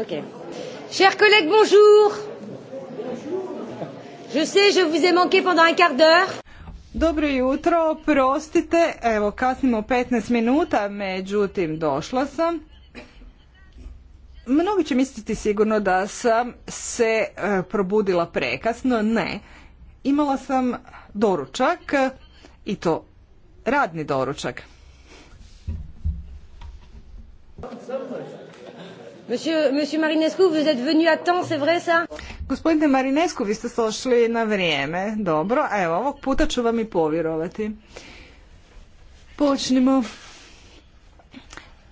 Ok. Chers collègues, bonjour. Je sais, je vous ai manqué pendant un quart d'heure. Dobro jutro, prostite, evo kasnimo 15 minuta, međutim došla sam. Mnogi će misliti sigurno da sam se e, probudila prekasno, ne. Imala sam doručak i to radni doručak. Monsieur, monsieur Marinescu, Gospodine Marinescu, vi ste sošli na vrijeme. Dobro, a evo, ovog puta ću vam i povjerovati. Počnimo.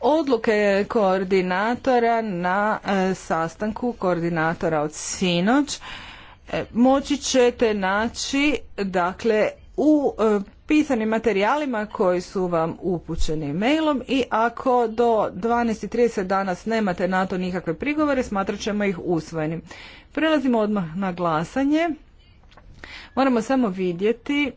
Odluke koordinatora na e, sastanku koordinatora od sinoć e, moći ćete naći dakle u e, pisanim materijalima koji su vam upućeni mailom i ako do 12.30 danas nemate na to nikakve prigovore, smatrat ćemo ih usvojenim. Prelazimo odmah na glasanje. Moramo samo vidjeti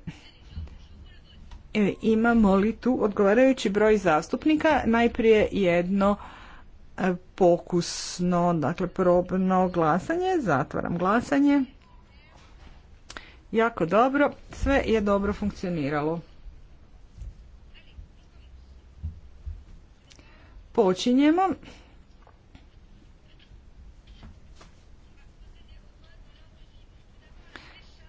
e, imamo li tu odgovarajući broj zastupnika. Najprije jedno e, pokusno, dakle probno glasanje. Zatvaram glasanje jako dobro, sve je dobro funkcioniralo. Počinjemo.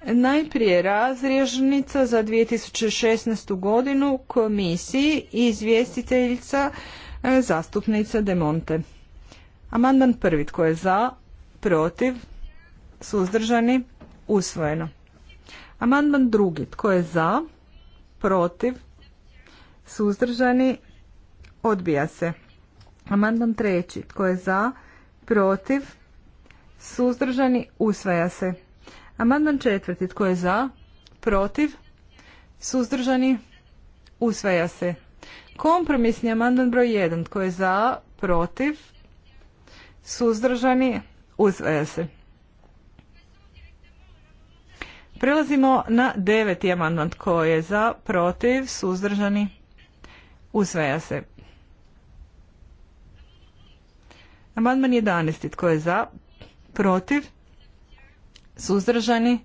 Najprije razrježnica za 2016. godinu komisiji i izvjestiteljica e, zastupnica Demonte. Amandan prvi tko je za, protiv, suzdržani, usvojeno. Amandman drugi. Tko je za? Protiv? Suzdržani? Odbija se. Amandman treći. Tko je za? Protiv? Suzdržani? Usvaja se. Amandman četvrti. Tko je za? Protiv? Suzdržani? Usvaja se. Kompromisni amandman broj jedan Tko je za? Protiv? Suzdržani? Usvaja se. Prelazimo na deveti amandman. Tko je za, protiv, suzdržani? Usvaja se. Amandman 11. Tko je za, protiv, suzdržani?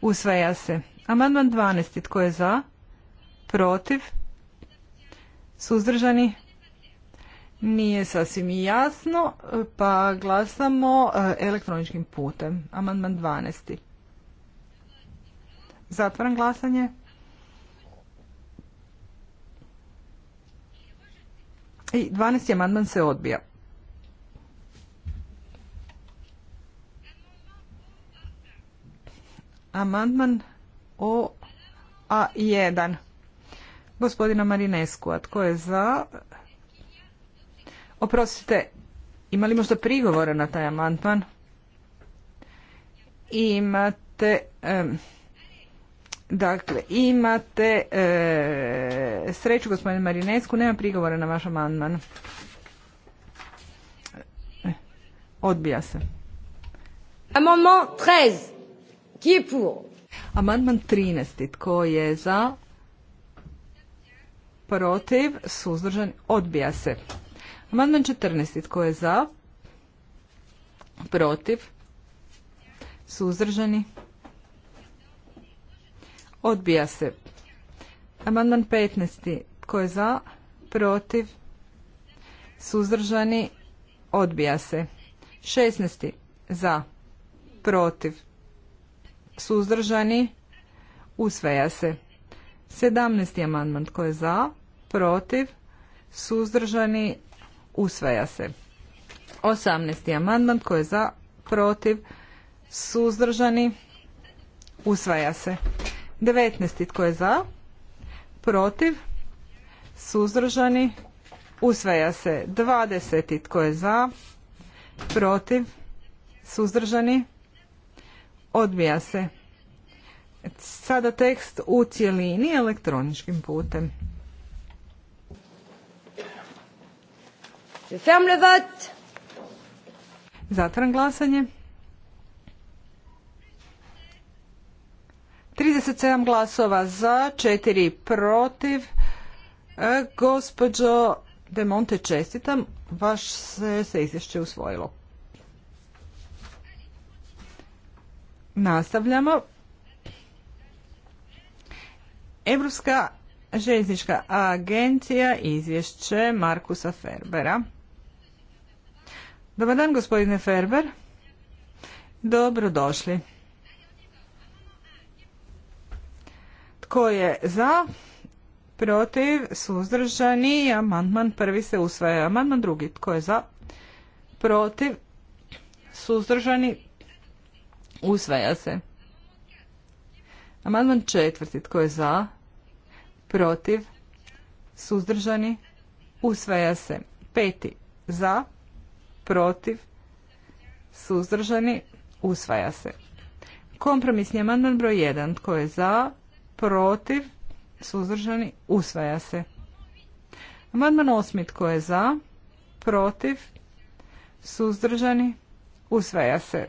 Usvaja se. Amandman 12. Tko je za, protiv, suzdržani? Nije sasvim jasno, pa glasamo e, elektroničkim putem. Amandman 12. Zatvaram glasanje. I 12. amandman se odbija. Amandman o A1. Gospodina Marinesku, a tko je za? Oprostite, imali možda prigovore na taj amandman? Imate... Dakle, imate e, sreću gospodine Marinesku, nema prigovora na vaš amandman. E, odbija se. Amandman 13. Qui je pour? Amandman 13. Tko je za? Protiv? Suzdržan? Odbija se. Amandman 14. Tko je za? Protiv? Suzdržani? Odbija se. Odbija se. Amandman 15. Tko je za? Protiv? Suzdržani? Odbija se. 16. Za? Protiv? Suzdržani? Usvaja se. 17. amandman. Tko je za? Protiv? Suzdržani? Usvaja se. 18. amandman. Tko je za? Protiv? Suzdržani? Usvaja se. 19. tko je za? Protiv? Suzdržani? Usvaja se. 20. tko je za? Protiv? Suzdržani? Odbija se. Sada tekst u cjelini elektroničkim putem. Zatvaram glasanje. 37 glasova za, 4 protiv. E, gospođo De Monte, čestitam. Vaš se, se izvješće usvojilo. Nastavljamo. Europska željeznička agencija izvješće Markusa Ferbera. Dobar dan, gospodine Ferber. Dobrodošli. Tko je za? Protiv? Suzdržani? Amandman prvi se usvaja. Amandman drugi. Tko je za? Protiv? Suzdržani? Usvaja se. Amandman četvrti. Tko je za? Protiv? Suzdržani? Usvaja se. Peti. Za? Protiv? Suzdržani? Usvaja se. Kompromisni amandman broj 1. Tko je za? protiv, suzdržani, usvaja se. Amandman osmi tko je za, protiv, suzdržani, usvaja se.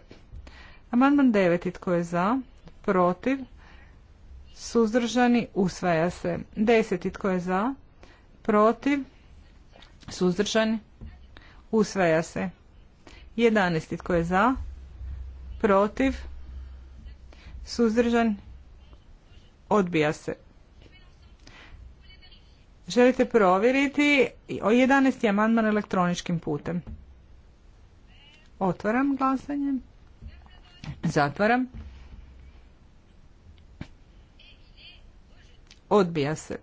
Amandman deveti tko je za, protiv, suzdržani, usvaja se. Deseti tko je za, protiv, suzdržani, usvaja se. Jedanesti tko je za, protiv, suzdržan, Odbija se. Želite provjeriti o 11. amandman elektroničkim putem. Otvaram glasanje. Zatvaram. Odbija se.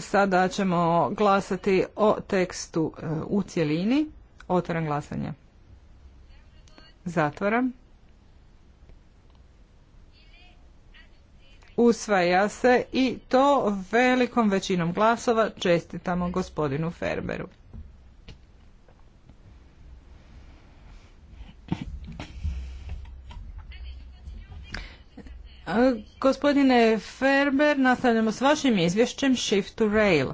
Sada ćemo glasati o tekstu e, u cjelini. Otvaram glasanje. Zatvaram. usvaja se i to velikom većinom glasova čestitamo gospodinu Ferberu. Gospodine Ferber, nastavljamo s vašim izvješćem Shift to Rail.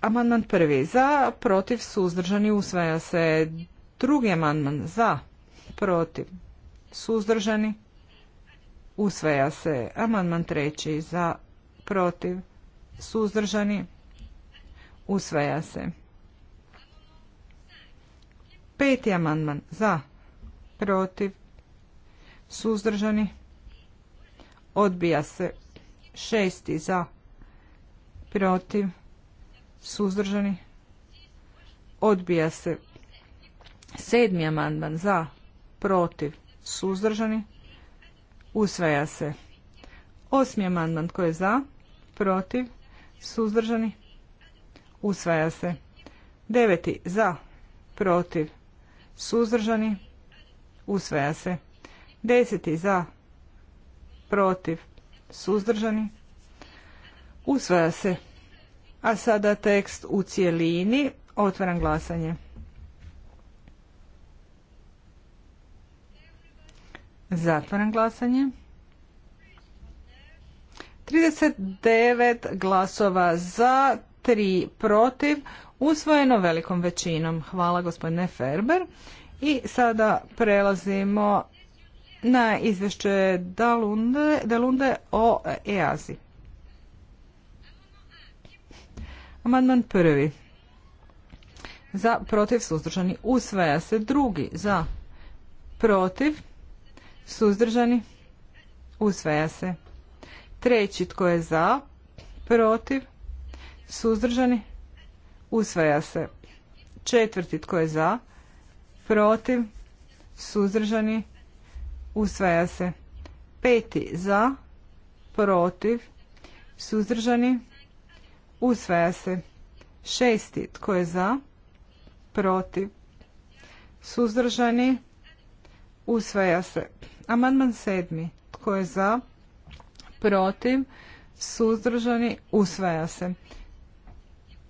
Amandman prvi za, protiv, suzdržani, usvaja se. Drugi amandman za, protiv, suzdržani, Usvaja se. Amandman treći za protiv suzdržani. Usvaja se. Peti amandman za protiv suzdržani. Odbija se. Šesti za protiv suzdržani. Odbija se. Sedmi amandman za protiv suzdržani. Usvaja se. Osmi amandman tko je za? Protiv? Suzdržani? Usvaja se. Deveti za? Protiv? Suzdržani? Usvaja se. Deseti za? Protiv? Suzdržani? Usvaja se. A sada tekst u cijelini. Otvaram glasanje. Zatvaram glasanje. 39 glasova za, 3 protiv, usvojeno velikom većinom. Hvala gospodine Ferber. I sada prelazimo na izvješće Dalunde, o EASI. Amandman prvi. Za, protiv, suzdržani. Usvaja se drugi. Za, protiv, Suzdržani? Usvaja se. Treći tko je za? Protiv? Suzdržani? Usvaja se. Četvrti tko je za? Protiv? Suzdržani? Usvaja se. Peti za? Protiv? Suzdržani? Usvaja se. Šesti tko je za? Protiv? Suzdržani? Usvaja se. Amandman sedmi. Tko je za? Protiv? Suzdržani? Usvaja se.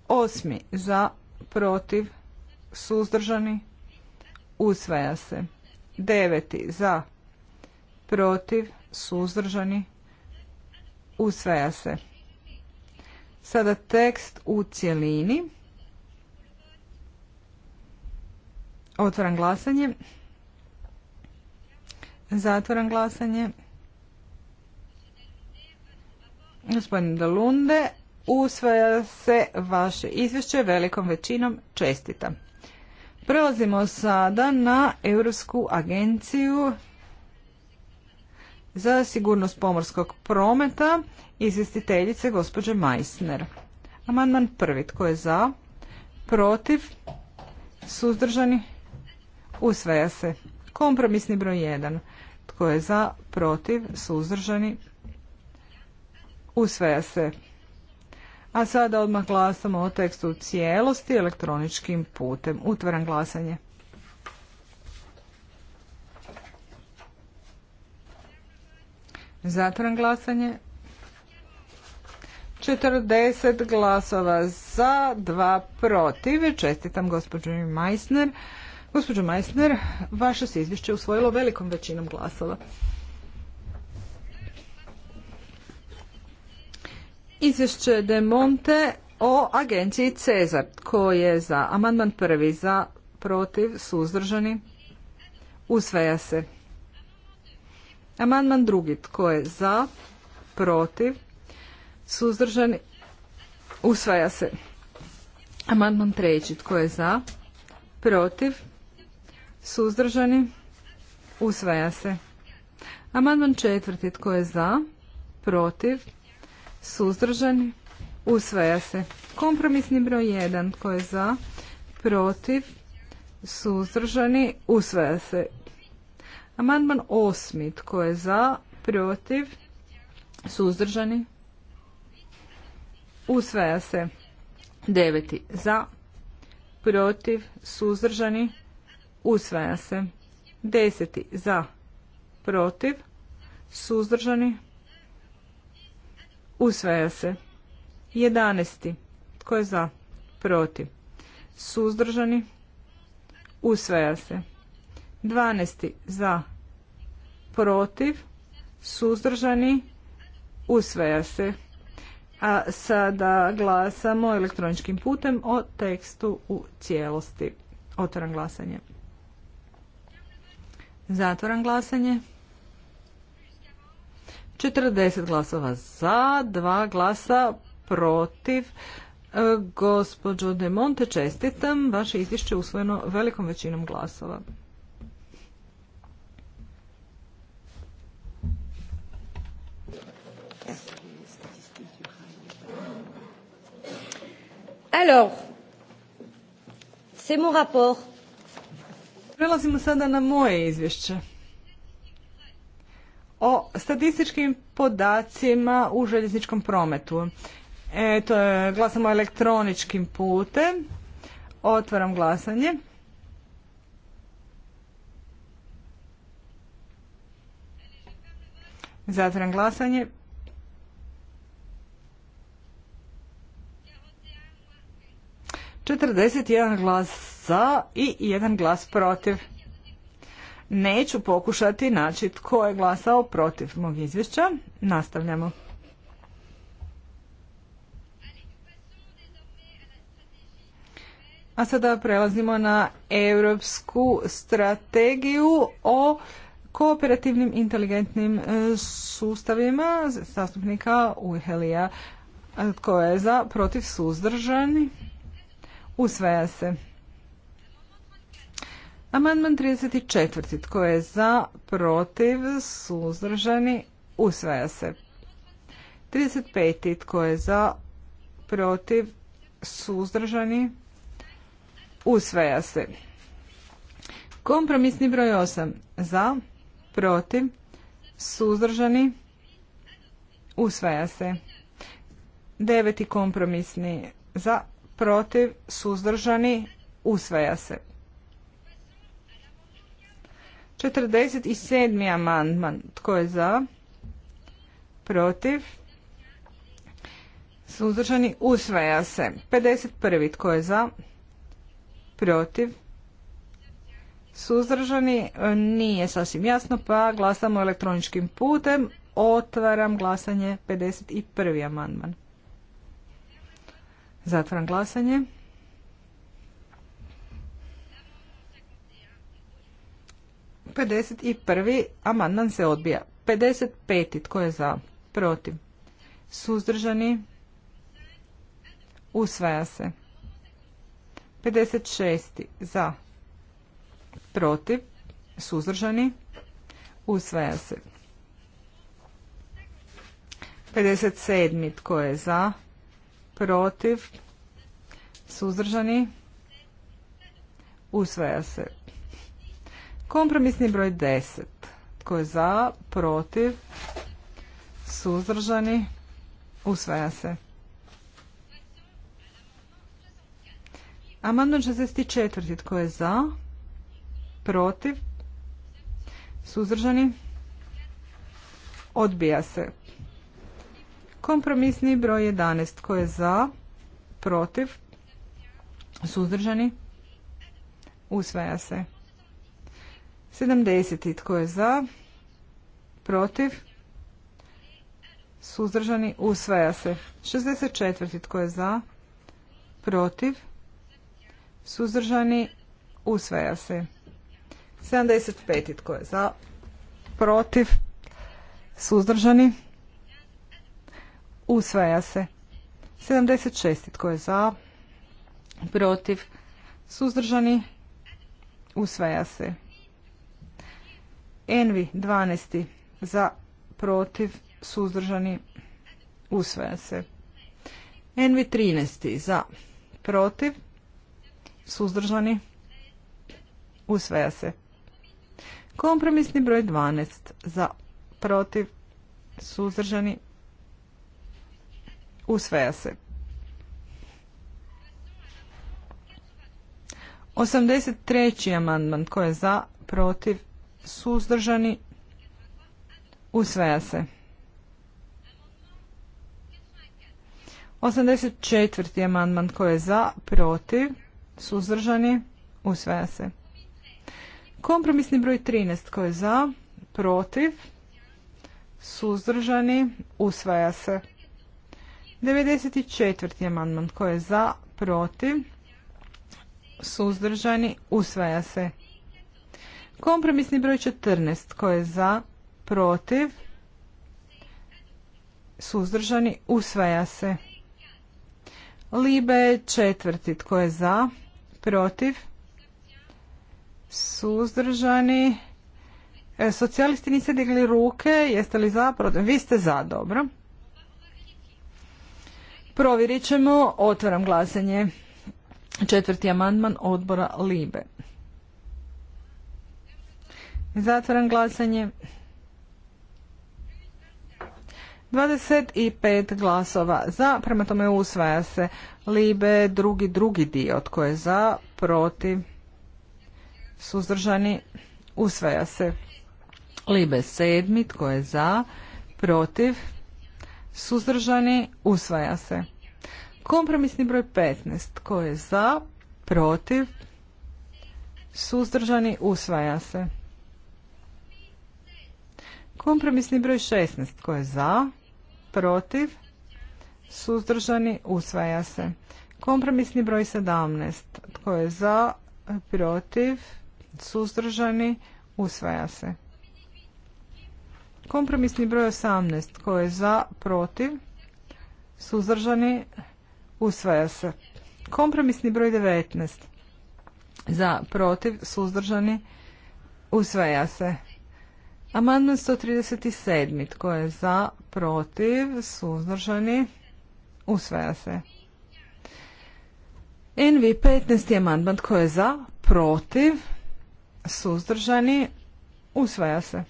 Osmi. Za? Protiv? Suzdržani? Usvaja se. Deveti. Za? Protiv? Suzdržani? Usvaja se. Sada tekst u cjelini. Otvaram glasanje. Zatvoram glasanje. Gospodin Dalunde, usvaja se vaše izvješće velikom većinom. čestita. Prelazimo sada na Europsku agenciju za sigurnost pomorskog prometa izvjestiteljice gospođe Meissner. Amandman prvi. Tko je za? Protiv? Suzdržani? Usvaja se. Kompromisni broj 1. Tko je za, protiv, suzdržani, usvaja se. A sada odmah glasamo o tekstu u cijelosti elektroničkim putem. Utvaram glasanje. Zatvaram glasanje. 40 glasova za, 2 protiv. Čestitam gospođu Meissner. Gospođo Meissner, vaše se izvješće usvojilo velikom većinom glasova. Izvješće De Monte o agenciji Cezar. koji je za? Amandman prvi za, protiv, suzdržani. Usvaja se. Amandman drugi. Tko je za, protiv, suzdržani. Usvaja se. Amandman treći. Tko je za, protiv, suzdržani, usvaja se. Amandman četvrti, tko je za, protiv, suzdržani, usvaja se. Kompromisni broj jedan, tko je za, protiv, suzdržani, usvaja se. Amandman osmi, tko je za, protiv, suzdržani, usvaja se. Deveti, za, protiv, suzdržani, Usvaja se. Deseti za, protiv, suzdržani. Usvaja se. Jedanesti. Tko je za? Protiv. Suzdržani. Usvaja se. Dvanesti za, protiv, suzdržani. Usvaja se. A sada glasamo elektroničkim putem o tekstu u cijelosti. Otvaram glasanje. Zatvoram glasanje. 40 glasova za, 2 glasa protiv. E, gospođo De Monte, čestitam. Vaše izvješće je usvojeno velikom većinom glasova. Alors, c'est mon rapport Prelazimo sada na moje izvješće. O statističkim podacima u željezničkom prometu. Eto, glasamo elektroničkim putem. Otvaram glasanje. Zatvaram glasanje. jedan glas za i jedan glas protiv. Neću pokušati naći tko je glasao protiv mog izvješća. Nastavljamo. A sada prelazimo na europsku strategiju o kooperativnim inteligentnim e, sustavima zastupnika Uhelija. Tko je za protiv suzdržani? Usvaja se. Amandman 34. Tko je za, protiv, suzdržani, usvaja se. 35. Tko je za, protiv, suzdržani, usvaja se. Kompromisni broj 8. Za, protiv, suzdržani, usvaja se. Deveti kompromisni za, protiv, suzdržani, usvaja se. 47. amandman. Tko je za? Protiv? Suzdržani? Usvaja se. 51. Tko je za? Protiv? Suzdržani? Nije sasvim jasno, pa glasamo elektroničkim putem. Otvaram glasanje 51. amandman. Zatvaram glasanje. 51. amandman se odbija. 55. tko je za? Protiv. Suzdržani. Usvaja se. 56. za. Protiv. Suzdržani. Usvaja se. 57. tko je za? Protiv. Suzdržani. Usvaja se. Kompromisni broj 10. Tko je za, protiv, suzdržani, usvaja se. Amandman 64. Tko je za, protiv, suzdržani, odbija se. Kompromisni broj 11. Tko je za, protiv, suzdržani, usvaja se. 70. Tko je za? Protiv? Suzdržani? Usvaja se. 64. Tko je za? Protiv? Suzdržani? Usvaja se. 75. Tko je za? Protiv? Suzdržani? Usvaja se. 76. Tko je za? Protiv? Suzdržani? Usvaja se. Envi 12. za protiv suzdržani usvaja se. Envi 13. za protiv suzdržani usvaja se. Kompromisni broj 12 za protiv suzdržani usvaja se. 83. amandman tko je za protiv suzdržani, usvaja se. 84. amandman tko je za, protiv, suzdržani, usvaja se. Kompromisni broj 13 tko je za, protiv, suzdržani, usvaja se. 94. amandman tko je za, protiv, suzdržani, usvaja se. Kompromisni broj 14. Tko je za? Protiv? Suzdržani? Usvaja se. Libe četvrti. Tko je za? Protiv? Suzdržani? E, socijalisti niste digli ruke. Jeste li za? Protiv? Vi ste za. Dobro. Provjerit ćemo. Otvaram glasanje. Četvrti amandman odbora Libe. Zatvaram glasanje. 25 glasova za, prema tome usvaja se. Libe drugi drugi dio, tko je za, protiv, suzdržani, usvaja se. Libe sedmi, tko je za, protiv, suzdržani, usvaja se. Kompromisni broj 15, tko je za, protiv, suzdržani, usvaja se. Kompromisni broj 16. Tko je za? Protiv? Suzdržani? Usvaja se. Kompromisni broj 17. Tko je za? Protiv? Suzdržani? Usvaja se. Kompromisni broj 18. Tko je za? Protiv? Suzdržani? Usvaja se. Kompromisni broj 19. Za? Protiv? Suzdržani? Usvaja se. Amandman 137. Tko je za, protiv, suzdržani, usvaja se. NV 15. amandman. Tko je za, protiv, suzdržani, usvaja se.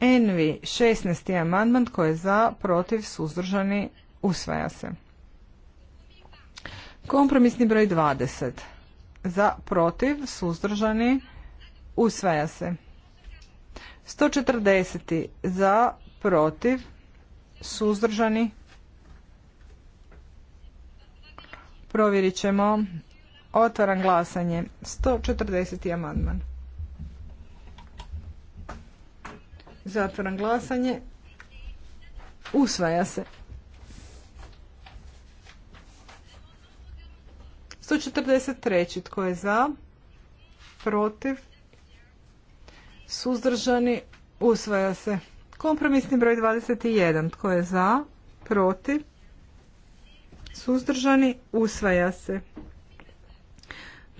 NV 16. amandman. Tko je za, protiv, suzdržani, usvaja se. Kompromisni broj 20 za protiv suzdržani usvaja se 140 za protiv suzdržani provjerit ćemo otvaram glasanje 140 amandman zatvaram glasanje usvaja se 143. Tko je za? Protiv? Suzdržani? Usvaja se. Kompromisni broj 21. Tko je za? Protiv? Suzdržani? Usvaja se.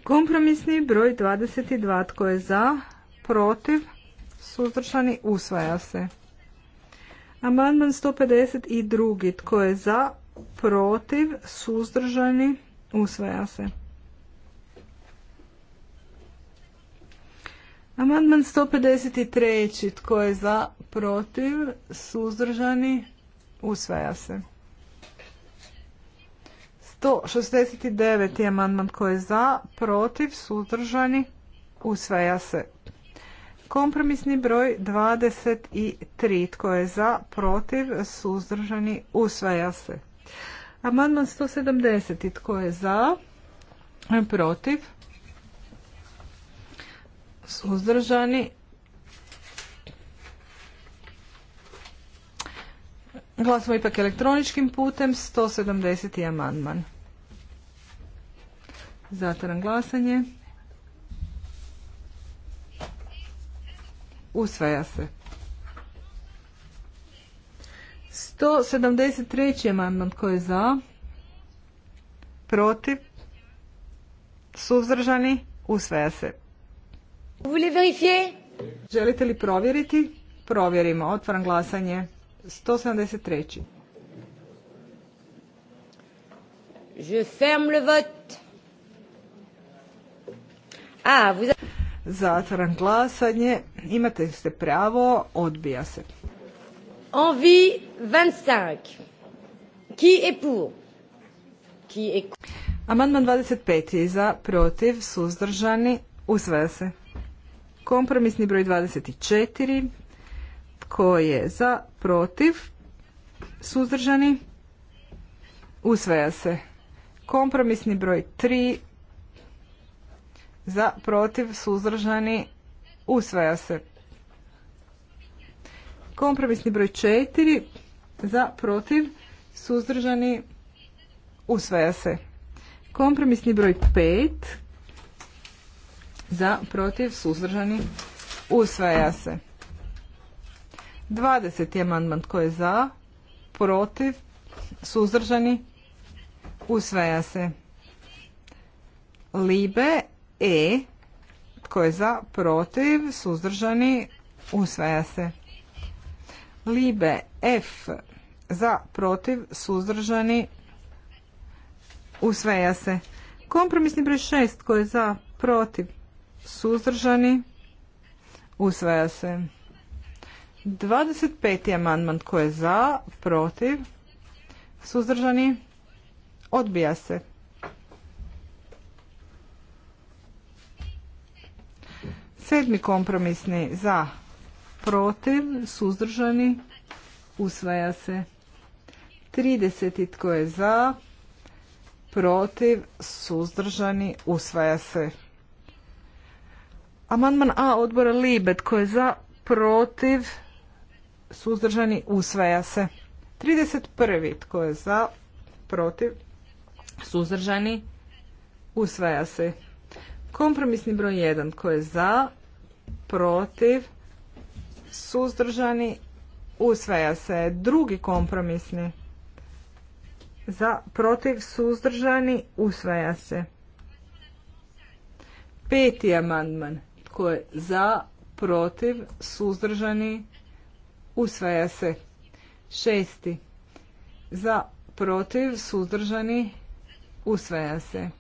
Kompromisni broj 22. Tko je za? Protiv? Suzdržani? Usvaja se. Amandman 152. Tko je za? Protiv? Suzdržani? Usvaja se. Amandman 153. Tko je za, protiv, suzdržani, usvaja se. 169. amandman tko je za, protiv, suzdržani, usvaja se. Kompromisni broj 23. Tko je za, protiv, suzdržani, usvaja se. Amandman 170. Tko je za? Protiv? Suzdržani? Glasimo ipak elektroničkim putem. 170. amandman. Zatvaram glasanje. Usvaja se. 173. amandman koji je za? Protiv? Suzdržani? Usvaja se. Želite li provjeriti? Provjerimo. Otvaram glasanje. 173. Je ferme le vote. Ah, a, za Zatvaram glasanje. Imate ste pravo. Odbija se. Envie 25. Ki je pour? Ki je... Amandman 25. Za, protiv, suzdržani, usvaja se. Kompromisni broj 24. Tko je za, protiv, suzdržani, usvaja se. Kompromisni broj 3. Za, protiv, suzdržani, usvaja se. Kompromisni broj četiri za protiv suzdržani usvaja se. Kompromisni broj pet za protiv suzdržani usvaja se. 20. amandman tko je za protiv suzdržani usvaja se. Libe E tko je za protiv suzdržani usvaja se. Libe F za protiv suzdržani usvaja se. Kompromisni broj 6 koji je za protiv suzdržani usvaja se. 25. amandman koji je za protiv suzdržani odbija se. Sedmi kompromisni za protiv, suzdržani, usvaja se. 30. Tko je za, protiv, suzdržani, usvaja se. Amandman A odbora Libet, Tko je za, protiv, suzdržani, usvaja se. 31. Tko je za, protiv, suzdržani, usvaja se. Kompromisni broj 1. Tko je za, protiv, suzdržani, usvaja se. Drugi kompromisni za, protiv, suzdržani, usvaja se. Peti amandman. koji je za, protiv, suzdržani, usvaja se. Šesti. Za, protiv, suzdržani, usvaja se.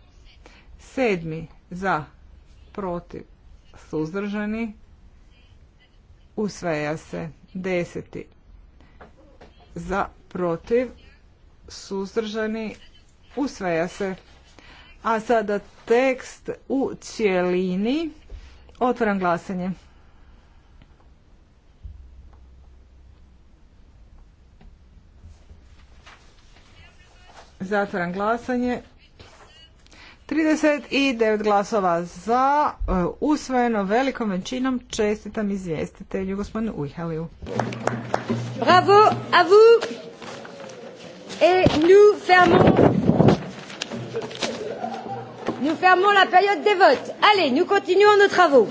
Sedmi. Za, protiv, suzdržani, usvaja se. Deseti za protiv suzdržani usvaja se. A sada tekst u cijelini. Otvaram glasanje. Zatvaram glasanje. 39 glasova za, e, usvojeno velikom većinom. Čestitam izvjestitelju, gospodinu Ujheliju. Bravo a vous et nous fermons nous fermons la période des votes. Allez, nous continuons nos travaux.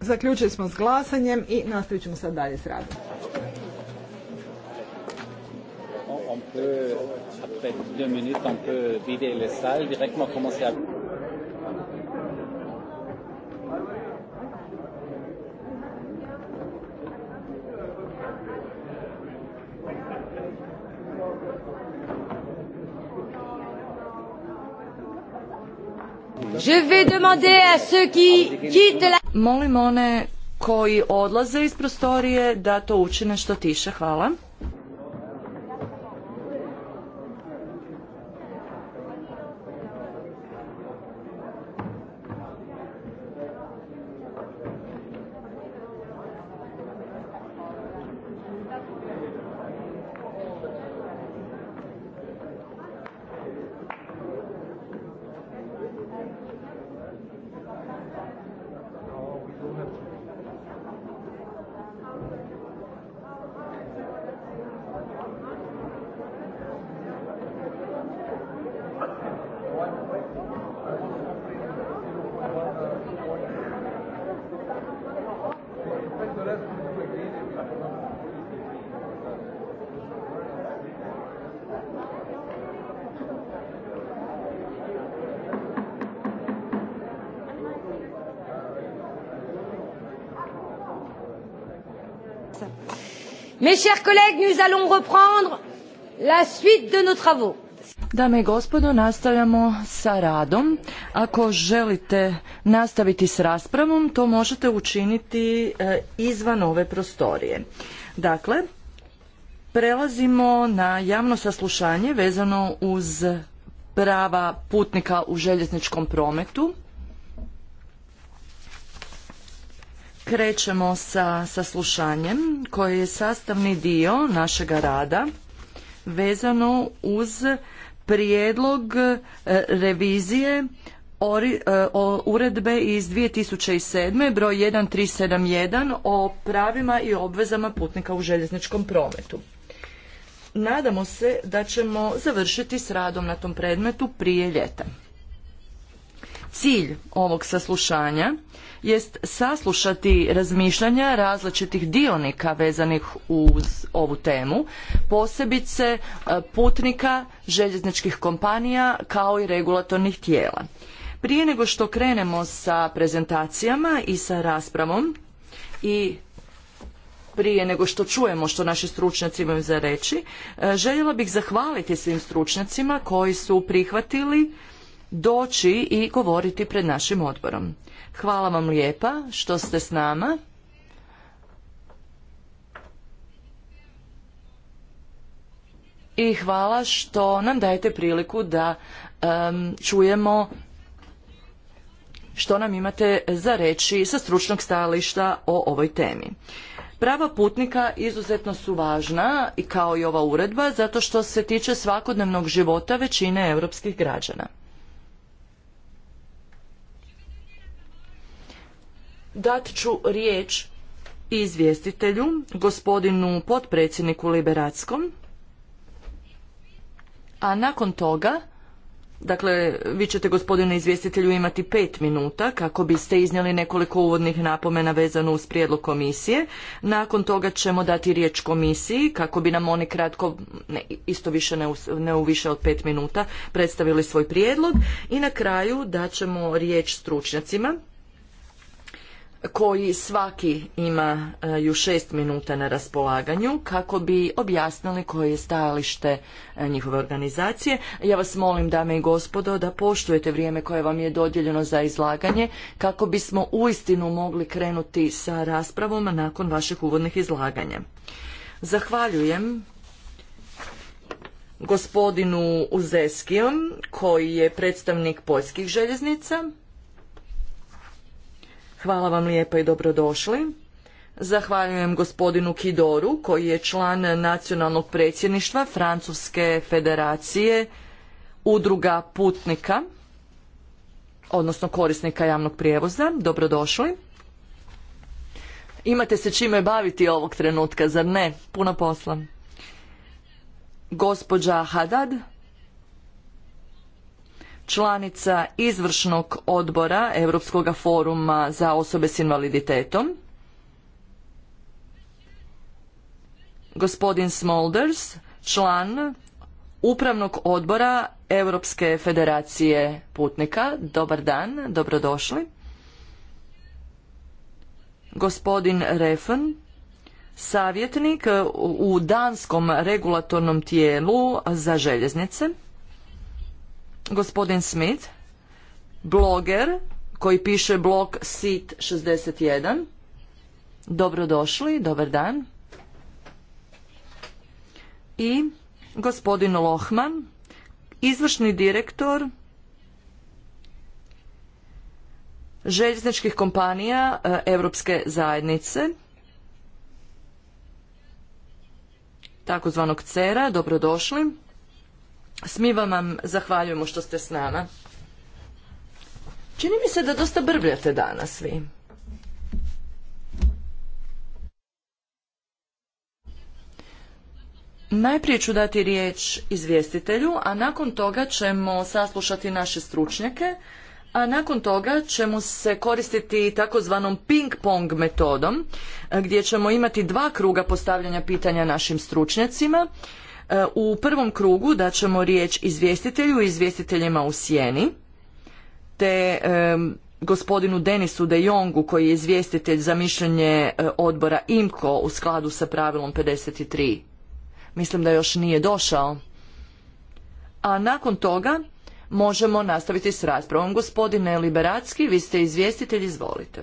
Zaključili smo s glasanjem i nastavit ćemo sad dalje s radom peut-être deux minutes, on peut vider les salles, directement commencer à... Je vais demander à ceux qui quittent la... Molim one koji odlaze iz prostorije da to učine što tiše. Hvala. Mes chers collègues, nous allons reprendre la suite de nos travaux. Dame i gospodo, nastavljamo sa radom. Ako želite nastaviti s raspravom, to možete učiniti e, izvan ove prostorije. Dakle, prelazimo na javno saslušanje vezano uz prava putnika u željezničkom prometu. Krećemo sa saslušanjem koje je sastavni dio našega rada vezano uz prijedlog e, revizije e, uredbe iz 2007. broj 1371 o pravima i obvezama putnika u željezničkom prometu. Nadamo se da ćemo završiti s radom na tom predmetu prije ljeta. Cilj ovog saslušanja jest saslušati razmišljanja različitih dionika vezanih uz ovu temu, posebice e, putnika, željezničkih kompanija kao i regulatornih tijela. Prije nego što krenemo sa prezentacijama i sa raspravom i prije nego što čujemo što naši stručnjaci imaju za reći, e, željela bih zahvaliti svim stručnjacima koji su prihvatili doći i govoriti pred našim odborom. Hvala vam lijepa što ste s nama. I hvala što nam dajete priliku da čujemo što nam imate za reći sa stručnog stajališta o ovoj temi. Prava putnika izuzetno su važna i kao i ova uredba zato što se tiče svakodnevnog života većine europskih građana. dat ću riječ izvjestitelju, gospodinu potpredsjedniku Liberackom, a nakon toga, dakle, vi ćete gospodine izvjestitelju imati pet minuta kako biste iznijeli nekoliko uvodnih napomena vezano uz prijedlog komisije. Nakon toga ćemo dati riječ komisiji kako bi nam oni kratko, ne, isto više ne u, više od pet minuta, predstavili svoj prijedlog i na kraju ćemo riječ stručnjacima koji svaki ima eh, ju šest minuta na raspolaganju kako bi objasnili koje je stajalište eh, njihove organizacije. Ja vas molim, dame i gospodo, da poštujete vrijeme koje vam je dodijeljeno za izlaganje kako bismo uistinu mogli krenuti sa raspravom nakon vaših uvodnih izlaganja. Zahvaljujem gospodinu Uzeskijom koji je predstavnik poljskih željeznica Hvala vam lijepa i dobrodošli. Zahvaljujem gospodinu Kidoru koji je član nacionalnog predsjedništva Francuske federacije udruga putnika, odnosno korisnika javnog prijevoza. Dobrodošli. Imate se čime baviti ovog trenutka, zar ne? Puno posla. Gospođa Hadad članica izvršnog odbora Europskog foruma za osobe s invaliditetom. Gospodin Smolders, član upravnog odbora Europske federacije putnika. Dobar dan, dobrodošli. Gospodin Reffen savjetnik u danskom regulatornom tijelu za željeznice gospodin Smith, bloger koji piše blog SIT 61. Dobrodošli, dobar dan. I gospodin Lohman, izvršni direktor željezničkih kompanija e, Europske zajednice, takozvanog CERA. Dobrodošli smi vam zahvaljujemo što ste s nama. Čini mi se da dosta brbljate danas vi. Najprije ću dati riječ izvjestitelju, a nakon toga ćemo saslušati naše stručnjake, a nakon toga ćemo se koristiti takozvanom ping-pong metodom, gdje ćemo imati dva kruga postavljanja pitanja našim stručnjacima. E, u prvom krugu ćemo riječ izvjestitelju i izvjestiteljima u sjeni, te gospodinu Denisu de Jongu koji je izvjestitelj za mišljenje e, odbora IMCO u skladu sa pravilom 53. Mislim da još nije došao. A nakon toga možemo nastaviti s raspravom. Gospodine Liberacki, vi ste izvjestitelj, izvolite.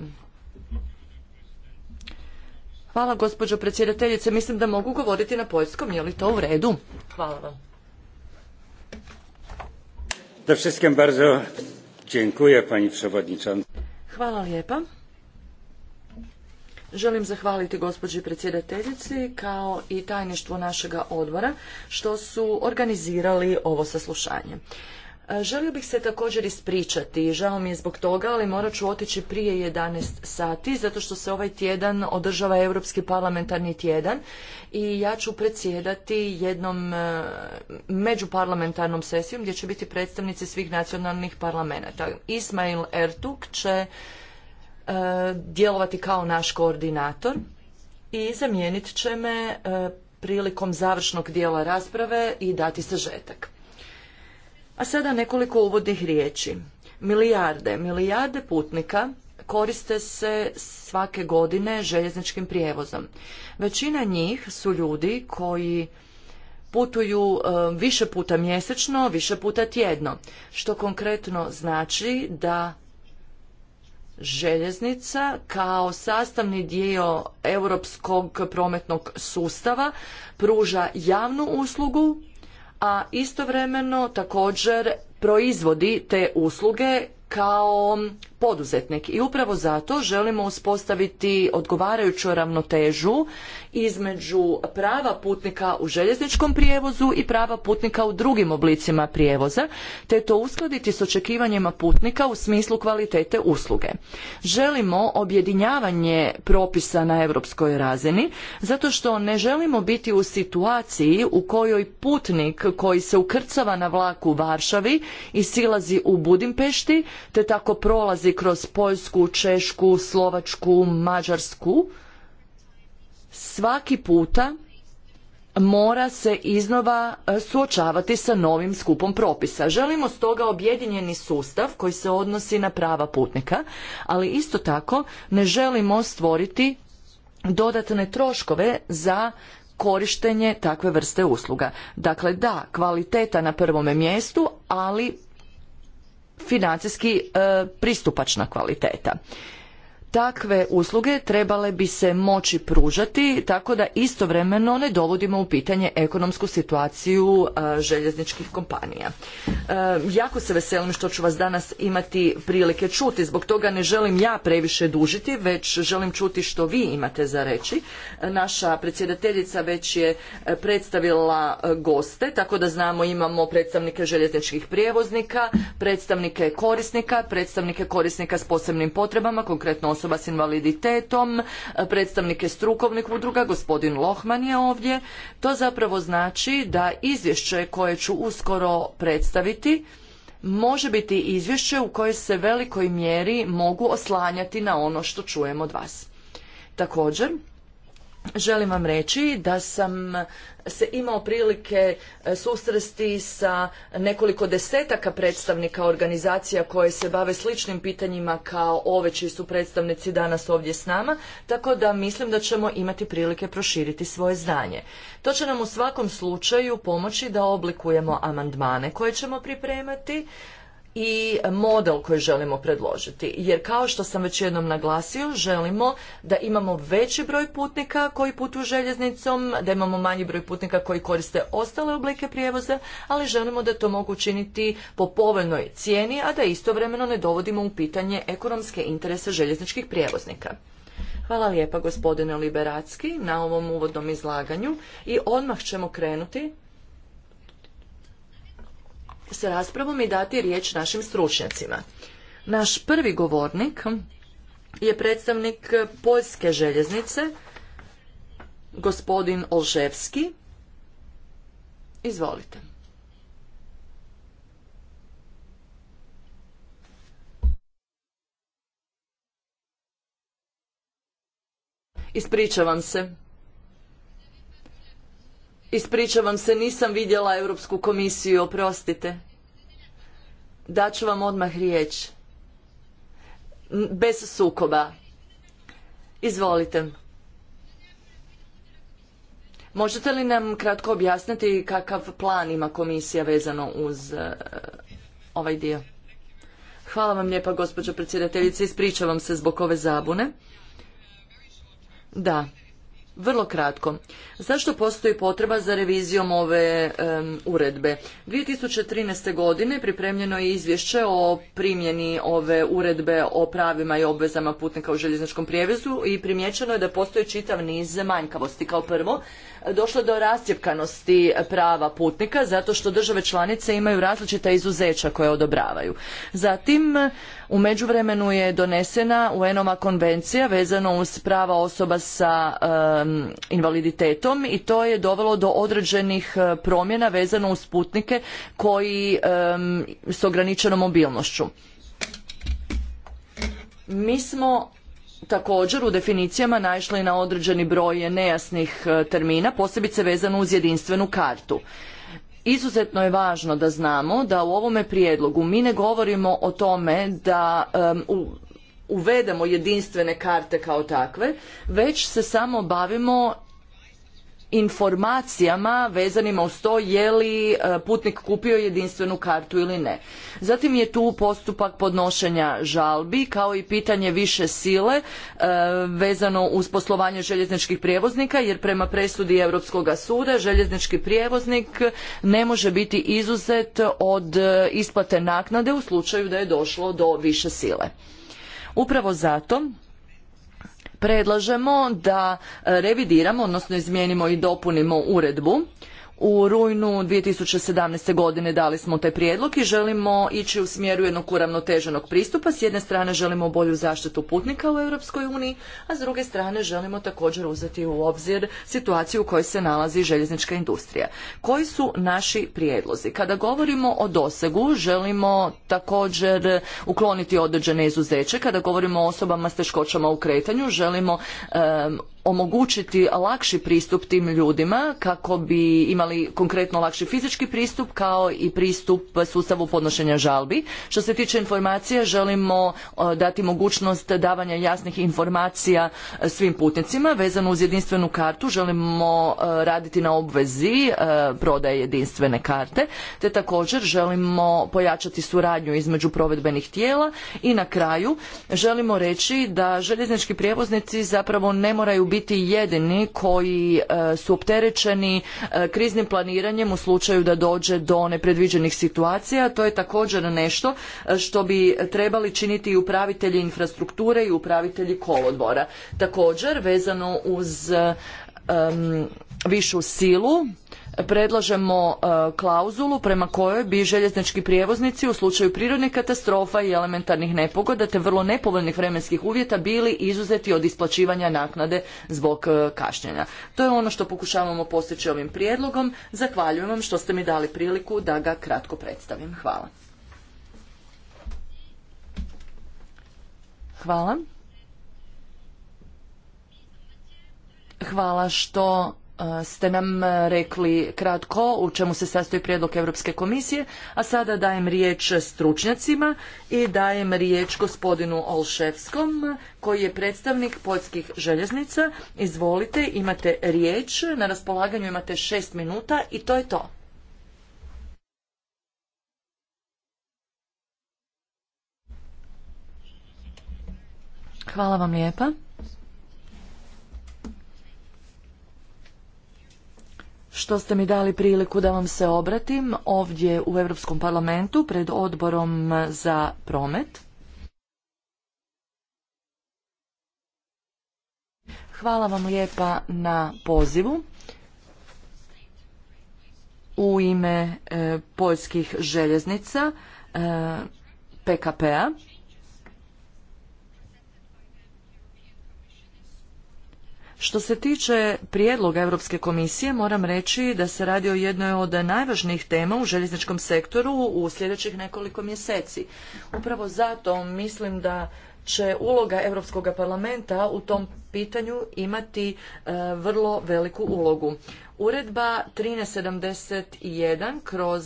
Hvala gospođo predsjedateljice. Mislim da mogu govoriti na poljskom. Je li to u redu? Hvala vam. Da bardzo dziękuję pani przewodnicząca. Hvala lijepa. Želim zahvaliti gospođi predsjedateljici kao i tajništvu našega odbora što su organizirali ovo saslušanje. Želio bih se također ispričati, žao mi je zbog toga, ali morat ću otići prije 11 sati, zato što se ovaj tjedan održava Europski parlamentarni tjedan i ja ću predsjedati jednom e, međuparlamentarnom sesijom gdje će biti predstavnici svih nacionalnih parlamenta. Ismail Ertug će e, djelovati kao naš koordinator i zamijenit će me e, prilikom završnog dijela rasprave i dati sažetak. A sada nekoliko uvodnih riječi. Milijarde, milijarde putnika koriste se svake godine željezničkim prijevozom. Većina njih su ljudi koji putuju e, više puta mjesečno, više puta tjedno, što konkretno znači da željeznica kao sastavni dio europskog prometnog sustava pruža javnu uslugu a istovremeno također proizvodi te usluge kao poduzetnik i upravo zato želimo uspostaviti odgovarajuću ravnotežu između prava putnika u željezničkom prijevozu i prava putnika u drugim oblicima prijevoza, te to uskladiti s očekivanjima putnika u smislu kvalitete usluge. Želimo objedinjavanje propisa na europskoj razini zato što ne želimo biti u situaciji u kojoj putnik koji se ukrcava na vlaku u Varšavi i silazi u Budimpešti, te tako prolazi kroz Poljsku, Češku, Slovačku, Mađarsku, svaki puta mora se iznova e, suočavati sa novim skupom propisa. Želimo stoga objedinjeni sustav koji se odnosi na prava putnika, ali isto tako ne želimo stvoriti dodatne troškove za korištenje takve vrste usluga. Dakle, da, kvaliteta na prvome mjestu, ali financijski e, pristupačna kvaliteta takve usluge trebale bi se moći pružati tako da istovremeno ne dovodimo u pitanje ekonomsku situaciju e, željezničkih kompanija. E, jako se veselim što ću vas danas imati prilike čuti, zbog toga ne želim ja previše dužiti, već želim čuti što vi imate za reći. E, naša predsjedateljica već je predstavila goste, tako da znamo imamo predstavnike željezničkih prijevoznika, predstavnike korisnika, predstavnike korisnika s posebnim potrebama, konkretno osoba s invaliditetom, predstavnike strukovnih udruga, gospodin Lohman je ovdje. To zapravo znači da izvješće koje ću uskoro predstaviti može biti izvješće u kojoj se velikoj mjeri mogu oslanjati na ono što čujem od vas. Također, želim vam reći da sam se imao prilike e, susresti sa nekoliko desetaka predstavnika organizacija koje se bave sličnim pitanjima kao ove čiji su predstavnici danas ovdje s nama, tako da mislim da ćemo imati prilike proširiti svoje znanje. To će nam u svakom slučaju pomoći da oblikujemo amandmane koje ćemo pripremati, i model koji želimo predložiti. Jer kao što sam već jednom naglasio, želimo da imamo veći broj putnika koji putuju željeznicom, da imamo manji broj putnika koji koriste ostale oblike prijevoza, ali želimo da to mogu učiniti po povoljnoj cijeni, a da istovremeno ne dovodimo u pitanje ekonomske interese željezničkih prijevoznika. Hvala lijepa gospodine Liberacki na ovom uvodnom izlaganju i odmah ćemo krenuti s raspravom i dati riječ našim stručnjacima. Naš prvi govornik je predstavnik Poljske željeznice, gospodin Olševski. Izvolite. Ispričavam se. Ispričavam se, nisam vidjela Europsku komisiju, oprostite. Daću vam odmah riječ. Bez sukoba. Izvolite. Možete li nam kratko objasniti kakav plan ima komisija vezano uz e, ovaj dio? Hvala vam lijepa, gospođo predsjedateljice. Ispričavam se zbog ove zabune. Da, vrlo kratko. Zašto postoji potreba za revizijom ove uredbe? 2013. godine pripremljeno je izvješće o primjeni ove uredbe o pravima i obvezama putnika u željezničkom prijevezu i primjećeno je da postoji čitav niz manjkavosti. Kao prvo, došlo do rastjepkanosti prava putnika zato što države članice imaju različita izuzeća koje odobravaju. Zatim, u međuvremenu je donesena UN-ova konvencija vezano uz prava osoba sa invaliditetom i to je dovelo do određenih e, promjena vezano uz putnike koji s ograničenom mobilnošću. Mi smo također u definicijama naišli na određeni broj nejasnih e, termina, posebice vezano uz jedinstvenu kartu. Izuzetno je važno da znamo da u ovome prijedlogu mi ne govorimo o tome da uvedemo jedinstvene karte kao takve, već se samo bavimo informacijama vezanima uz to je li e, putnik kupio jedinstvenu kartu ili ne. Zatim je tu postupak podnošenja žalbi kao i pitanje više sile e, vezano uz poslovanje željezničkih prijevoznika jer prema presudi Europskoga suda željeznički prijevoznik ne može biti izuzet od e, isplate naknade u slučaju da je došlo do više sile. Upravo zato predlažemo da e, revidiramo, odnosno izmijenimo i dopunimo uredbu u rujnu 2017. godine dali smo taj prijedlog i želimo ići u smjeru jednog uravnoteženog pristupa. S jedne strane želimo bolju zaštitu putnika u Europskoj uniji, a s druge strane želimo također uzeti u obzir situaciju u kojoj se nalazi željeznička industrija. Koji su naši prijedlozi? Kada govorimo o dosegu, želimo također ukloniti određene izuzeće. Kada govorimo o osobama s teškoćama u kretanju, želimo omogućiti lakši pristup tim ljudima kako bi imali konkretno lakši fizički pristup kao i pristup sustavu podnošenja žalbi. Što se tiče informacija želimo dati mogućnost davanja jasnih informacija e, svim putnicima vezano uz jedinstvenu kartu želimo e, raditi na obvezi e, prodaje jedinstvene karte te također želimo pojačati suradnju između provedbenih tijela i na kraju želimo reći da željeznički prijevoznici zapravo ne moraju biti biti jedini koji e, su opterećeni e, kriznim planiranjem u slučaju da dođe do nepredviđenih situacija. To je također nešto e, što bi trebali činiti i upravitelji infrastrukture i upravitelji kolodvora. Također, vezano uz višu silu, predlažemo e, klauzulu prema kojoj bi željeznički prijevoznici u slučaju prirodnih katastrofa i elementarnih nepogoda te vrlo nepovoljnih vremenskih uvjeta bili izuzeti od isplaćivanja naknade zbog e, kašnjenja. To je ono što pokušavamo postići ovim prijedlogom. Zahvaljujem vam što ste mi dali priliku da ga kratko predstavim. Hvala. Hvala. Hvala što ste nam e, rekli kratko u čemu se sastoji prijedlog Europske komisije, a sada dajem riječ stručnjacima i dajem riječ gospodinu Olševskom koji je predstavnik poljskih željeznica. Izvolite, imate riječ, na raspolaganju imate šest minuta i to je to. Hvala vam lijepa. što ste mi dali priliku da vam se obratim ovdje u Europskom parlamentu pred odborom za promet. Hvala vam lijepa na pozivu u ime e, poljskih željeznica e, PKP-a. Što se tiče prijedloga Europske komisije, moram reći da se radi o jednoj od najvažnijih tema u željezničkom sektoru u sljedećih nekoliko mjeseci. Upravo zato mislim da će uloga Europskog parlamenta u tom pitanju imati e, vrlo veliku ulogu. Uredba 1371 kroz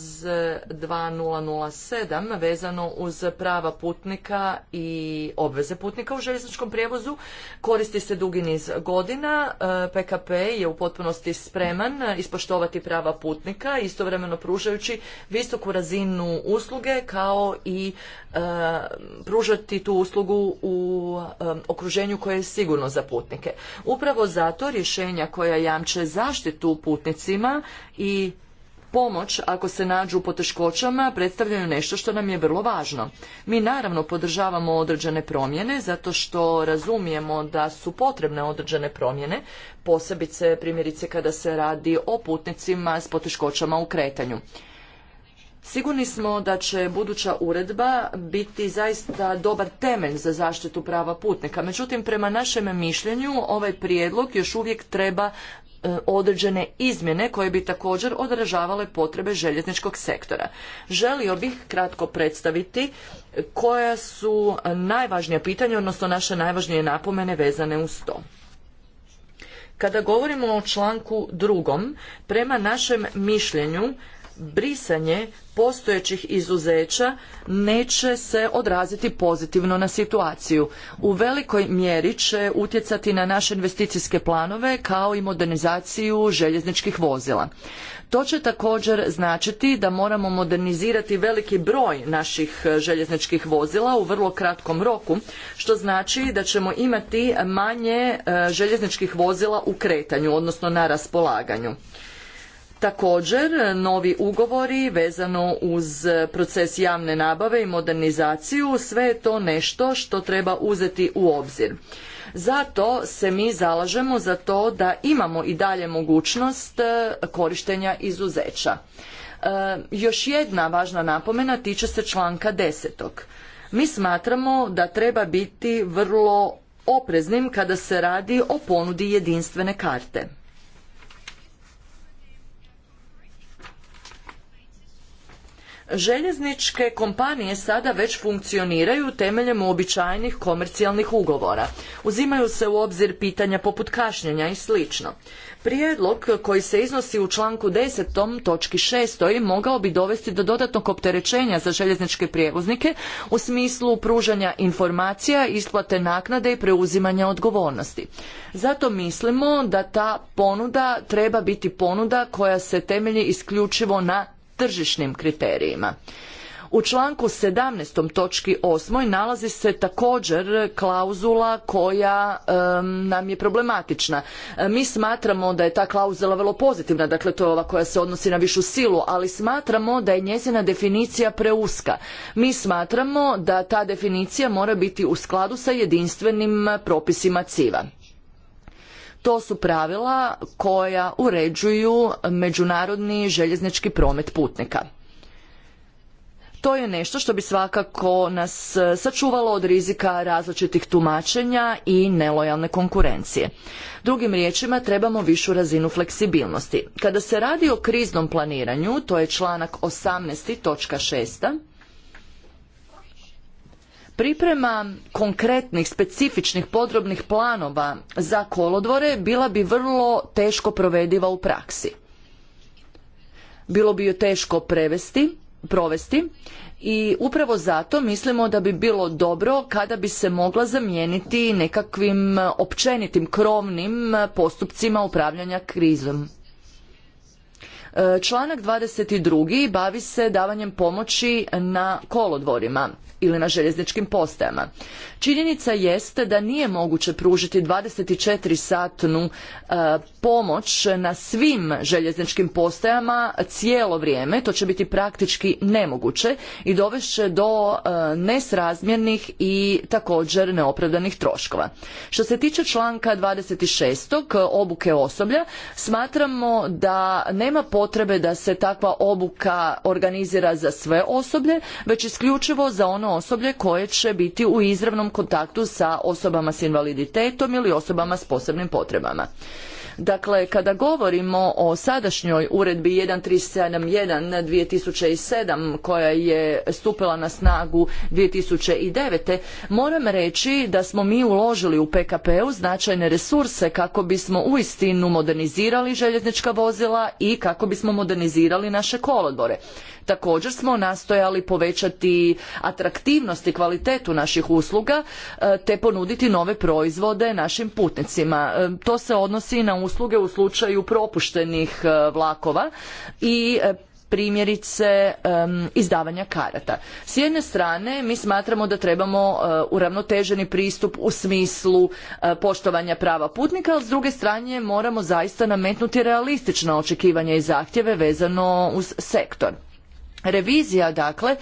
2007 e, vezano uz prava putnika i obveze putnika u željezničkom prijevozu koristi se dugi niz godina. PKP e, je u potpunosti spreman ispoštovati prava putnika, istovremeno pružajući visoku razinu usluge kao i e, pružati tu uslugu u okruženju koje je sigurno za putnike. Upravo zato rješenja koja jamče zaštitu putnicima i pomoć ako se nađu u poteškoćama predstavljaju nešto što nam je vrlo važno. Mi naravno podržavamo određene promjene zato što razumijemo da su potrebne određene promjene, posebice primjerice kada se radi o putnicima s poteškoćama u kretanju. Sigurni smo da će buduća uredba biti zaista dobar temelj za zaštitu prava putnika. Međutim, prema našem mišljenju ovaj prijedlog još uvijek treba E, određene izmjene koje bi također odražavale potrebe željezničkog sektora. Želio bih kratko predstaviti koja su najvažnija pitanja, odnosno naše najvažnije napomene vezane uz to. Kada govorimo o članku drugom, prema našem mišljenju brisanje postojećih izuzeća neće se odraziti pozitivno na situaciju. U velikoj mjeri će utjecati na naše investicijske planove kao i modernizaciju željezničkih vozila. To će također značiti da moramo modernizirati veliki broj naših e, željezničkih vozila u vrlo kratkom roku, što znači da ćemo imati manje e, željezničkih vozila u kretanju, odnosno na raspolaganju. Također, novi ugovori vezano uz proces javne nabave i modernizaciju, sve je to nešto što treba uzeti u obzir. Zato se mi zalažemo za to da imamo i dalje mogućnost e, korištenja izuzeća. E, još jedna važna napomena tiče se članka desetog. Mi smatramo da treba biti vrlo opreznim kada se radi o ponudi jedinstvene karte. Željezničke kompanije sada već funkcioniraju temeljem uobičajenih komercijalnih ugovora. Uzimaju se u obzir pitanja poput kašnjenja i sl. Prijedlog koji se iznosi u članku 10. točki 6. mogao bi dovesti do dodatnog opterećenja za željezničke prijevoznike u smislu pružanja informacija, isplate naknade i preuzimanja odgovornosti. Zato mislimo da ta ponuda treba biti ponuda koja se temelji isključivo na tržišnim kriterijima. U članku 17. točki 8. nalazi se također klauzula koja nam je problematična. E, mi smatramo da je ta klauzula vrlo pozitivna, dakle to je ova koja se odnosi na višu silu, ali smatramo da je njezina definicija preuska. Mi smatramo da ta definicija mora biti u skladu sa jedinstvenim propisima civa. To su pravila koja uređuju međunarodni željeznički promet putnika. To je nešto što bi svakako nas e, sačuvalo od rizika različitih tumačenja i nelojalne konkurencije. Drugim riječima trebamo višu razinu fleksibilnosti. Kada se radi o kriznom planiranju, to je članak 18.6 Priprema konkretnih, specifičnih, podrobnih planova za kolodvore bila bi vrlo teško provediva u praksi. Bilo bi ju teško provesti i upravo zato mislimo da bi bilo dobro kada bi se mogla zamijeniti nekakvim općenitim krovnim postupcima upravljanja krizom. E, članak 22. bavi se davanjem pomoći na kolodvorima ili na željezničkim postajama. Činjenica jeste da nije moguće pružiti 24 satnu e, pomoć na svim željezničkim postajama cijelo vrijeme, to će biti praktički nemoguće i dovešće do e, nesrazmjernih i također neopravdanih troškova. Što se tiče članka 26. E, obuke osoblja, smatramo da nema potrebe da se takva obuka organizira za sve osoblje, već isključivo za ono osoblje koje će biti u izravnom kontaktu sa osobama s invaliditetom ili osobama s posebnim potrebama. Dakle, kada govorimo o sadašnjoj uredbi 1371 2007 koja je stupila na snagu 2009. moram reći da smo mi uložili u PKP-u značajne resurse kako bismo uistinu modernizirali željeznička vozila i kako bismo modernizirali naše kolodvore. Također smo nastojali povećati atraktivnost i kvalitetu naših usluga e, te ponuditi nove proizvode našim putnicima. E, to se odnosi na usluge u slučaju propuštenih e, vlakova i primjerice izdavanja karata. S jedne strane mi smatramo da trebamo uravnoteženi pristup u smislu poštovanja prava putnika, ali s druge strane moramo zaista nametnuti realistična očekivanja i zahtjeve vezano uz sektor. Revizija, dakle,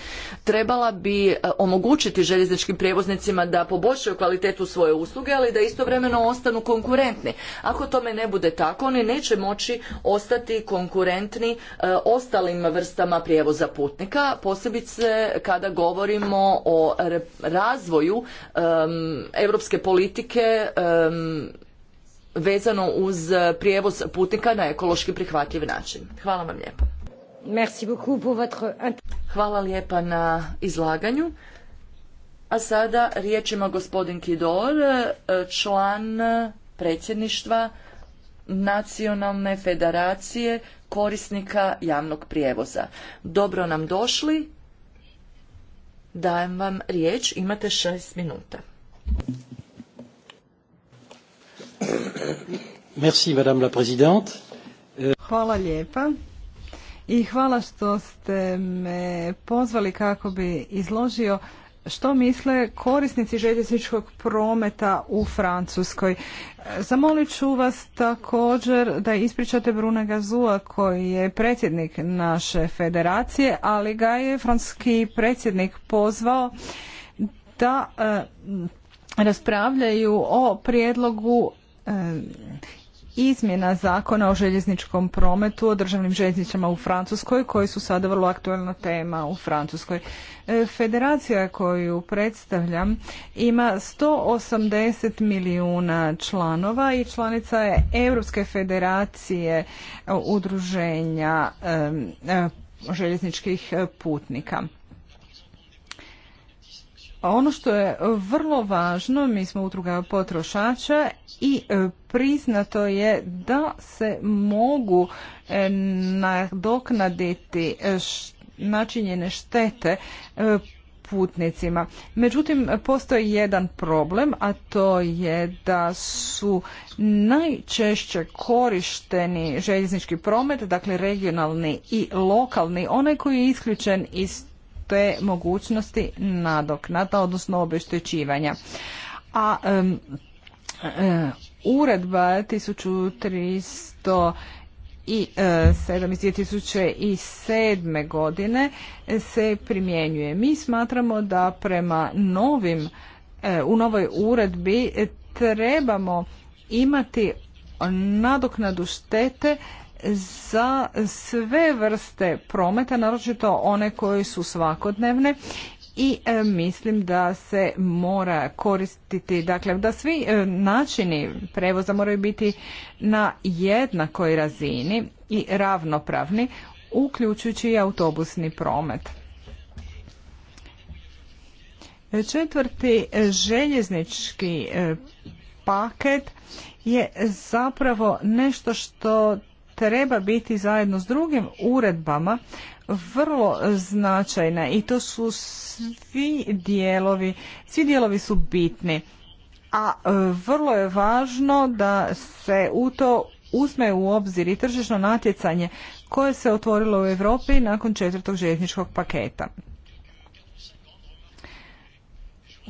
trebala bi e, omogućiti željezničkim prijevoznicima da poboljšaju kvalitetu svoje usluge, ali da istovremeno ostanu konkurentni. Ako tome ne bude tako, oni neće moći ostati konkurentni e, ostalim vrstama prijevoza putnika, posebice kada govorimo o razvoju europske politike vezano uz prijevoz putnika na ekološki prihvatljiv način. Hvala vam lijepo. Hvala lijepa na izlaganju. A sada riječ ima gospodin Kidor, e, član predsjedništva Nacionalne federacije korisnika javnog prijevoza. Dobro nam došli. Dajem vam riječ, imate šest minuta. Hvala lijepa i hvala što ste me pozvali kako bi izložio što misle korisnici željezničkog prometa u Francuskoj. Zamolit ću vas također da ispričate Bruna Gazua koji je predsjednik naše federacije, ali ga je francuski predsjednik pozvao da e, raspravljaju o prijedlogu e, izmjena zakona o željezničkom prometu, o državnim željezničama u Francuskoj, koji su sada vrlo aktualna tema u Francuskoj. E, federacija koju predstavljam ima 180 milijuna članova i članica je Europske federacije udruženja e, e, željezničkih putnika. Ono što je vrlo važno, mi smo utruga potrošača i e, priznato je da se mogu e, nadoknaditi e, načinjene štete putnicima. Međutim, postoji jedan problem, a to je da su najčešće korišteni željeznički promet, dakle regionalni i lokalni, onaj koji je isključen iz postoje mogućnosti nadoknata, odnosno obeštećivanja. A e, uredba 1300 i e, iz 2007. godine se primjenjuje. Mi smatramo da prema novim, e, u novoj uredbi trebamo imati nadoknadu štete za sve vrste prometa, naročito one koji su svakodnevne i e, mislim da se mora koristiti, dakle da svi e, načini prevoza moraju biti na jednakoj razini i ravnopravni, uključujući i autobusni promet. Četvrti željeznički e, paket je zapravo nešto što treba biti zajedno s drugim uredbama vrlo značajna i to su svi dijelovi, svi dijelovi su bitni, a e, vrlo je važno da se u to uzme u obzir i tržišno natjecanje koje se otvorilo u Europi nakon četvrtog željezničkog paketa.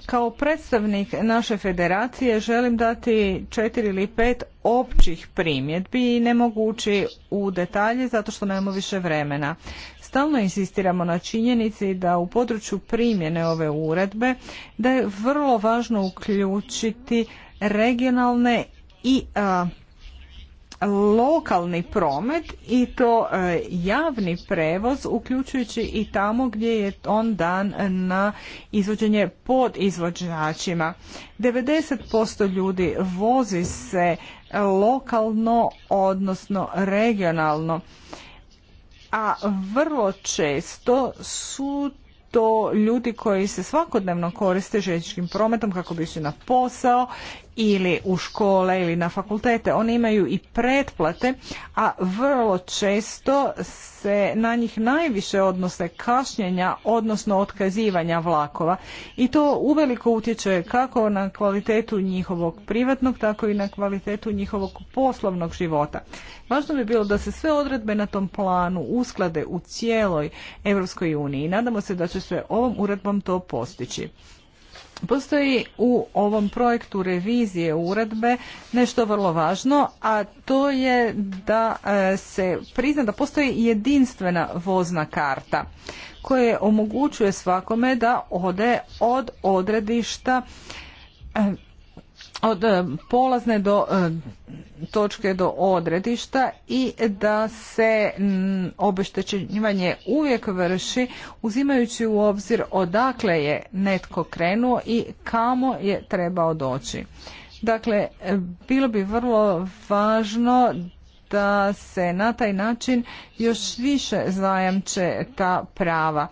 Kao predstavnik naše federacije želim dati četiri ili pet općih primjedbi i ne mogući u detalje zato što nemamo više vremena. Stalno insistiramo na činjenici da u području primjene ove uredbe da je vrlo važno uključiti regionalne i a, lokalni promet i to e, javni prevoz uključujući i tamo gdje je on dan na izvođenje pod izvođačima. 90% ljudi vozi se lokalno odnosno regionalno a vrlo često su to ljudi koji se svakodnevno koriste željezničkim prometom kako bi išli na posao ili u škole ili na fakultete. Oni imaju i pretplate, a vrlo često se na njih najviše odnose kašnjenja, odnosno otkazivanja vlakova. I to uveliko utječe kako na kvalitetu njihovog privatnog, tako i na kvalitetu njihovog poslovnog života. Važno bi bilo da se sve odredbe na tom planu usklade u cijeloj Europskoj uniji. Nadamo se da će se ovom uredbom to postići. Postoji u ovom projektu revizije uredbe nešto vrlo važno, a to je da e, se prizna da postoji jedinstvena vozna karta koja omogućuje svakome da ode od odredišta e, od e, polazne do e, točke do odredišta i da se obeštećenjivanje uvijek vrši uzimajući u obzir odakle je netko krenuo i kamo je trebao doći. Dakle, e, bilo bi vrlo važno da se na taj način još više zajamče ta prava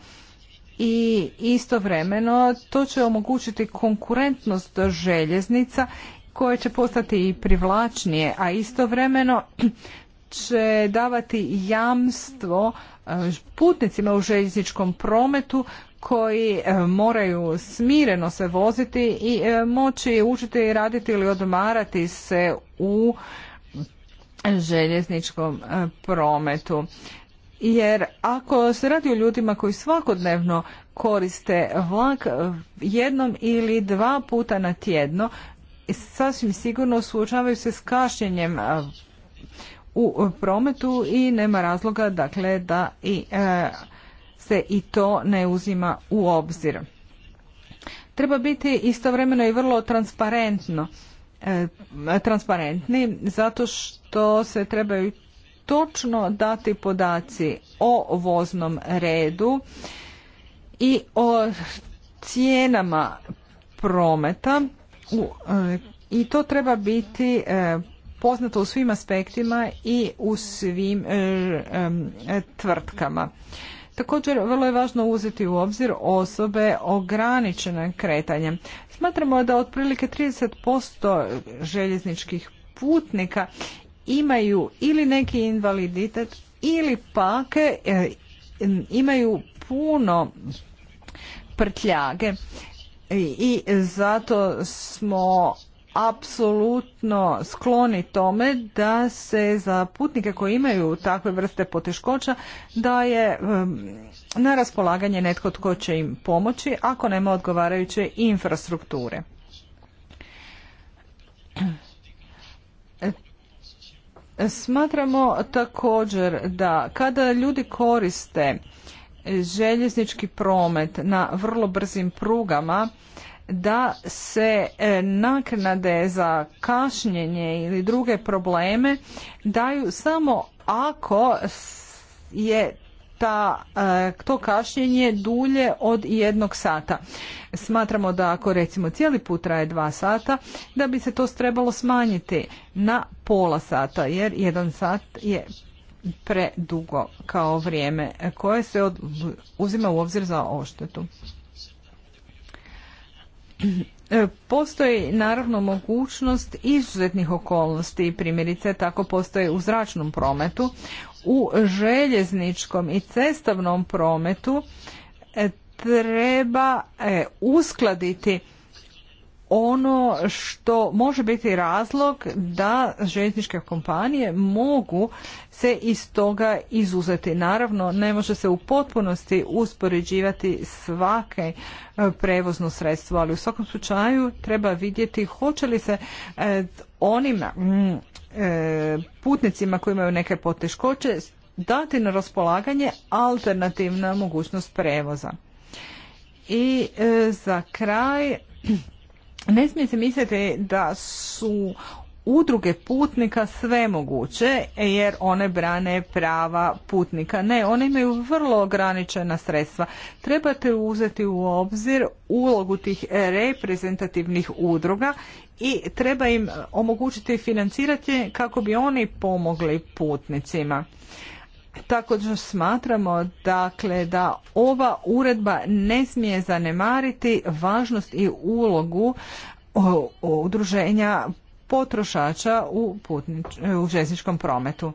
i istovremeno to će omogućiti konkurentnost željeznica koje će postati i privlačnije, a istovremeno će davati jamstvo e, putnicima u željezničkom prometu koji e, moraju smireno se voziti i e, moći učiti i raditi ili odmarati se u željezničkom prometu jer ako se radi o ljudima koji svakodnevno koriste vlak eh, jednom ili dva puta na tjedno, sasvim sigurno suočavaju se s kašnjenjem eh, u prometu i nema razloga dakle da i, eh, se i to ne uzima u obzir. Treba biti istovremeno i vrlo transparentno transparentni zato što se trebaju točno dati podaci o voznom redu i o cijenama prometa e, i to treba biti e, poznato u svim aspektima i u svim e, tvrtkama. Također, vrlo je važno uzeti u obzir osobe ograničene kretanjem. Smatramo da otprilike 30% željezničkih putnika imaju ili neki invaliditet ili pak e, imaju puno prtljage i zato smo apsolutno skloni tome da se za putnike koji imaju takve vrste poteškoća da je e, na raspolaganje netko tko će im pomoći ako nema odgovarajuće infrastrukture. Smatramo također da kada ljudi koriste željeznički promet na vrlo brzim prugama, da se e, naknade za kašnjenje ili druge probleme daju samo ako je ta, e, to kašnjenje dulje od jednog sata. Smatramo da ako recimo cijeli put traje dva sata, da bi se to trebalo smanjiti na pola sata, jer jedan sat je predugo kao vrijeme koje se uzima u obzir za oštetu. E, postoji naravno mogućnost izuzetnih okolnosti, primjerice tako postoje u zračnom prometu u željezničkom i cestovnom prometu e, treba e, uskladiti ono što može biti razlog da željezničke kompanije mogu se iz toga izuzeti. Naravno, ne može se u potpunosti uspoređivati svake e, prevozno sredstvo, ali u svakom slučaju treba vidjeti hoće li se onim E, putnicima koji imaju neke poteškoće dati na raspolaganje alternativna mogućnost prevoza. I e, za kraj ne smije se misliti da su udruge putnika sve moguće jer one brane prava putnika. Ne, one imaju vrlo ograničena sredstva. Trebate uzeti u obzir ulogu tih reprezentativnih udruga i treba im omogućiti financirati kako bi oni pomogli putnicima. Također smatramo dakle da ova uredba ne smije zanemariti važnost i ulogu udruženja potrošača u, putnič, e, u željezničkom prometu.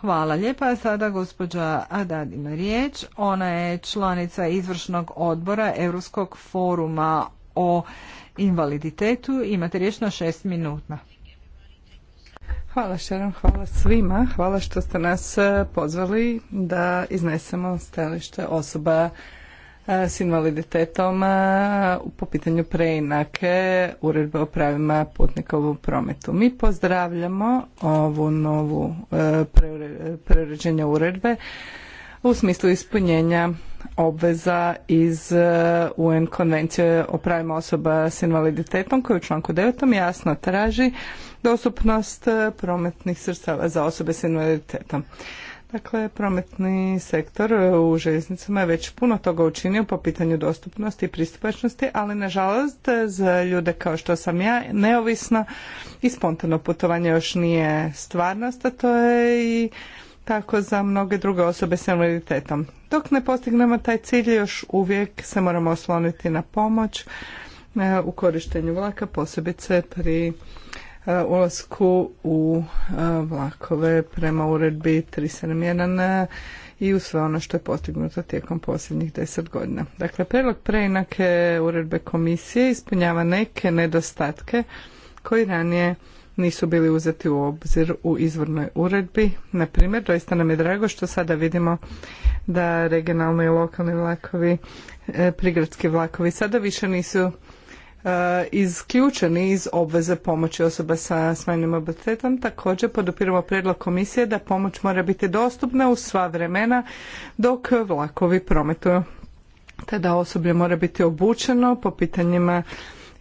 Hvala lijepa. Sada gospođa Adad ima riječ. Ona je članica izvršnog odbora Europskog foruma o invaliditetu. Imate riječ na šest minuta. Hvala hvala svima. Hvala što ste nas e, pozvali da iznesemo stajalište osoba s invaliditetom po pitanju preinake uredbe o pravima putnika u prometu. Mi pozdravljamo ovu novu e, preuređenje uredbe u smislu ispunjenja obveza iz e, UN konvencije o pravima osoba s invaliditetom koja u članku 9. jasno traži dostupnost e, prometnih sredstava za osobe s invaliditetom. Dakle, prometni sektor u željeznicama je već puno toga učinio po pitanju dostupnosti i pristupačnosti, ali nažalost za ljude kao što sam ja, neovisno i spontano putovanje još nije stvarnost, a to je i tako za mnoge druge osobe s invaliditetom. Dok ne postignemo taj cilj, još uvijek se moramo osloniti na pomoć e, u korištenju vlaka, posebice pri E, ulasku u e, vlakove prema uredbi 371 e, i u sve ono što je postignuto tijekom posljednjih deset godina. Dakle, prijedlog preinake uredbe komisije ispunjava neke nedostatke koji ranije nisu bili uzeti u obzir u izvornoj uredbi. Na primjer, doista nam je drago što sada vidimo da regionalni i lokalni vlakovi, prigradski vlakovi sada više nisu E, isključeni iz obveze pomoći osoba sa smanjenim obitetom. Također podupiramo prijedlog komisije da pomoć mora biti dostupna u sva vremena dok vlakovi prometuju. Te da osoblje mora biti obučeno po pitanjima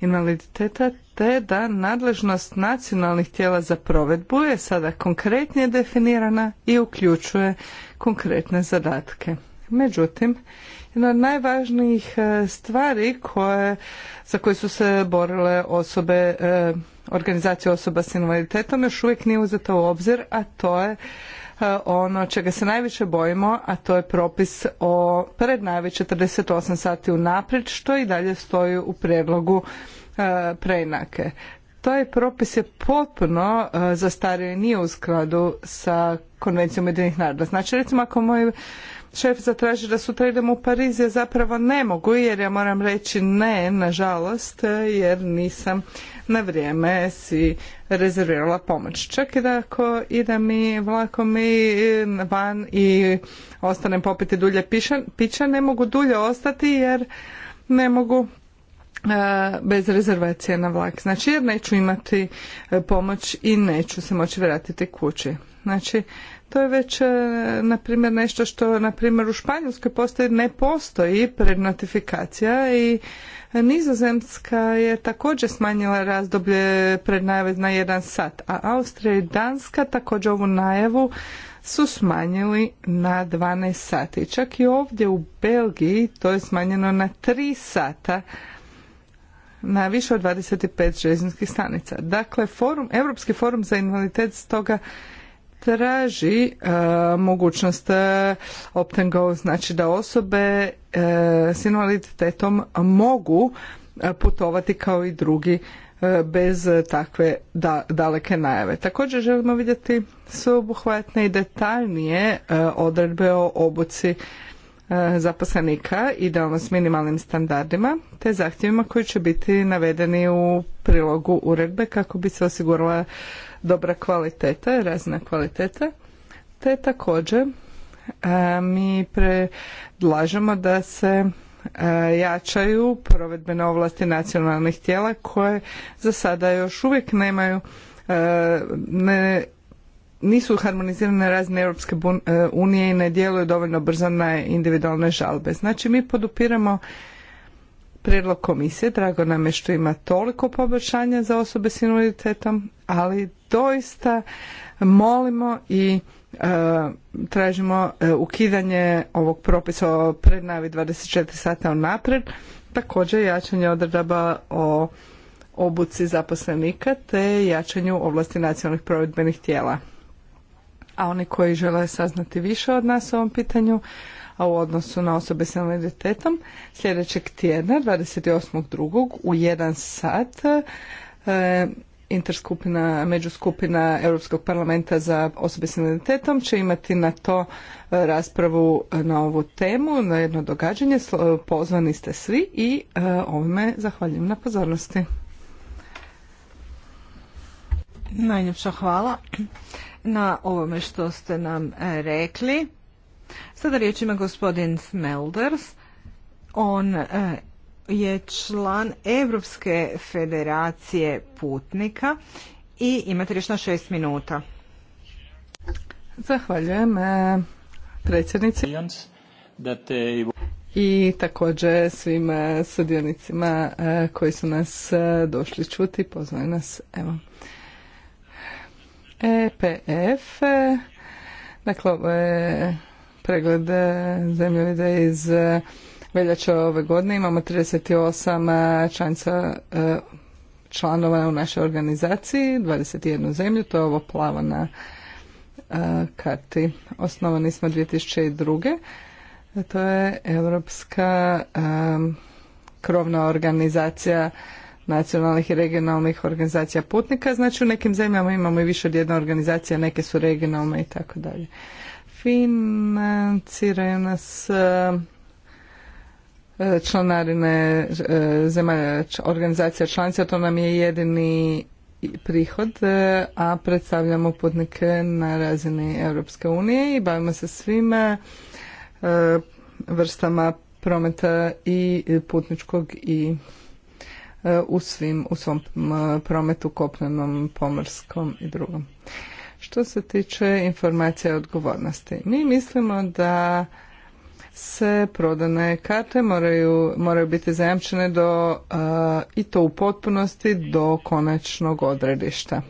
invaliditeta te da nadležnost nacionalnih tijela za provedbu je sada konkretnije definirana i uključuje konkretne zadatke. Međutim, jedna od najvažnijih e, stvari koje, za koje su se borile osobe, e, organizacije osoba s invaliditetom još uvijek nije uzeta u obzir, a to je e, ono čega se najviše bojimo, a to je propis o prednajavi 48 sati unaprijed, što i dalje stoji u predlogu preinake. Taj propis je potpuno zastario i nije u skladu sa konvencijom jedinih naroda. Znači, recimo, ako moj šef zatraži da sutra idem u Pariz, ja zapravo ne mogu jer ja moram reći ne, nažalost, jer nisam na vrijeme si rezervirala pomoć. Čak i da ako idem i vlakom i van i ostanem popiti dulje pića, ne mogu dulje ostati jer ne mogu e, bez rezervacije na vlak. Znači jer neću imati e, pomoć i neću se moći vratiti kući. Znači to je već, e, na primjer, nešto što, na primjer, u Španjolskoj postoji, ne postoji prednotifikacija i Nizozemska je također smanjila razdoblje prednajave na jedan sat, a Austrija i Danska također ovu najavu su smanjili na 12 sati. Čak i ovdje u Belgiji to je smanjeno na 3 sata na više od 25 željezničkih stanica. Dakle, forum, Europski forum za invaliditet stoga traži e, mogućnost e, opt go, znači da osobe e, s invaliditetom mogu putovati kao i drugi bez takve daleke najave. Također želimo vidjeti sveobuhvatne i detaljnije odredbe o obuci zaposlenika idealno s minimalnim standardima te zahtjevima koji će biti navedeni u prilogu uredbe kako bi se osigurala dobra kvaliteta, razna kvaliteta, te također e, mi predlažemo da se e, jačaju provedbene ovlasti nacionalnih tijela koje za sada još uvijek nemaju e, nisu harmonizirane razne Europske unije i ne djeluju dovoljno brzo na individualne žalbe. Znači mi podupiramo prijedlog komisije, drago nam je što ima toliko poboljšanja za osobe s invaliditetom, ali doista molimo i e, tražimo e, ukidanje ovog propisa o prednavi 24 sata unaprijed, također jačanje odredaba o obuci zaposlenika te jačanju ovlasti nacionalnih provedbenih tijela. A oni koji žele saznati više od nas o ovom pitanju, a u odnosu na osobe s invaliditetom, sljedećeg tjedna, 28.2. u 1 sat, e, interskupina, međuskupina Europskog parlamenta za osobe s invaliditetom će imati na to e, raspravu na ovu temu, na jedno događanje. Pozvani ste svi i e, ovime zahvaljujem na pozornosti. Najljepša hvala na ovome što ste nam e, rekli. Sada riječ ima gospodin Smelders. On je član Evropske federacije putnika i imate još na šest minuta. Zahvaljujem e, predsjednici i također svim e, sudionicima e, koji su nas došli čuti, pozvali nas. Evo. EPF, dakle ovo je pregled zemljovide iz veljače ove godine imamo 38 e, članica e, članova u našoj organizaciji, 21 zemlju, to je ovo plavo na e, karti. Osnovani smo 2002. To je Europska krovna organizacija nacionalnih i regionalnih organizacija putnika. Znači u nekim zemljama imamo i više od jedne organizacije, neke su regionalne i tako dalje. Financiraju nas članarine e, zemalja organizacija članica, to nam je jedini prihod, e, a predstavljamo putnike na razini Europske unije i bavimo se svima e, vrstama prometa i putničkog i u, svim, u svom prometu kopnenom, pomorskom i drugom. Što se tiče informacija i odgovornosti, mi mislimo da se prodane karte moraju, moraju biti zajamčene do, eh, i to u potpunosti do konačnog odredišta.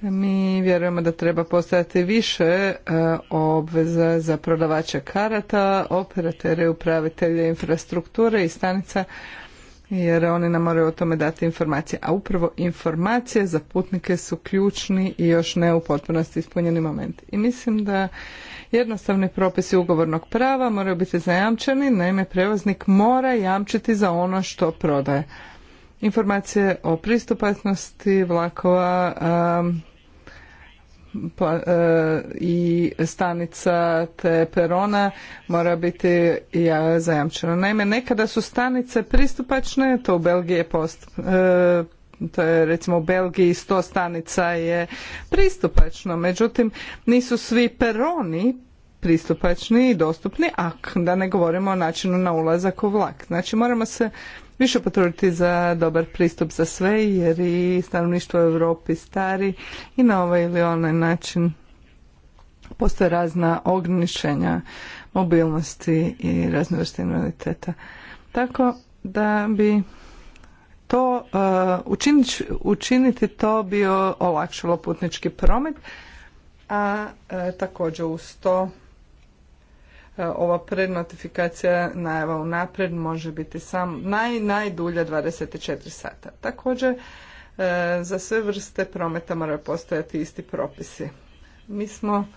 Mi vjerujemo da treba postojati više eh, obveza za prodavače karata, operatere, upravitelje infrastrukture i stanica jer oni nam moraju o tome dati informacije. A upravo informacije za putnike su ključni i još ne u potpunosti ispunjeni moment. I mislim da Jednostavni propisi ugovornog prava moraju biti zajamčeni, naime prevoznik mora jamčiti za ono što prodaje. Informacije o pristupačnosti vlakova um, uh, i stanica te perona mora biti ja, zajamčeno. Naime, nekada su stanice pristupačne, to u Belgiji je post, uh, to je recimo u Belgiji sto stanica je pristupačno, međutim nisu svi peroni pristupačni i dostupni, a da ne govorimo o načinu na ulazak u vlak. Znači moramo se više potruditi za dobar pristup za sve, jer i stanovništvo u Europi stari i na ovaj ili onaj način postoje razna ograničenja mobilnosti i razne vrste invaliditeta. Tako da bi to uh, učiniti, učiniti to bi olakšalo putnički promet, a uh, također uz to E, ova prednotifikacija najava unaprijed može biti sam naj, najdulja 24 sata. Također, e, za sve vrste prometa moraju postojati isti propisi. Mi smo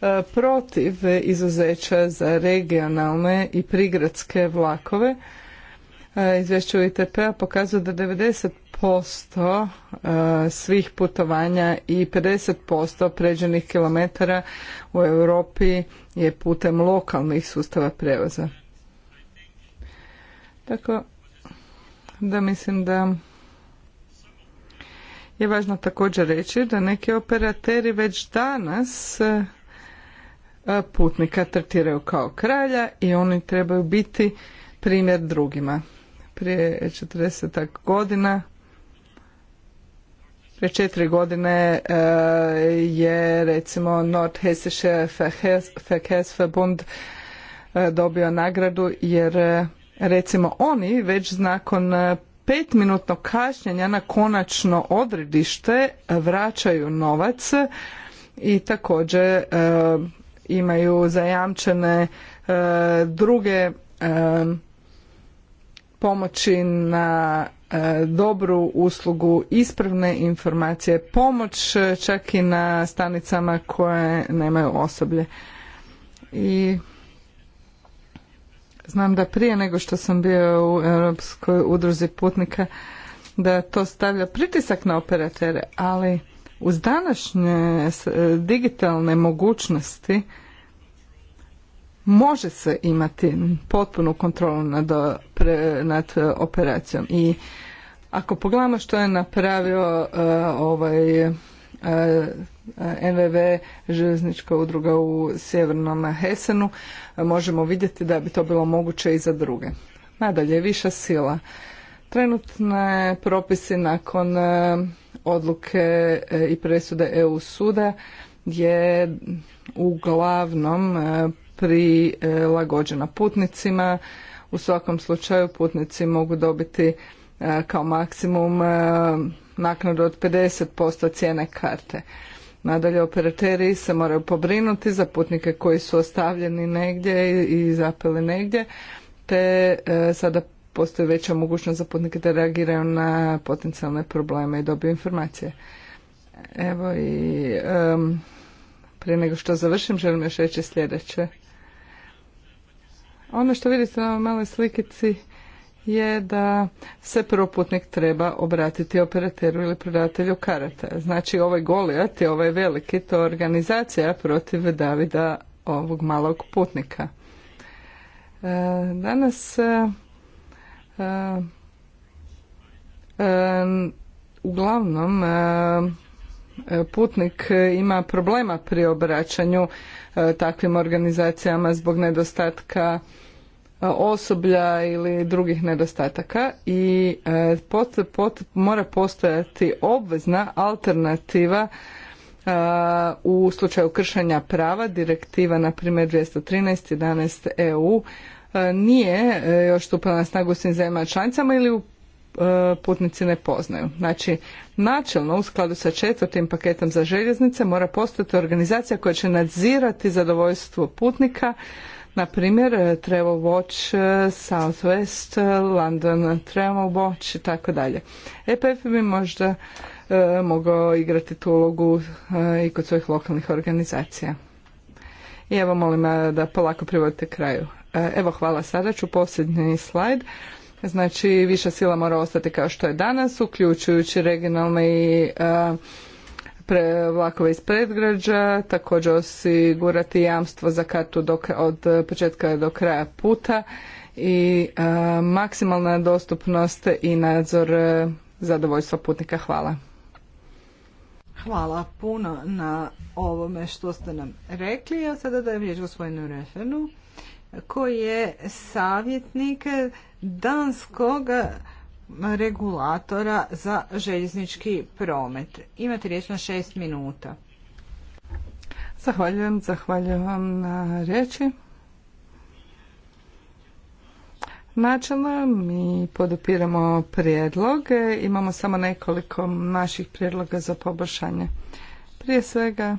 e, protiv izuzeća za regionalne i prigradske vlakove. Izvješće UITP-a pokazuje da 90 posto eh, svih putovanja i 50% pređenih kilometara u Europi je putem lokalnih sustava prevoza. Tako da mislim da je važno također reći da neki operateri već danas eh, putnika tretiraju kao kralja i oni trebaju biti primjer drugima. Prije 40 godina Pre četiri godine e, je recimo Nordhessische Verkehrsverbund e, dobio nagradu jer e, recimo oni već nakon petminutnog kašnjenja na konačno odredište vraćaju novac i također imaju zajamčene druge pomoći na E, dobru uslugu, ispravne informacije, pomoć e, čak i na stanicama koje nemaju osoblje. I znam da prije nego što sam bio u Europskoj udruzi putnika da to stavlja pritisak na operatere, ali uz današnje e, digitalne mogućnosti može se imati potpunu kontrolu nad, nad operacijom i ako pogledamo što je napravio eh, ovaj eh, NVV željeznička udruga u sjevernom Hesenu, možemo vidjeti da bi to bilo moguće i za druge. Nadalje, viša sila. Trenutne propisi nakon eh, odluke i presude EU suda je uglavnom prilagođena putnicima. U svakom slučaju putnici mogu dobiti e, kao maksimum e, naknadu od 50% cijene karte. Nadalje, operateri se moraju pobrinuti za putnike koji su ostavljeni negdje i zapeli negdje, te e, sada postoji veća mogućnost za putnike da reagiraju na potencijalne probleme i dobiju informacije. Evo i prije nego što završim, želim još reći sljedeće. Ono što vidite na maloj slikici je da se proputnik treba obratiti operateru ili prodatelju karata. Znači ovaj Golijat i ovaj veliki, to je organizacija protiv Davida ovog malog putnika. E, danas e, e, uglavnom putnik ima problema pri obraćanju E, takvim organizacijama zbog nedostatka e, osoblja ili drugih nedostataka i e, pot, mora postojati obvezna alternativa u slučaju kršenja prava direktiva na primjer 213 11 EU nije još stupila na snagu svim zemljama članicama ili u E, putnici ne poznaju. Znači, načelno u skladu sa četvrtim paketom za željeznice mora postati organizacija koja će nadzirati zadovoljstvo putnika, na primjer e, Travel Watch, e, West, London Travel Watch i tako dalje. EPF bi možda mogao igrati tu ulogu i kod svojih lokalnih organizacija. I evo molim da polako privodite kraju. evo hvala sada ću posljednji slajd. Znači viša sila mora ostati kao što je danas, uključujući regionalne i e, vlakove iz predgrađa, također osigurati jamstvo za kartu od početka do kraja puta i e, maksimalna dostupnost i nadzor e, zadovoljstva putnika. Hvala. Hvala puno na ovome što ste nam rekli, a sada dajem riječ gospodinu Refenu koji je savjetnik danskog regulatora za željeznički promet. Imate riječ na šest minuta. Zahvaljujem, zahvaljujem vam na riječi. Načelno mi podupiramo prijedloge, imamo samo nekoliko naših prijedloga za poboljšanje. Prije svega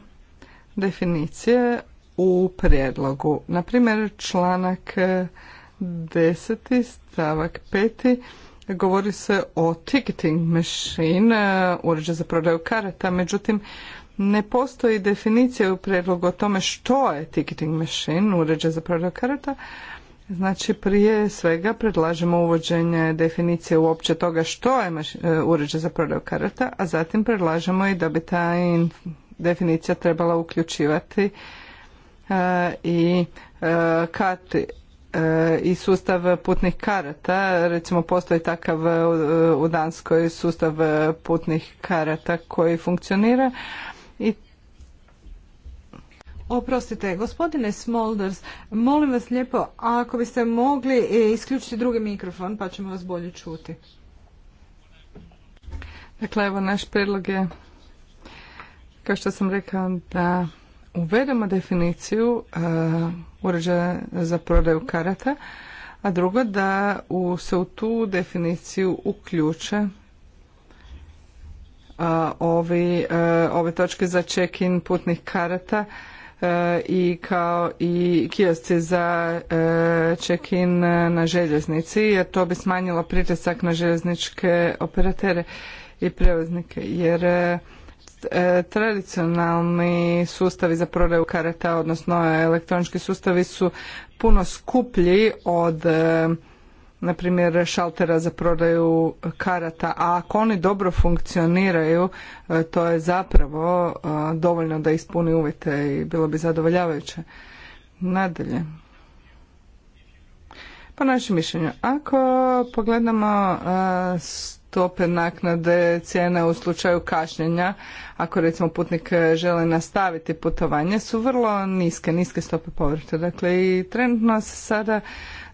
definicije u prijedlogu. Na primjer, članak 10. stavak 5. govori se o ticketing machine, uh, uređaj za prodaju karata, međutim ne postoji definicija u prijedlogu o tome što je ticketing machine, uređaj za prodaju karata. Znači, prije svega predlažemo uvođenje definicije uopće toga što je uh, uređaj za prodaju karata, a zatim predlažemo i da bi ta definicija trebala uključivati E, i e, kati e, i sustav putnih karata. Recimo postoji takav u Danskoj sustav putnih karata koji funkcionira i Oprostite, gospodine Smolders, molim vas lijepo, ako biste mogli isključiti drugi mikrofon, pa ćemo vas bolje čuti. Dakle, evo naš predlog je, kao što sam rekao, da uvedemo definiciju e, uređaja za prodaju karata, a drugo da u, se u tu definiciju uključe e, e, ove točke za check-in putnih karata i kao i kiosci za check-in na željeznici jer to bi smanjilo pritisak na željezničke operatere i prevoznike jer E, tradicionalni sustavi za prodaju karata, odnosno e, elektronički sustavi su puno skuplji od e, na primjer šaltera za prodaju karata, a ako oni dobro funkcioniraju, to je zapravo dovoljno da ispuni uvjete i bilo bi zadovoljavajuće. Nadalje. Po našem mišljenju, ako pogledamo stope naknade cijene u slučaju kašnjenja, ako recimo putnik želi nastaviti putovanje, su vrlo niske, niske stope povrata. Dakle, i trenutno se sada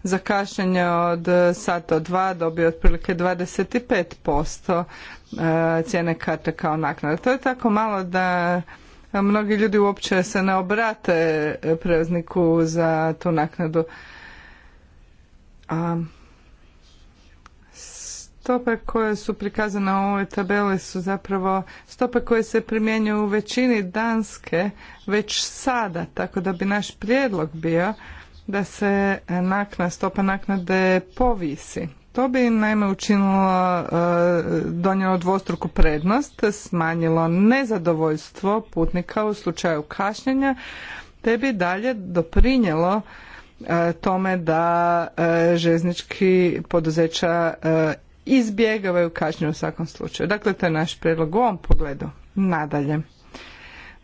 za kašnjenje od sata od dva dobije otprilike 25% e, cijene karte kao naknada. To je tako malo da mnogi ljudi uopće se ne obrate prevozniku za tu naknadu. A, stope koje su prikazane u ovoj tabeli su zapravo stope koje se primjenjuju u većini Danske već sada, tako da bi naš prijedlog bio da se nakna, stopa naknade povisi. To bi naime učinilo, e, donijelo dvostruku prednost, smanjilo nezadovoljstvo putnika u slučaju kašnjenja, te bi dalje doprinjelo e, tome da e, željeznički poduzeća izbjegavaju kažnje u svakom slučaju. Dakle, to je naš prijedlog u ovom pogledu. Nadalje.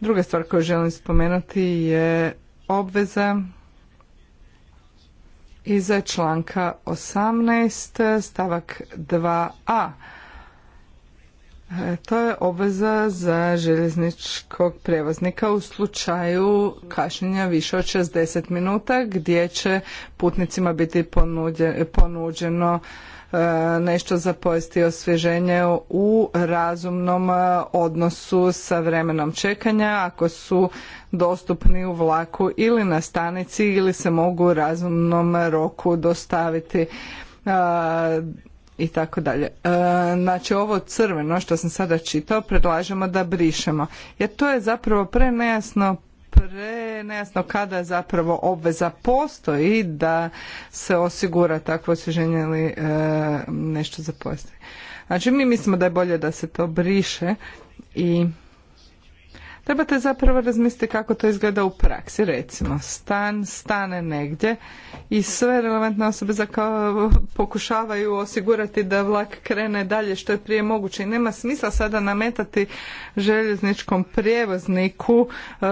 Druga stvar koju želim spomenuti je obveza iza članka 18 stavak 2a. E, to je obveza za željezničkog prevoznika u slučaju kašnjenja više od 60 minuta gdje će putnicima biti ponuđeno E, nešto za pojesti osvježenje u razumnom e, odnosu sa vremenom čekanja ako su dostupni u vlaku ili na stanici ili se mogu u razumnom roku dostaviti e, i tako dalje. Znači ovo crveno što sam sada čitao predlažemo da brišemo jer to je zapravo prenejasno pre nejasno kada zapravo obveza postoji da se osigura takvo osvježenje ili e, nešto za postoji. Znači mi mislimo da je bolje da se to briše i trebate zapravo razmisliti kako to izgleda u praksi. Recimo, stan stane negdje i sve relevantne osobe za pokušavaju osigurati da vlak krene dalje što je prije moguće. I nema smisla sada nametati željezničkom prijevozniku e,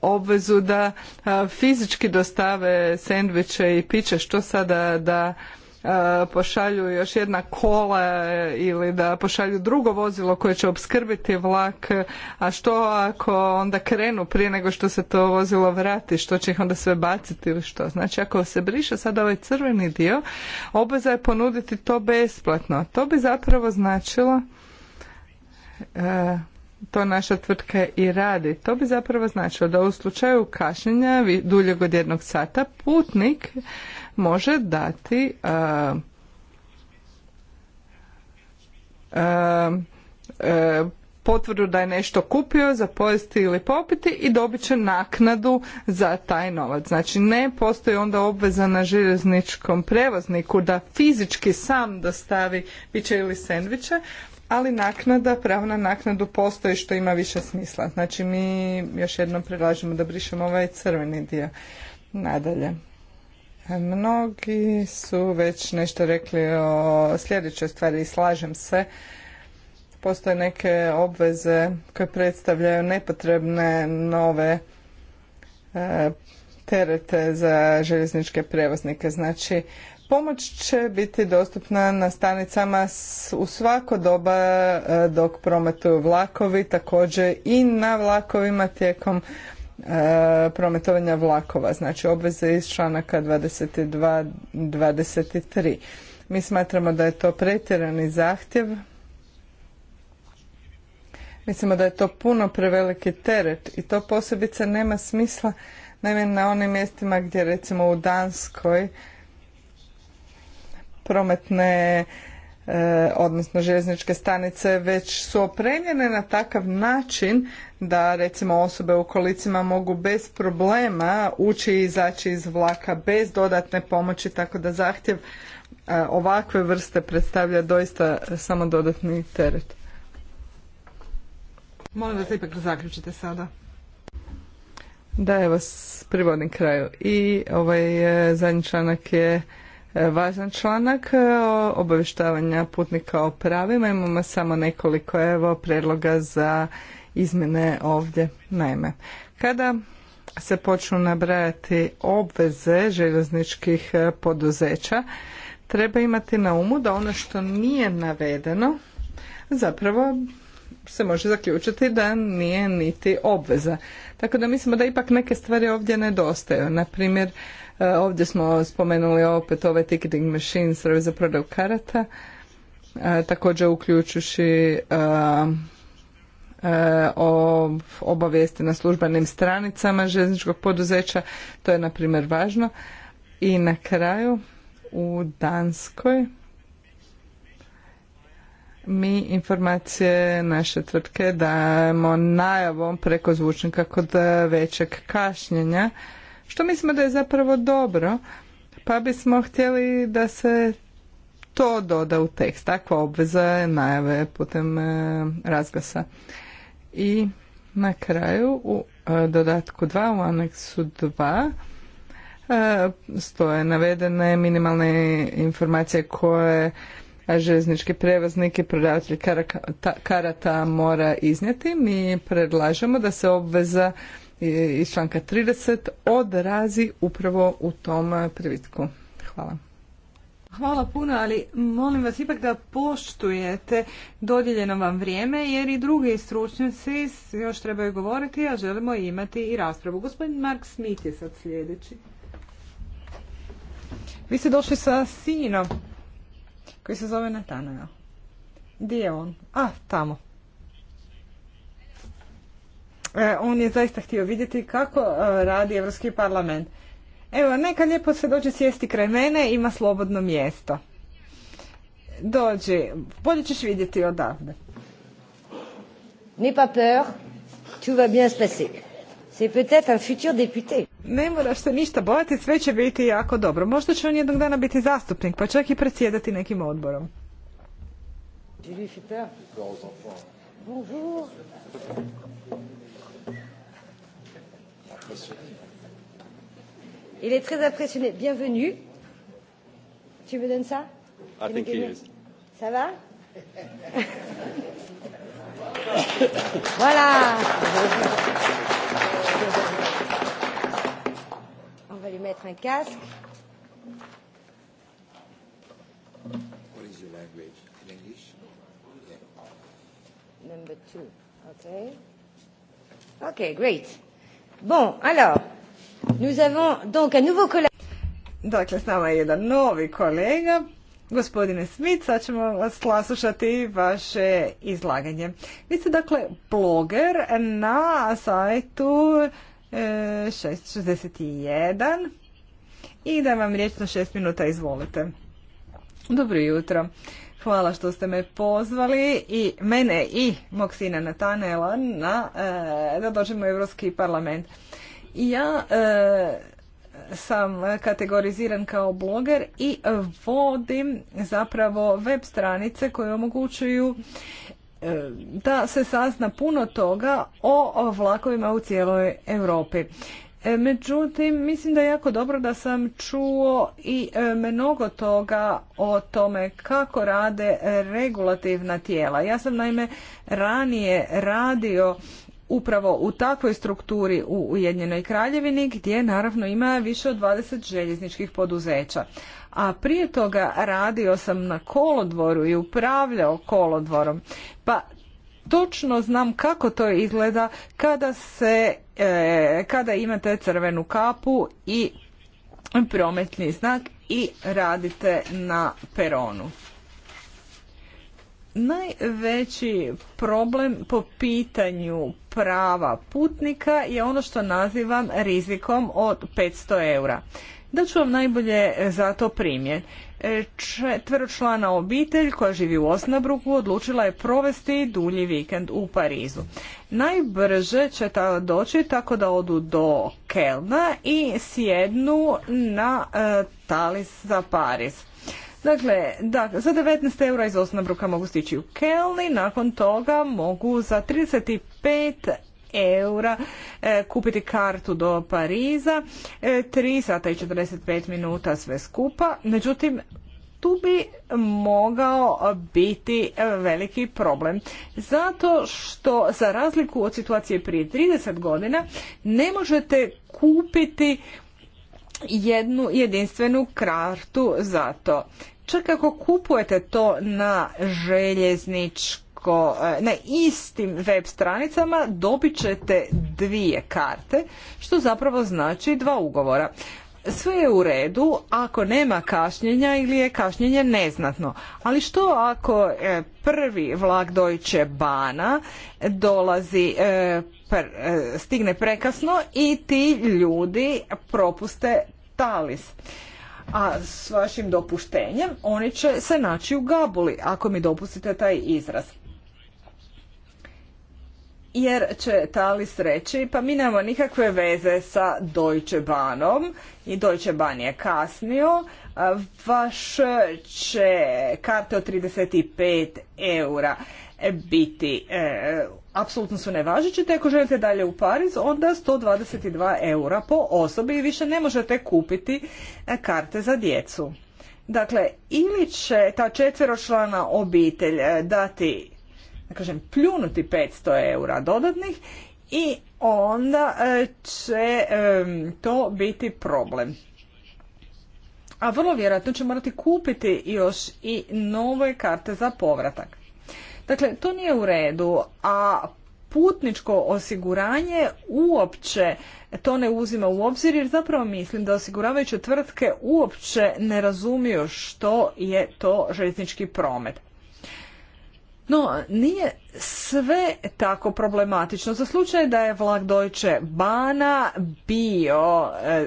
obvezu da e, fizički dostave sendviče i piće što sada da E, pošalju još jedna kola ili da pošalju drugo vozilo koje će opskrbiti vlak, a što ako onda krenu prije nego što se to vozilo vrati, što će ih onda sve baciti ili što. Znači ako se briše sada ovaj crveni dio, obveza je ponuditi to besplatno. To bi zapravo značilo e, to naša tvrtka i radi. To bi zapravo značilo da u slučaju kašnjenja duljeg od jednog sata putnik može dati e, e, e, potvrdu da je nešto kupio za pojesti ili popiti i dobit će naknadu za taj novac. Znači ne postoji onda obveza na željezničkom prevozniku da fizički sam dostavi piće ili sendviče, ali naknada, pravna naknadu postoji što ima više smisla. Znači mi još jednom predlažemo da brišemo ovaj crveni dio. Nadalje. Mnogi su već nešto rekli o sljedećoj stvari i slažem se. Postoje neke obveze koje predstavljaju nepotrebne nove e, terete za željezničke prevoznike. Znači, pomoć će biti dostupna na stanicama u svako doba e, dok prometuju vlakovi, također i na vlakovima tijekom E, prometovanja vlakova, znači obveze iz članaka 22 23. Mi smatramo da je to pretjerani zahtjev. Mislimo da je to puno preveliki teret i to posebice nema smisla naime na onim mjestima gdje recimo u Danskoj prometne e, odnosno željezničke stanice već su opremljene na takav način da recimo osobe u kolicima mogu bez problema ući i izaći iz vlaka bez dodatne pomoći, tako da zahtjev e, ovakve vrste predstavlja doista samo dodatni teret. Molim da se ipak zaključite sada. Da, evo, privodim kraju. I ovaj e, zadnji članak je e, važan članak obavještavanja putnika o pravima. Imamo samo nekoliko evo predloga za izmjene ovdje. Naime, kada se počnu nabrajati obveze željezničkih e, poduzeća, treba imati na umu da ono što nije navedeno zapravo se može zaključiti da nije niti obveza. Tako da mislimo da ipak neke stvari ovdje nedostaju. Na primjer, e, ovdje smo spomenuli opet ove ovaj ticketing machine, srve za prodaju karata, e, također uključujući E, o obavijesti na službenim stranicama željezničkog poduzeća. To je, na primjer, važno. I na kraju, u Danskoj mi informacije naše tvrtke dajemo najavom preko zvučnika kod većeg kašnjenja, što mislimo da je zapravo dobro, pa bismo htjeli da se to doda u tekst. Takva obveza najave putem e, razglasa. I na kraju u e, dodatku 2 u aneksu 2 e, stoje navedene minimalne informacije koje željeznički prevoznik i prodavatelj karata mora iznijeti. Mi predlažemo da se obveza iz članka 30 odrazi upravo u tom privitku. Hvala. Hvala puno, ali molim vas ipak da poštujete dodijeljeno vam vrijeme, jer i drugi stručnjaci još trebaju govoriti, a želimo imati i raspravu. Gospodin Mark Smith je sad sljedeći. Vi ste došli sa sinom, koji se zove Natanael. Gdje je on? A, tamo. E, on je zaista htio vidjeti kako e, radi Europski parlament. Evo, neka lijepo se dođe sjesti kraj mene, ima slobodno mjesto. Dođi, bolje ćeš vidjeti odavde. Ni pa peur, tout va bien se C'est peut-être un futur député. Ne moraš se ništa bojati, sve će biti jako dobro. Možda će on jednog dana biti zastupnik, pa čak i predsjedati nekim odborom. Bonjour. Il est très impressionné. Bienvenue. Tu me donnes ça I think he is. Ça va Voilà. On va lui mettre un casque. What is your language? In English? Number two. Okay. Okay, great. Bon, alors, Nous avons donc un nouveau collègue. Dakle, s nama je jedan novi kolega. Gospodine Smith, sad ćemo vas slasušati vaše izlaganje. Vi ste dakle bloger na sajtu 661 e, i da vam riječ na 6 minuta izvolite. Dobro jutro. Hvala što ste me pozvali i mene i mog sina Natanela na, e, da dođemo u Europski parlament. Ja e, sam kategoriziran kao bloger i vodim zapravo web stranice koje omogućuju e, da se sazna puno toga o vlakovima u cijeloj Europi. E, međutim, mislim da je jako dobro da sam čuo i mnogo toga o tome kako rade regulativna tijela. Ja sam naime ranije radio upravo u takvoj strukturi u Ujedinjenoj Kraljevini gdje naravno ima više od 20 željezničkih poduzeća. A prije toga radio sam na kolodvoru i upravljao kolodvorom. Pa točno znam kako to izgleda kada se e, kada imate crvenu kapu i prometni znak i radite na peronu. Najveći problem po pitanju prava putnika je ono što nazivam rizikom od 500 eura. Da ću vam najbolje za to primjer. E, četveročlana obitelj koja živi u Osnabruku odlučila je provesti dulji vikend u Parizu. Najbrže će ta doći tako da odu do Kelna i sjednu na e, Talis za Pariz. Dakle, dakle, za 19 eura iz Osnabruka mogu stići u Kelni, nakon toga mogu za 35 eura e, kupiti kartu do Pariza, e, 3 sata i 45 minuta sve skupa. Međutim, tu bi mogao biti veliki problem. Zato što za razliku od situacije prije 30 godina ne možete kupiti jednu jedinstvenu kartu za to čak ako kupujete to na željezničko, e, na istim web stranicama dobit ćete dvije karte, što zapravo znači dva ugovora. Sve je u redu ako nema kašnjenja ili je kašnjenje neznatno. Ali što ako e, prvi vlak Deutsche Bana dolazi e, stigne prekasno i ti ljudi propuste talis a s vašim dopuštenjem oni će se naći u gabuli, ako mi dopustite taj izraz. Jer će Talis reći, pa mi nemamo nikakve veze sa Deutsche Bahnom i Deutsche Bahn je kasnio, vaš će karte od 35 eura E, biti e, apsolutno su nevažeći, te ako želite dalje u Pariz, onda 122 eura po osobi i više ne možete kupiti e, karte za djecu. Dakle, ili će ta četveročlana obitelj dati, da kažem, pljunuti 500 eura dodatnih i onda će to biti problem. A vrlo vjerojatno će morati kupiti još i nove karte za povratak. Dakle, to nije u redu, a putničko osiguranje uopće to ne uzima u obzir jer zapravo mislim da osiguravajuće tvrtke uopće ne razumiju što je to željeznički promet. No, nije sve tako problematično. Za slučaj da je vlak Deutsche Bana bio e,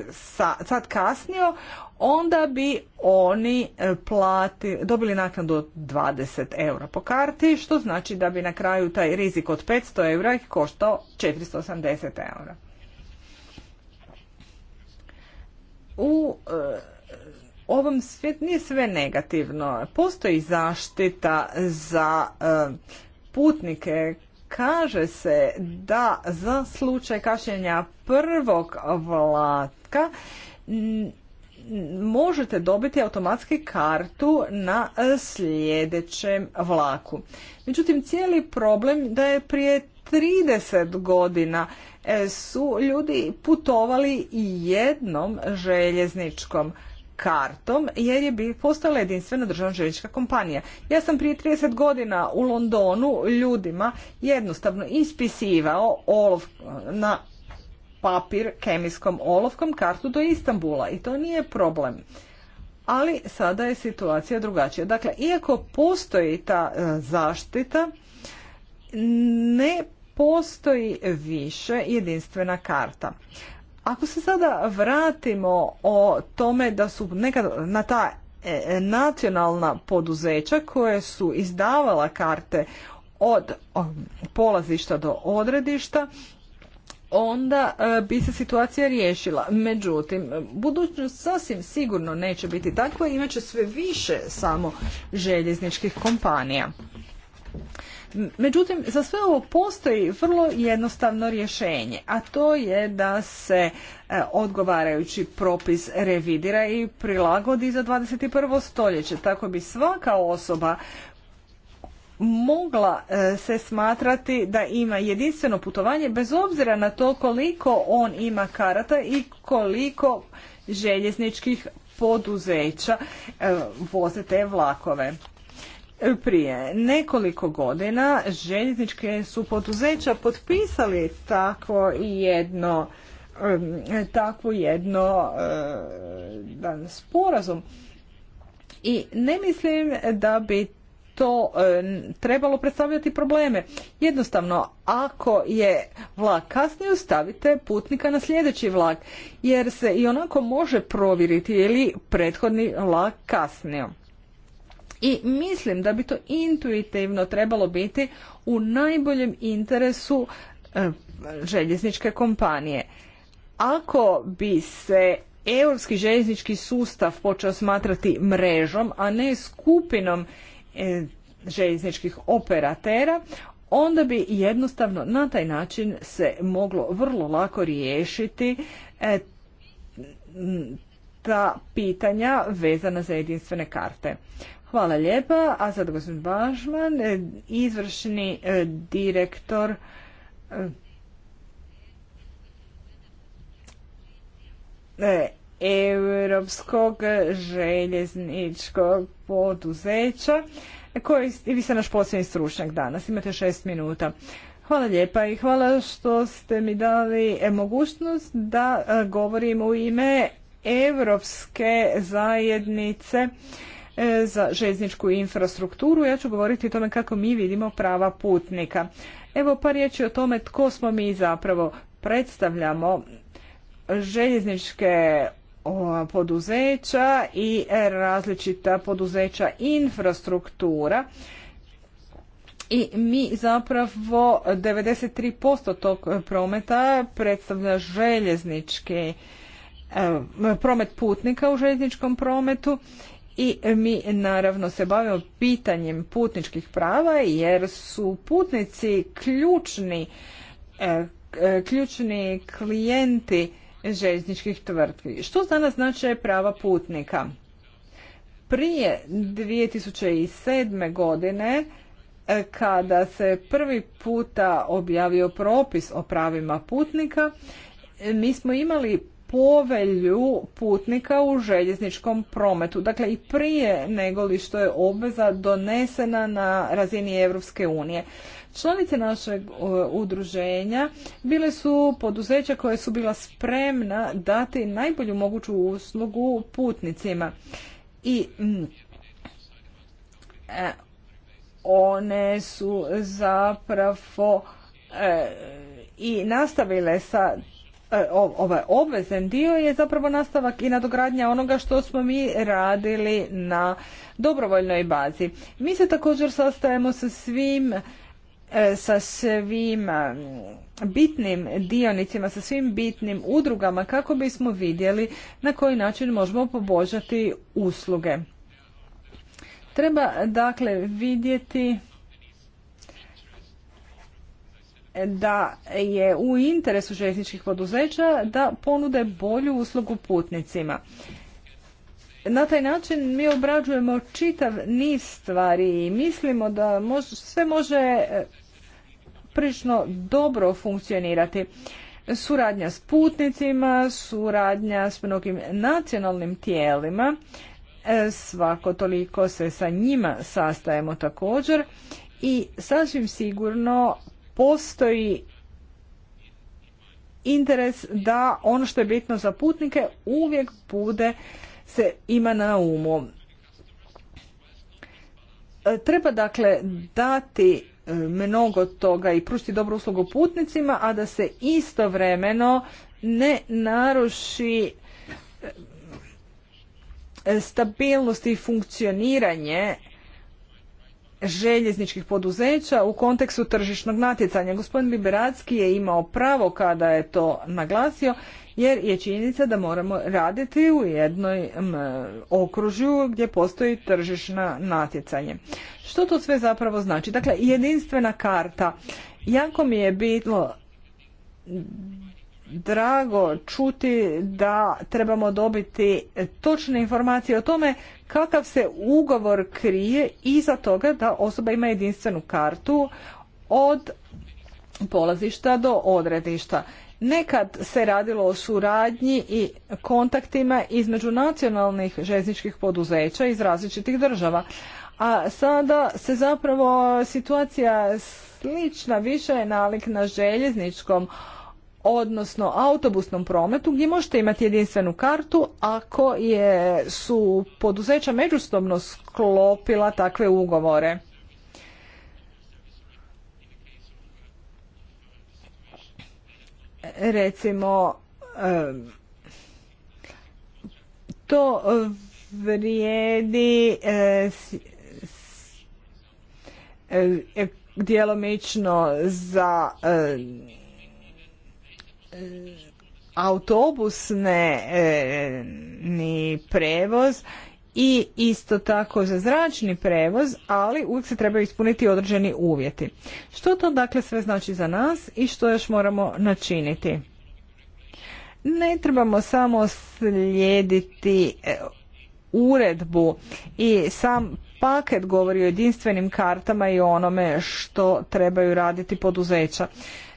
sad kasnio, onda bi oni e, plati, dobili naknadu od 20 eura po karti, što znači da bi na kraju taj rizik od 500 eura ih koštao 480 eura. U e, ovom svijetu nije sve negativno. Postoji zaštita za e, putnike kaže se da za slučaj kašljenja prvog vlatka možete dobiti automatski kartu na e, sljedećem vlaku. Međutim, cijeli problem da je prije 30 godina e, su ljudi putovali jednom željezničkom kartom jer je postala jedinstvena državna željeznička kompanija. Ja sam prije 30 godina u Londonu ljudima jednostavno ispisivao olov na papir kemijskom olovkom kartu do Istambula i to nije problem. Ali sada je situacija drugačija. Dakle, iako postoji ta e, zaštita, ne postoji više jedinstvena karta. Ako se sada vratimo o tome da su nekad na ta e, nacionalna poduzeća koje su izdavala karte od polazišta do odredišta onda e, bi se situacija riješila. Međutim, budućnost sasvim sigurno neće biti takva, imat će sve više samo željezničkih kompanija. Međutim, za sve ovo postoji vrlo jednostavno rješenje, a to je da se e, odgovarajući propis revidira i prilagodi za 21. stoljeće. Tako bi svaka osoba mogla e, se smatrati da ima jedinstveno putovanje bez obzira na to koliko on ima karata i koliko željezničkih poduzeća e, voze te vlakove. E, prije nekoliko godina željezničke su poduzeća potpisali tako jedno takvu jedno dan sporazum. I ne mislim da bi to e, trebalo predstavljati probleme. Jednostavno, ako je vlak kasnije, stavite putnika na sljedeći vlak, jer se i onako može provjeriti je li prethodni vlak kasnio. I mislim da bi to intuitivno trebalo biti u najboljem interesu e, željezničke kompanije. Ako bi se europski željeznički sustav počeo smatrati mrežom, a ne skupinom E, željezničkih operatera, onda bi jednostavno na taj način se moglo vrlo lako riješiti e, ta pitanja vezana za jedinstvene karte. Hvala lijepa, a sad gospodin Bažman, e, izvršni direktor europskog željezničkog poduzeća koji vi ste naš posljednji stručnjak danas. Imate šest minuta. Hvala lijepa i hvala što ste mi dali e, mogućnost da e, govorim u ime Europske zajednice e, za željezničku infrastrukturu. Ja ću govoriti o tome kako mi vidimo prava putnika. Evo par riječi o tome tko smo mi zapravo predstavljamo željezničke poduzeća i različita poduzeća infrastruktura i mi zapravo 93% tog prometa predstavlja željezničke e, promet putnika u željezničkom prometu i mi naravno se bavimo pitanjem putničkih prava jer su putnici ključni e, e, ključni klijenti željezničkih tvrtki. Što danas znače prava putnika? Prije 2007. godine e, kada se prvi puta objavio propis o pravima putnika, e, mi smo imali povelju putnika u željezničkom prometu. Dakle, i prije nego li što je obveza donesena na razini Europske unije. Članice našeg udruženja bile su poduzeća koje su bila spremna dati najbolju moguću uslugu putnicima. I mm, e, one su zapravo e, i nastavile sa e, ovaj obvezen dio je zapravo nastavak i nadogradnja onoga što smo mi radili na dobrovoljnoj bazi. Mi se također sastajemo sa svim E, sa svim e, bitnim dionicima, sa svim bitnim udrugama kako bismo vidjeli na koji način možemo poboljšati usluge. Treba dakle vidjeti da je u interesu željezničkih poduzeća da ponude bolju uslugu putnicima. Na taj način mi obrađujemo čitav niz stvari i mislimo da sve može prilično dobro funkcionirati. Suradnja s putnicima, suradnja s mnogim nacionalnim tijelima, e, svako toliko se sa njima sastajemo također i sasvim sigurno postoji interes da ono što je bitno za putnike uvijek bude se ima na umu. E, treba dakle dati mnogo toga i pružiti dobru uslugu putnicima, a da se istovremeno ne naruši e, stabilnost i funkcioniranje željezničkih poduzeća u kontekstu tržišnog natjecanja. Gospodin Liberacki je imao pravo kada je to naglasio jer je činjenica da moramo raditi u jednoj okružju gdje postoji tržišna natjecanje. Što to sve zapravo znači? Dakle, jedinstvena karta. Jako mi je bilo drago čuti da trebamo dobiti točne informacije o tome kakav se ugovor krije iza toga da osoba ima jedinstvenu kartu od polazišta do odredišta. Nekad se radilo o suradnji i kontaktima između nacionalnih željezničkih poduzeća iz različitih država. A sada se zapravo situacija slična, više je nalik na željezničkom odnosno autobusnom prometu gdje možete imati jedinstvenu kartu ako je, su poduzeća međusobno sklopila takve ugovore. recimo to vrijedi e, e, djelomično za autobusni ni prevoz i isto tako za zračni prevoz, ali uvijek se trebaju ispuniti određeni uvjeti. Što to dakle sve znači za nas i što još moramo načiniti? Ne trebamo samo slijediti e, uredbu i sam paket govori o jedinstvenim kartama i onome što trebaju raditi poduzeća.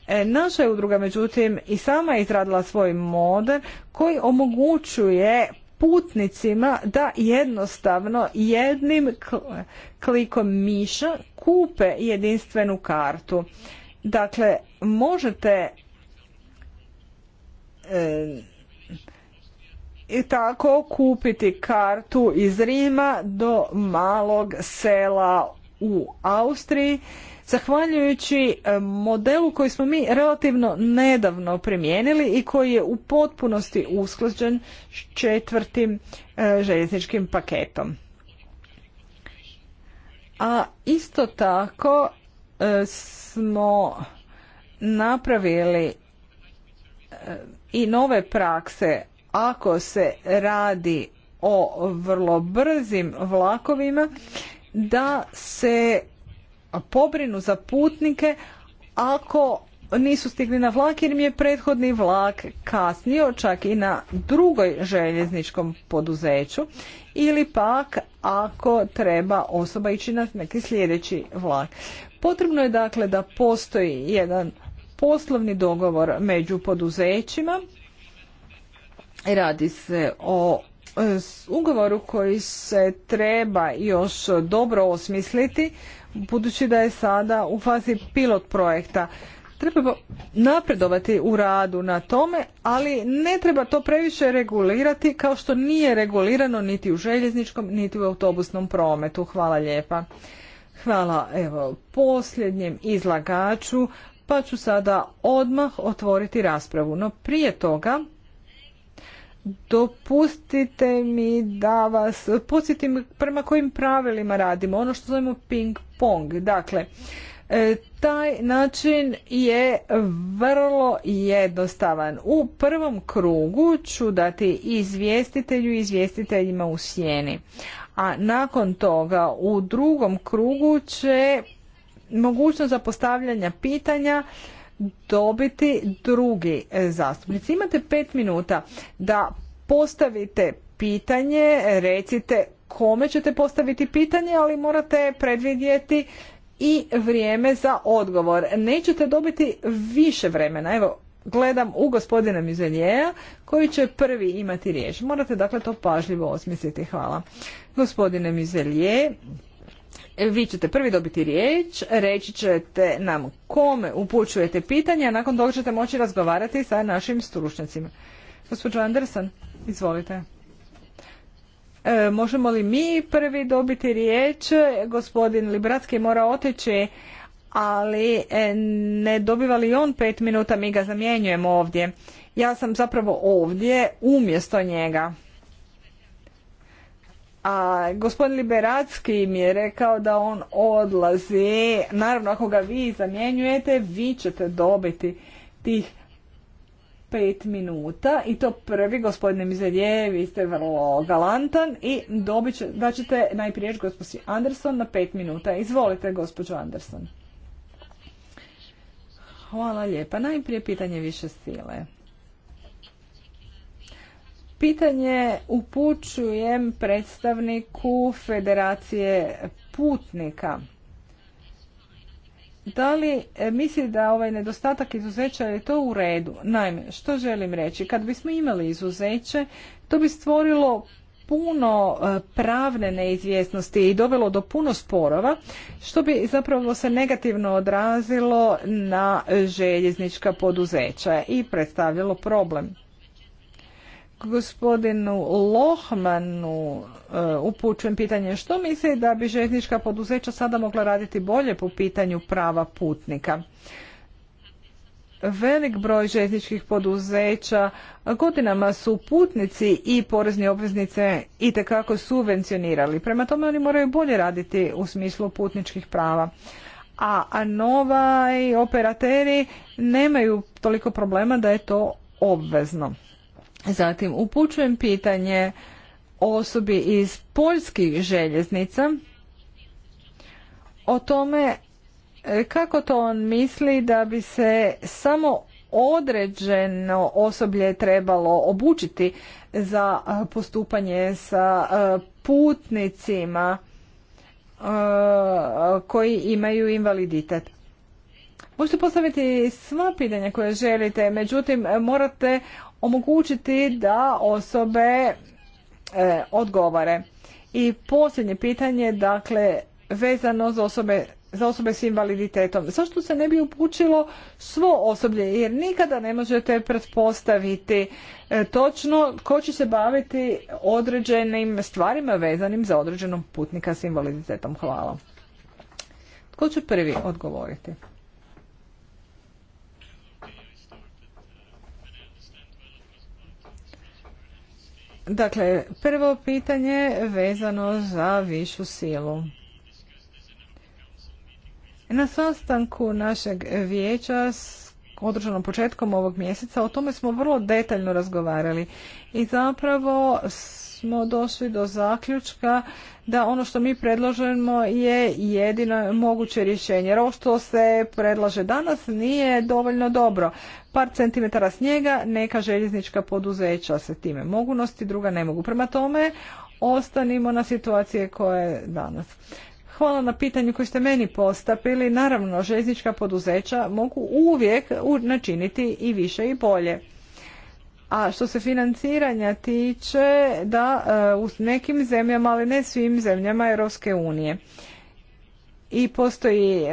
E, naša je udruga međutim i sama izradila svoj model koji omogućuje putnicima da jednostavno jednim klikom miša kupe jedinstvenu kartu. Dakle, možete i e, tako kupiti kartu iz Rima do malog sela u Austriji Zahvaljujući e, modelu koji smo mi relativno nedavno primijenili i koji je u potpunosti usklađen s četvrtim e, željezničkim paketom. A isto tako e, smo napravili i nove prakse ako se radi o vrlo brzim vlakovima da se pobrinu za putnike ako nisu stigli na vlak jer im je prethodni vlak kasnio čak i na drugoj željezničkom poduzeću ili pak ako treba osoba ići na neki sljedeći vlak. Potrebno je dakle da postoji jedan poslovni dogovor među poduzećima. Radi se o e, ugovoru koji se treba još dobro osmisliti budući da je sada u fazi pilot projekta. Treba napredovati u radu na tome, ali ne treba to previše regulirati kao što nije regulirano niti u željezničkom, niti u autobusnom prometu. Hvala lijepa. Hvala evo posljednjem izlagaču, pa ću sada odmah otvoriti raspravu. No prije toga dopustite mi da vas podsjetim prema kojim pravilima radimo, ono što zovemo ping pong. Dakle, e, taj način je vrlo jednostavan. U prvom krugu ću dati izvjestitelju i izvjestiteljima u sjeni. A nakon toga u drugom krugu će mogućnost za postavljanja pitanja dobiti drugi e, zastupnici. Imate pet minuta da postavite pitanje, recite kome ćete postaviti pitanje, ali morate predvidjeti i vrijeme za odgovor. Nećete dobiti više vremena. Evo, gledam u gospodina Mizeljeja koji će prvi imati riječ. Morate dakle to pažljivo osmisliti. Hvala. Gospodine Mizelje, vi ćete prvi dobiti riječ, reći ćete nam kome upućujete pitanje, a nakon toga ćete moći razgovarati sa našim stručnjacima. Gospođo Anderson, izvolite. E, možemo li mi prvi dobiti riječ? Gospodin Libratski mora otići, ali e, ne dobiva li on pet minuta, mi ga zamjenjujemo ovdje. Ja sam zapravo ovdje umjesto njega. A gospodin Liberacki mi je rekao da on odlazi. Naravno, ako ga vi zamjenjujete, vi ćete dobiti tih pet minuta i to prvi gospodine Mizelje, vi ste vrlo galantan i dobit da ćete najprije gospodin Anderson na pet minuta. Izvolite gospođo Anderson. Hvala lijepa. Najprije pitanje više sile. Pitanje upućujem predstavniku Federacije putnika. Da li misli da ovaj nedostatak izuzeća je to u redu? Naime, što želim reći? Kad bismo imali izuzeće, to bi stvorilo puno e, pravne neizvjesnosti i dovelo do puno sporova, što bi zapravo se negativno odrazilo na željeznička poduzeća i predstavljalo problem gospodinu Lohmanu e, upućujem pitanje što misli da bi željeznička poduzeća sada mogla raditi bolje po pitanju prava putnika. Velik broj željezničkih poduzeća godinama su putnici i porezni obveznice i tekako subvencionirali. Prema tome oni moraju bolje raditi u smislu putničkih prava. A nova operateri nemaju toliko problema da je to obvezno. Zatim upućujem pitanje osobi iz poljskih željeznica o tome e, kako to on misli da bi se samo određeno osoblje trebalo obučiti za e, postupanje sa e, putnicima koji imaju invaliditet. Možete postaviti sva pitanja koje želite, međutim morate omogućiti da osobe odgovare. odgovore. I posljednje pitanje, dakle, vezano za osobe za osobe s invaliditetom. Zašto se ne bi upućilo svo osoblje? Jer nikada ne možete pretpostaviti e, točno ko će se baviti određenim stvarima vezanim za određenog putnika s invaliditetom. Hvala. Tko će prvi odgovoriti? Dakle, prvo pitanje vezano za višu silu. Na sastanku našeg vijeća s održanom početkom ovog mjeseca o tome smo vrlo detaljno razgovarali i zapravo smo došli do zaključka da ono što mi predlažemo je jedino moguće rješenje. Jer ovo što se predlaže danas nije dovoljno dobro par centimetara snijega, neka željeznička poduzeća se time mogu nositi, druga ne mogu. Prema tome, ostanimo na situacije koje je danas. Hvala na pitanju koje ste meni postavili. Naravno, željeznička poduzeća mogu uvijek načiniti i više i bolje. A što se financiranja tiče, da e, u nekim zemljama, ali ne svim zemljama Europske unije i postoji,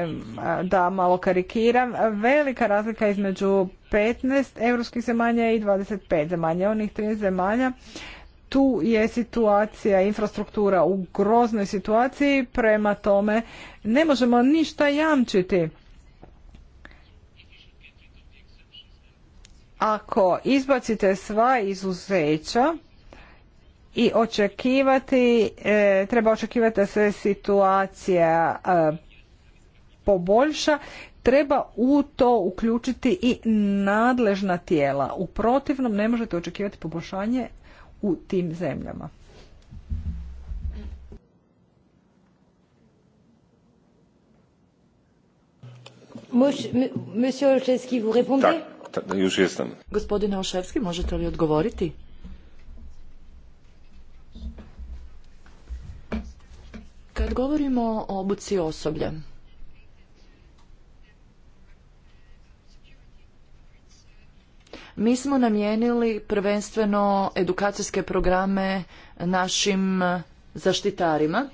da malo karikiram, velika razlika između 15 europskih zemalja i 25 zemalja. Onih 13 zemalja tu je situacija, infrastruktura u groznoj situaciji, prema tome ne možemo ništa jamčiti. Ako izbacite sva izuzeća, i očekivati, e, treba očekivati da se situacija e, poboljša, treba u to uključiti i nadležna tijela. U protivnom ne možete očekivati poboljšanje u tim zemljama. Monsieur Olszewski, vous répondez? Gospodine Olszewski, možete li odgovoriti? Kad govorimo o obuci osoblja, mi smo namijenili prvenstveno edukacijske programe našim zaštitarima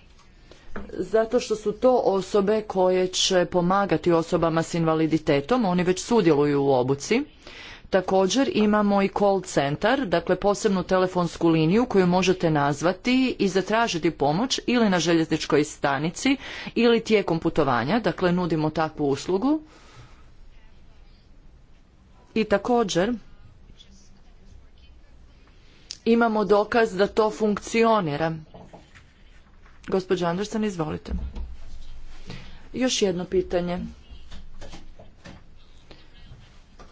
zato što su to osobe koje će pomagati osobama s invaliditetom, oni već sudjeluju u obuci Također imamo i call centar, dakle posebnu telefonsku liniju koju možete nazvati i zatražiti pomoć ili na željezničkoj stanici ili tijekom putovanja, dakle nudimo takvu uslugu. I također imamo dokaz da to funkcionira. Gospođa Andersen, izvolite. Još jedno pitanje.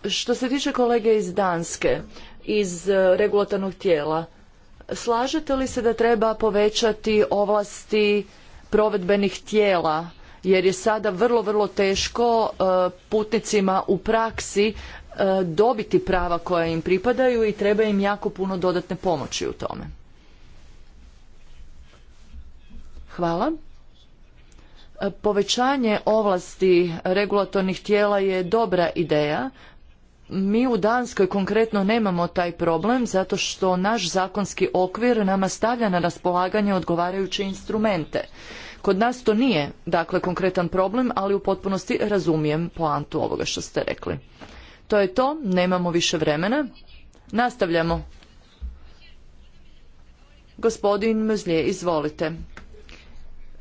Što se tiče kolege iz Danske, iz e, regulatornog tijela, slažete li se da treba povećati ovlasti provedbenih tijela jer je sada vrlo, vrlo teško e, putnicima u praksi e, dobiti prava koja im pripadaju i treba im jako puno dodatne pomoći u tome. Hvala. Povećanje ovlasti regulatornih tijela je dobra ideja, mi u Danskoj konkretno nemamo taj problem zato što naš zakonski okvir nama stavlja na raspolaganje odgovarajuće instrumente. Kod nas to nije, dakle, konkretan problem, ali u potpunosti razumijem poantu ovoga što ste rekli. To je to, nemamo više vremena. Nastavljamo. Gospodin Mözlje, izvolite.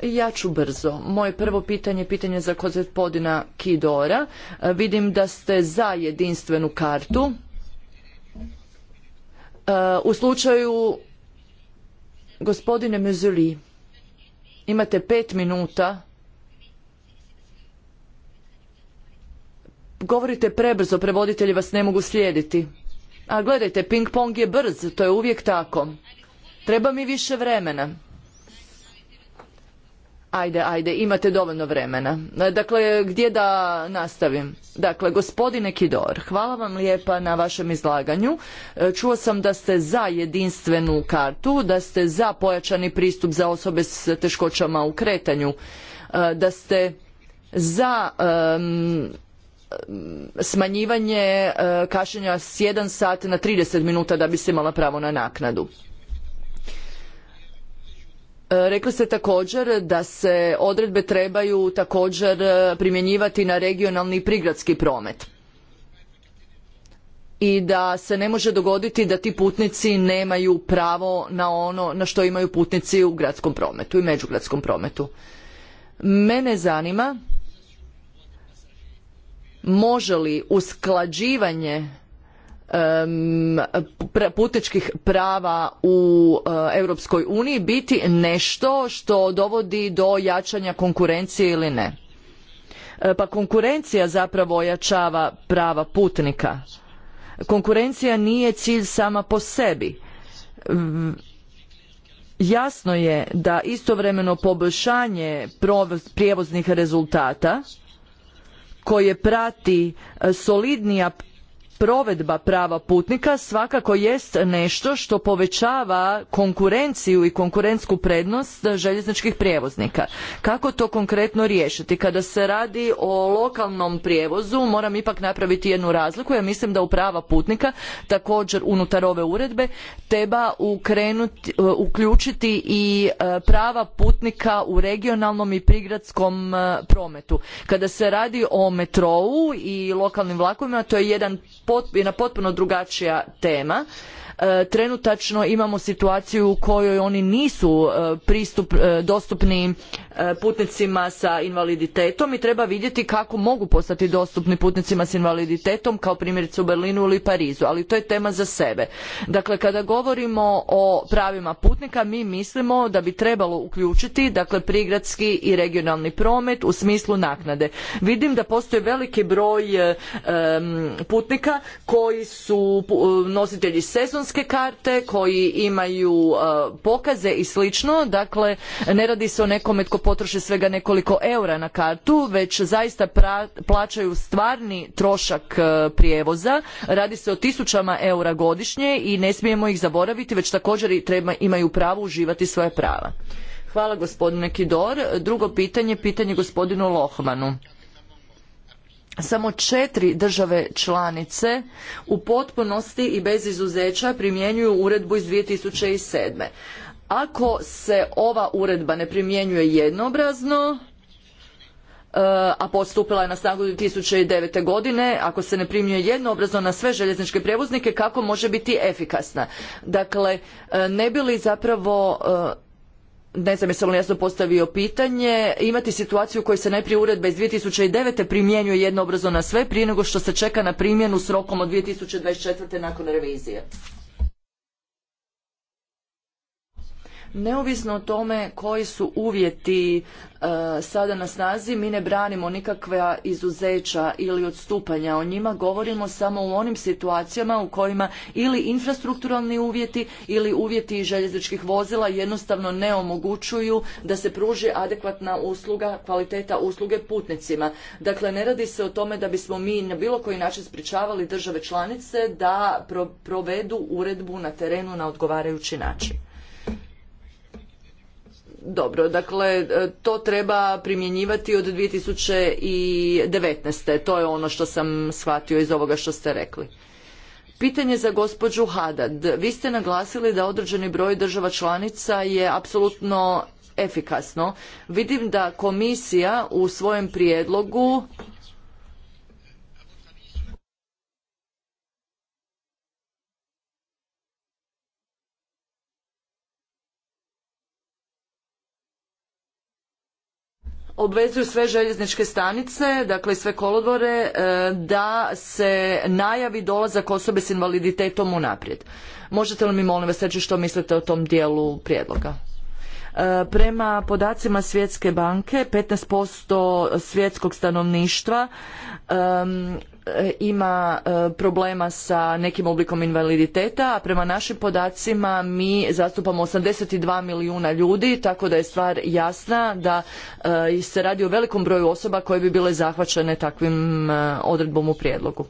Ja ću brzo. Moje prvo pitanje je pitanje za podina Kidora. E, vidim da ste za jedinstvenu kartu. E, u slučaju gospodine Mezuli, imate pet minuta. Govorite prebrzo, prevoditelji vas ne mogu slijediti. A gledajte, ping pong je brz, to je uvijek tako. Treba mi više vremena. Ajde, ajde, imate dovoljno vremena. Dakle, gdje da nastavim? Dakle, gospodine Kidor, hvala vam lijepa na vašem izlaganju. E, čuo sam da ste za jedinstvenu kartu, da ste za pojačani pristup za osobe s teškoćama u kretanju, e, da ste za smanjivanje e, kašnjenja s 1 sat na 30 minuta da bi se imala pravo na naknadu. E, rekli ste također da se odredbe trebaju također e, primjenjivati na regionalni i prigradski promet i da se ne može dogoditi da ti putnici nemaju pravo na ono na što imaju putnici u gradskom prometu i međugradskom prometu. Mene zanima može li usklađivanje putničkih prava u e, Europskoj uniji biti nešto što dovodi do jačanja konkurencije ili ne. E, pa konkurencija zapravo ojačava prava putnika. Konkurencija nije cilj sama po sebi. Jasno je da istovremeno poboljšanje prijevoznih rezultata koje prati e, solidnija provedba prava putnika svakako jest nešto što povećava konkurenciju i konkurentsku prednost željezničkih prijevoznika. Kako to konkretno riješiti? Kada se radi o lokalnom prijevozu moram ipak napraviti jednu razliku. Ja mislim da u prava putnika također unutar ove uredbe treba ukrenuti, e, uključiti i e, prava putnika u regionalnom i prigradskom e, prometu. Kada se radi o metrou i lokalnim vlakovima to je jedan jedna potpuno drugačija tema e, trenutačno imamo situaciju u kojoj oni nisu e, pristup, e, dostupni E, putnicima sa invaliditetom i treba vidjeti kako mogu postati dostupni putnicima s invaliditetom kao primjerice u Berlinu ili Parizu, ali to je tema za sebe. Dakle, kada govorimo o pravima putnika, mi mislimo da bi trebalo uključiti dakle prigradski i regionalni promet u smislu naknade. Vidim da postoji veliki broj e, putnika koji su nositelji sezonske karte, koji imaju e, pokaze i slično, dakle ne radi se o nekome tko potroši svega nekoliko eura na kartu već zaista plaćaju stvarni trošak e, prijevoza radi se o tisućama eura godišnje i ne smijemo ih zaboraviti već također treba, imaju pravo uživati svoja prava hvala gospodine Kidor drugo pitanje pitanje gospodinu Lohmanu samo četiri države članice u potpunosti i bez izuzeća primjenjuju uredbu iz 2007 ako se ova uredba ne primjenjuje jednobrazno, e, a postupila je na snagu 2009. godine, ako se ne primjenjuje jednoobrazno na sve željezničke prijevoznike, kako može biti efikasna? Dakle, e, ne bi li zapravo e, ne znam jesam li jasno postavio pitanje, imati situaciju u kojoj se najprije uredba iz 2009. primjenjuje jednoobrazno na sve prije nego što se čeka na primjenu s rokom od 2024. nakon revizije. Neovisno o tome koji su uvjeti e, sada na snazi, mi ne branimo nikakva izuzeća ili odstupanja. O njima govorimo samo u onim situacijama u kojima ili infrastrukturalni uvjeti ili uvjeti željezničkih vozila jednostavno ne omogućuju da se pruži adekvatna usluga, kvaliteta usluge putnicima. Dakle, ne radi se o tome da bismo mi na bilo koji način sprječavali države članice da provedu uredbu na terenu na odgovarajući način dobro, dakle e, to treba primjenjivati od 2019. To je ono što sam shvatio iz ovoga što ste rekli. Pitanje za gospođu Hadad. Vi ste naglasili da određeni broj država članica je apsolutno efikasno. Vidim da komisija u svojem prijedlogu obvezuju sve željezničke stanice, dakle sve kolodvore, e, da se najavi dolazak osobe s invaliditetom unaprijed. Možete li mi molim vas reći što mislite o tom dijelu prijedloga? E, prema podacima Svjetske banke, 15% svjetskog stanovništva e, ima e, problema sa nekim oblikom invaliditeta, a prema našim podacima mi zastupamo 82 milijuna ljudi, tako da je stvar jasna da e, se radi o velikom broju osoba koje bi bile zahvaćene takvim e, odredbom u prijedlogu.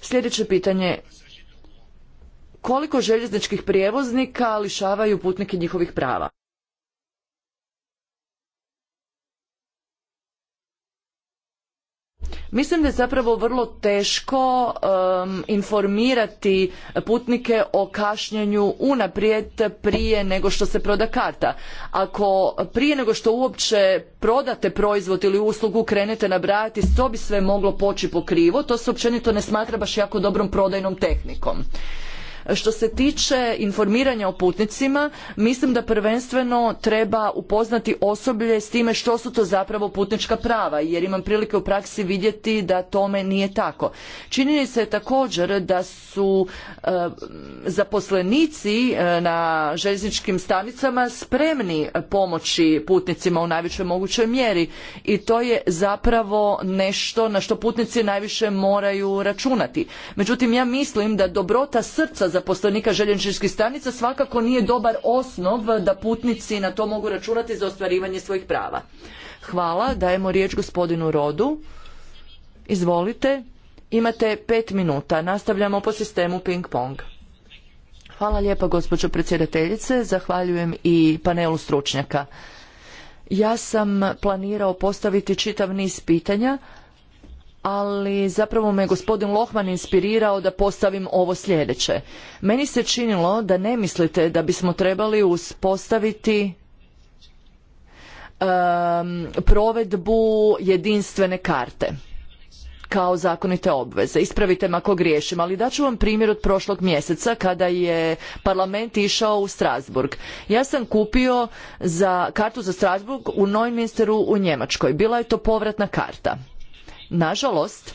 Sljedeće pitanje. Koliko željezničkih prijevoznika lišavaju putnike njihovih prava? Mislim da je zapravo vrlo teško informirati putnike o kašnjenju unaprijed prije nego što se proda karta. Ako prije nego što uopće prodate proizvod ili uslugu krenete nabrajati to bi sve moglo poći po krivo, to se općenito ne smatra baš jako dobrom prodajnom tehnikom. Što se tiče informiranja o putnicima, mislim da prvenstveno treba upoznati osoblje s time što su to zapravo putnička prava, jer imam prilike u praksi vidjeti da tome nije tako. Čini se također da su e, zaposlenici e, na željezničkim stanicama spremni pomoći putnicima u najvećoj mogućoj mjeri i to je zapravo nešto na što putnici najviše moraju računati. Međutim, ja mislim da dobrota srca zaposlenika željezničkih stanica svakako nije dobar osnov da putnici na to mogu računati za ostvarivanje svojih prava. Hvala, dajemo riječ gospodinu Rodu. Izvolite, imate pet minuta, nastavljamo po sistemu ping-pong. Hvala lijepa gospođo predsjedateljice, zahvaljujem i panelu stručnjaka. Ja sam planirao postaviti čitav niz pitanja, ali zapravo me gospodin Lohman inspirirao da postavim ovo sljedeće. Meni se činilo da ne mislite da bismo trebali uspostaviti provedbu jedinstvene karte kao zakonite obveze. Ispravite me ako griješim, ali daću vam primjer od prošlog mjeseca kada je parlament išao u Strasburg. Ja sam kupio za kartu za Strasburg u Neuminsteru u Njemačkoj. Bila je to povratna karta. Nažalost,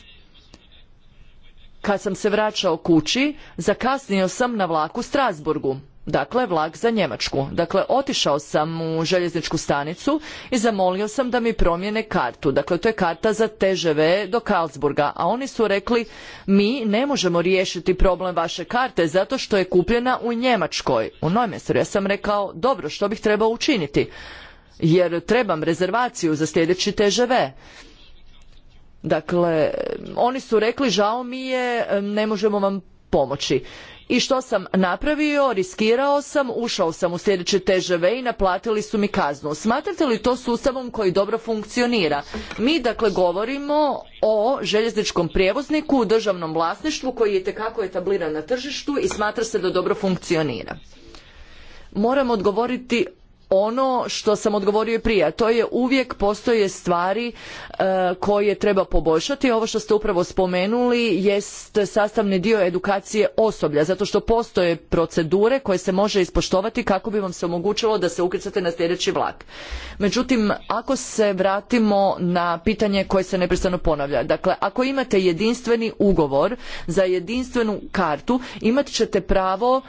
kad sam se vraćao kući, zakasnio sam na vlak u Strasburgu. Dakle, vlak za Njemačku. Dakle, otišao sam u željezničku stanicu i zamolio sam da mi promijene kartu. Dakle, to je karta za TŽV do Karlsburga. A oni su rekli, mi ne možemo riješiti problem vaše karte zato što je kupljena u Njemačkoj. U Neumesteru ja sam rekao, dobro, što bih trebao učiniti? Jer trebam rezervaciju za sljedeći TŽV. Dakle, oni su rekli žao mi je, ne možemo vam pomoći. I što sam napravio? Riskirao sam, ušao sam u sljedeće TŽV i naplatili su mi kaznu. Smatrate li to sustavom koji dobro funkcionira? Mi dakle govorimo o željezničkom prijevozniku u državnom vlasništvu koji je tekako etabliran na tržištu i smatra se da dobro funkcionira. Moram odgovoriti ono što sam odgovorio i prije, a to je uvijek postoje stvari e, koje treba poboljšati. Ovo što ste upravo spomenuli jest sastavni dio edukacije osoblja, zato što postoje procedure koje se može ispoštovati kako bi vam se omogućilo da se ukrcate na sljedeći vlak. Međutim, ako se vratimo na pitanje koje se neprestano ponavlja, dakle, ako imate jedinstveni ugovor za jedinstvenu kartu, imat ćete pravo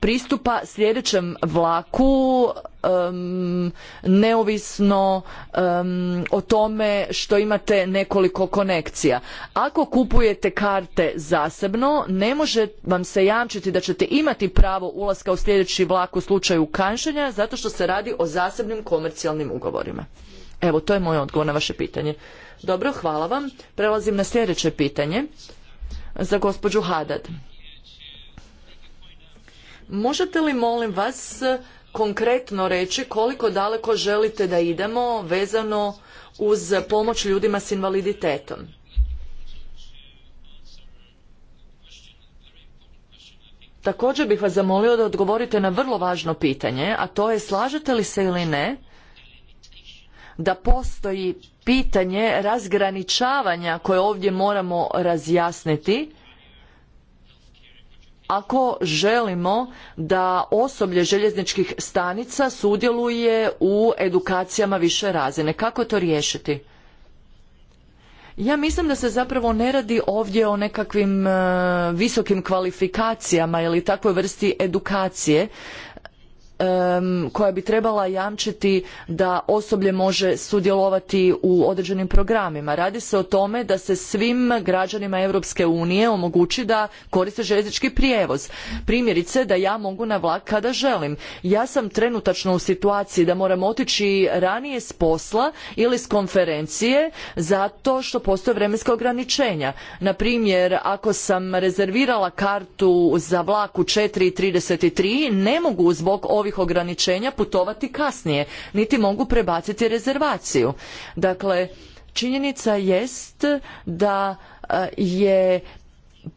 pristupa sljedećem vlaku neovisno o tome što imate nekoliko konekcija. Ako kupujete karte zasebno, ne može vam se jamčiti da ćete imati pravo ulaska u sljedeći vlak u slučaju kanšenja zato što se radi o zasebnim komercijalnim ugovorima. Evo, to je moj odgovor na vaše pitanje. Dobro, hvala vam. Prelazim na sljedeće pitanje za gospođu Hadad. Možete li molim vas konkretno reći koliko daleko želite da idemo vezano uz pomoć ljudima s invaliditetom? Također bih vas zamolio da odgovorite na vrlo važno pitanje, a to je slažete li se ili ne da postoji pitanje razgraničavanja koje ovdje moramo razjasniti ako želimo da osoblje željezničkih stanica sudjeluje u edukacijama više razine. Kako to riješiti? Ja mislim da se zapravo ne radi ovdje o nekakvim e, visokim kvalifikacijama ili takvoj vrsti edukacije koja bi trebala jamčiti da osoblje može sudjelovati u određenim programima. Radi se o tome da se svim građanima Europske unije omogući da koriste željeznički prijevoz. Primjerice da ja mogu na vlak kada želim. Ja sam trenutačno u situaciji da moram otići ranije s posla ili s konferencije zato što postoje vremenska ograničenja. Na primjer, ako sam rezervirala kartu za vlak u 4.33 ne mogu zbog ovih ovih ograničenja putovati kasnije, niti mogu prebaciti rezervaciju. Dakle, činjenica jest da je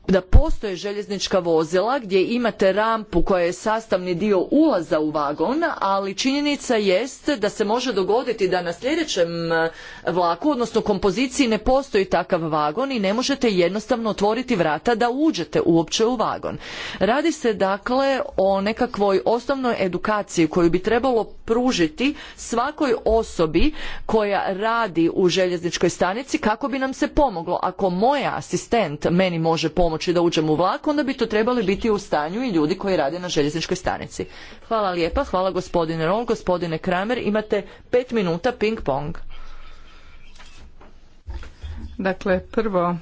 da postoje željeznička vozila gdje imate rampu koja je sastavni dio ulaza u vagon, ali činjenica jest da se može dogoditi da na sljedećem e, vlaku, odnosno kompoziciji ne postoji takav vagon i ne možete jednostavno otvoriti vrata da uđete uopće u vagon. Radi se dakle o nekakvoj osnovnoj edukaciji koju bi trebalo pružiti svakoj osobi koja radi u željezničkoj stanici kako bi nam se pomoglo. Ako moja asistent meni može pomoći da uđemo u vlak, onda bi to trebali biti u stanju i ljudi koji rade na željezničkoj stanici. Hvala lijepa, hvala gospodine Rol, gospodine Kramer, imate pet minuta ping pong. Dakle, prvo,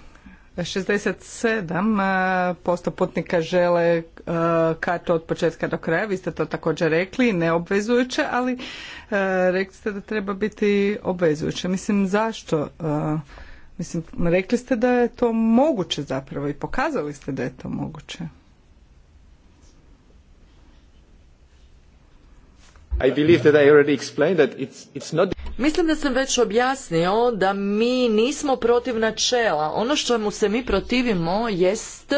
67% eh, putnika žele eh, kartu od početka do kraja, vi ste to također rekli, neobvezujuće, ali eh, rekli ste da treba biti obvezujuće. Mislim, zašto Mislim, rekli ste da je to moguće zapravo i pokazali ste da je to moguće. I believe that Mislim da sam već objasnio da mi nismo protiv načela. Ono što mu se mi protivimo jest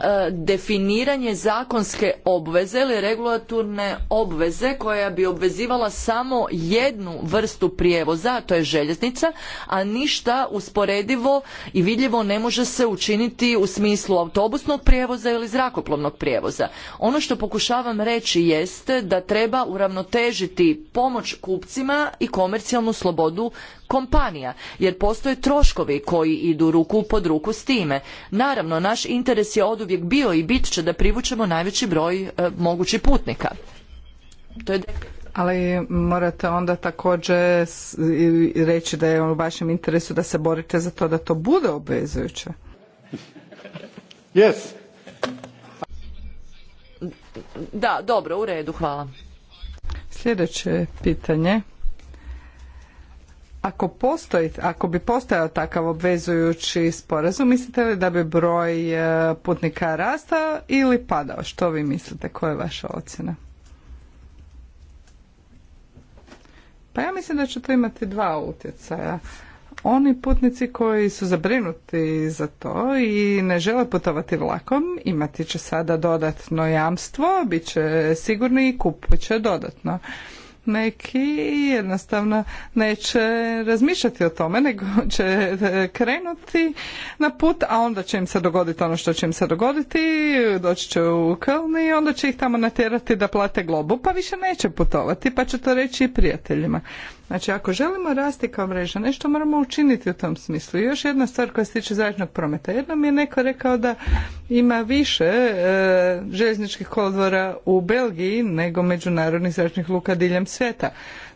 E, definiranje zakonske obveze ili regulatorne obveze koja bi obvezivala samo jednu vrstu prijevoza, a to je željeznica, a ništa usporedivo i vidljivo ne može se učiniti u smislu autobusnog prijevoza ili zrakoplovnog prijevoza. Ono što pokušavam reći jeste da treba uravnotežiti pomoć kupcima i komercijalnu slobodu kompanija jer postoje troškovi koji idu ruku pod ruku s time. Naravno, naš interes je oduvijek bio i bit će da privučemo najveći broj e, mogućih putnika. ali morate onda također reći da je u vašem interesu da se borite za to da to bude obvezujuće. Yes. Da, dobro, u redu, hvala. Sljedeće pitanje ako postoji, ako bi postojao takav obvezujući sporazum, mislite li da bi broj e, putnika rastao ili padao? Što vi mislite? Koja je vaša ocjena? Pa ja mislim da će to imati dva utjecaja. Oni putnici koji su zabrinuti za to i ne žele putovati vlakom, imati će sada dodatno jamstvo, bit će sigurni i kupit će dodatno neki jednostavno neće razmišljati o tome, nego će e, krenuti na put, a onda će im se dogoditi ono što će im se dogoditi, doći će u kalni i onda će ih tamo natjerati da plate globu, pa više neće putovati, pa će to reći i prijateljima. Znači, ako želimo rasti kao mreža, nešto moramo učiniti u tom smislu. I još jedna stvar koja se tiče zračnog prometa. Jednom je neko rekao da ima više e, željezničkih kolodvora u Belgiji nego međunarodnih zračnih luka diljem svijeta.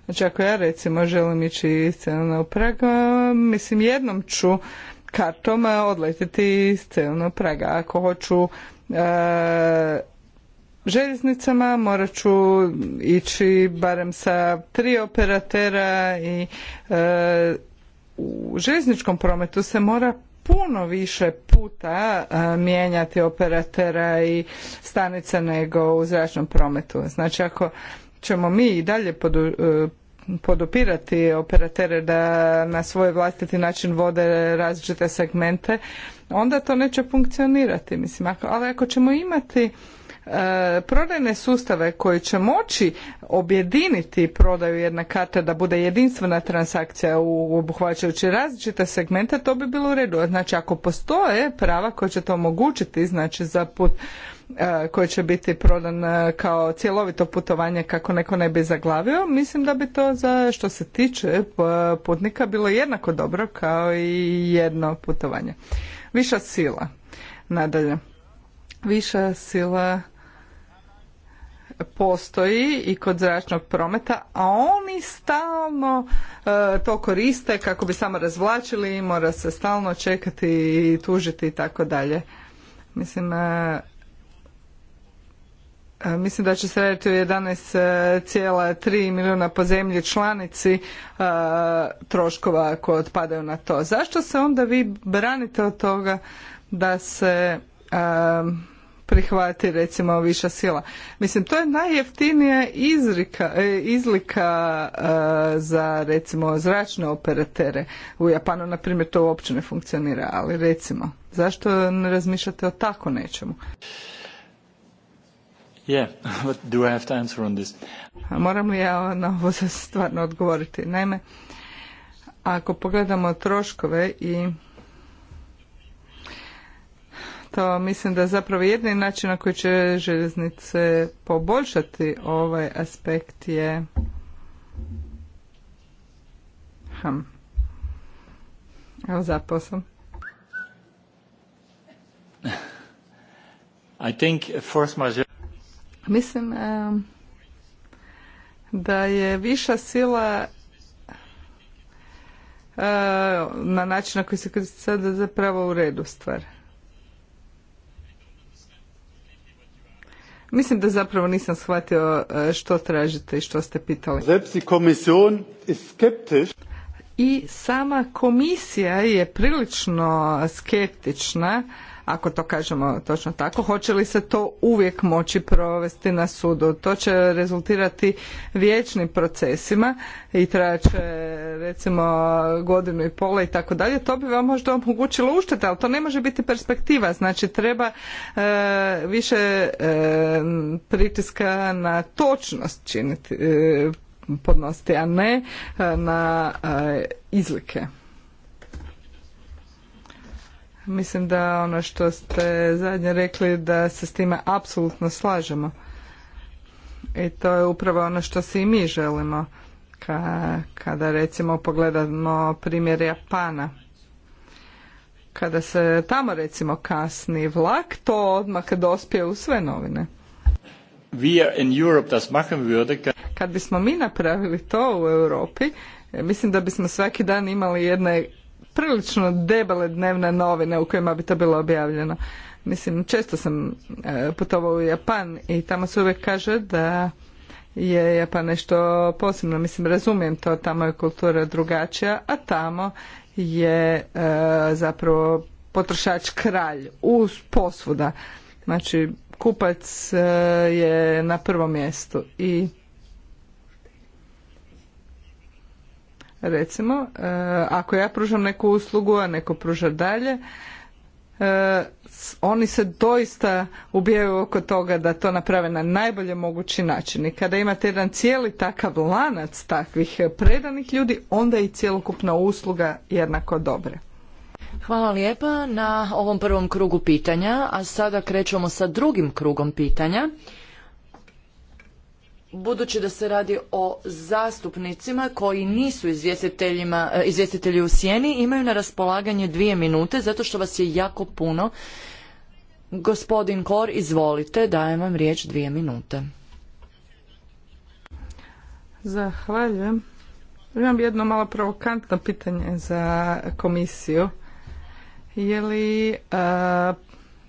Znači, ako ja recimo želim ići iz u Praga, mislim jednom ću kartom odletiti iz Praga. Ako hoću e, željeznicama morat ću ići barem sa tri operatera i e, u željezničkom prometu se mora puno više puta e, mijenjati operatera i stanica nego u zračnom prometu. Znači ako ćemo mi i dalje e, podupirati operatere da na svoj vlastiti način vode različite segmente, onda to neće funkcionirati. Mislim, ako, ali ako ćemo imati E, prodajne sustave koji će moći objediniti prodaju jedne karte da bude jedinstvena transakcija u obuhvaćajući različite segmente, to bi bilo u redu. Znači ako postoje prava koja će to omogućiti, znači za put e, koji će biti prodan e, kao cjelovito putovanje kako neko ne bi zaglavio, mislim da bi to za što se tiče putnika bilo jednako dobro kao i jedno putovanje. Viša sila. Nadalje. Viša sila postoji i kod zračnog prometa, a oni stalno e, to koriste kako bi samo razvlačili i mora se stalno čekati i tužiti i tako dalje. Mislim, e, e Mislim da će se raditi u 11,3 milijuna po zemlji članici e, troškova koje otpadaju na to. Zašto se onda vi branite od toga da se prihvati recimo viša sila. Mislim, to je najjeftinija izrika, e, izlika e, za recimo zračne operatere. U Japanu, na primjer, to uopće ne funkcionira, ali recimo, zašto ne razmišljate o tako nečemu? Yeah, do I have to answer on this? moram li ja na ovo stvarno odgovoriti? Naime, ako pogledamo troškove i to mislim da zapravo jedini način na koji će željeznice poboljšati ovaj aspekt je zapao I think Mislim eh, da je viša sila eh, na način na koji se sada zapravo u redu stvar. Mislim da zapravo nisam shvatio e, što tražite i što ste pitali. I sama komisija je prilično skeptična ako to kažemo točno tako, hoće li se to uvijek moći provesti na sudu. To će rezultirati vječnim procesima i će recimo godinu i pola i tako dalje. To bi vam možda omogućilo uštete, ali to ne može biti perspektiva. Znači treba e, više e, pritiska na točnost činiti, e, a ne e, na izlike. Mislim da ono što ste zadnje rekli da se s time apsolutno slažemo. I to je upravo ono što se i mi želimo kada recimo pogledamo primjer Japana. Kada se tamo recimo kasni vlak, to odmah dospije u sve novine. Kad bismo mi napravili to u Europi, mislim da bismo svaki dan imali jedne prilično debele dnevne novine u kojima bi to bilo objavljeno. Mislim, često sam e, putovao u Japan i tamo se uvijek kaže da je Japan nešto posebno. Mislim, razumijem to, tamo je kultura drugačija, a tamo je e, zapravo potrošač kralj uz posvuda. Znači, kupac e, je na prvom mjestu i recimo, e, ako ja pružam neku uslugu, a neko pruža dalje, e, oni se doista ubijaju oko toga da to naprave na najbolje mogući način. I kada imate jedan cijeli takav lanac takvih predanih ljudi, onda je i cjelokupna usluga jednako dobra. Hvala lijepa na ovom prvom krugu pitanja, a sada krećemo sa drugim krugom pitanja budući da se radi o zastupnicima koji nisu e, izvjestitelji u sjeni, imaju na raspolaganje dvije minute, zato što vas je jako puno. Gospodin Kor, izvolite, dajem vam riječ dvije minute. Zahvaljujem. Imam jedno malo provokantno pitanje za komisiju. Je li e,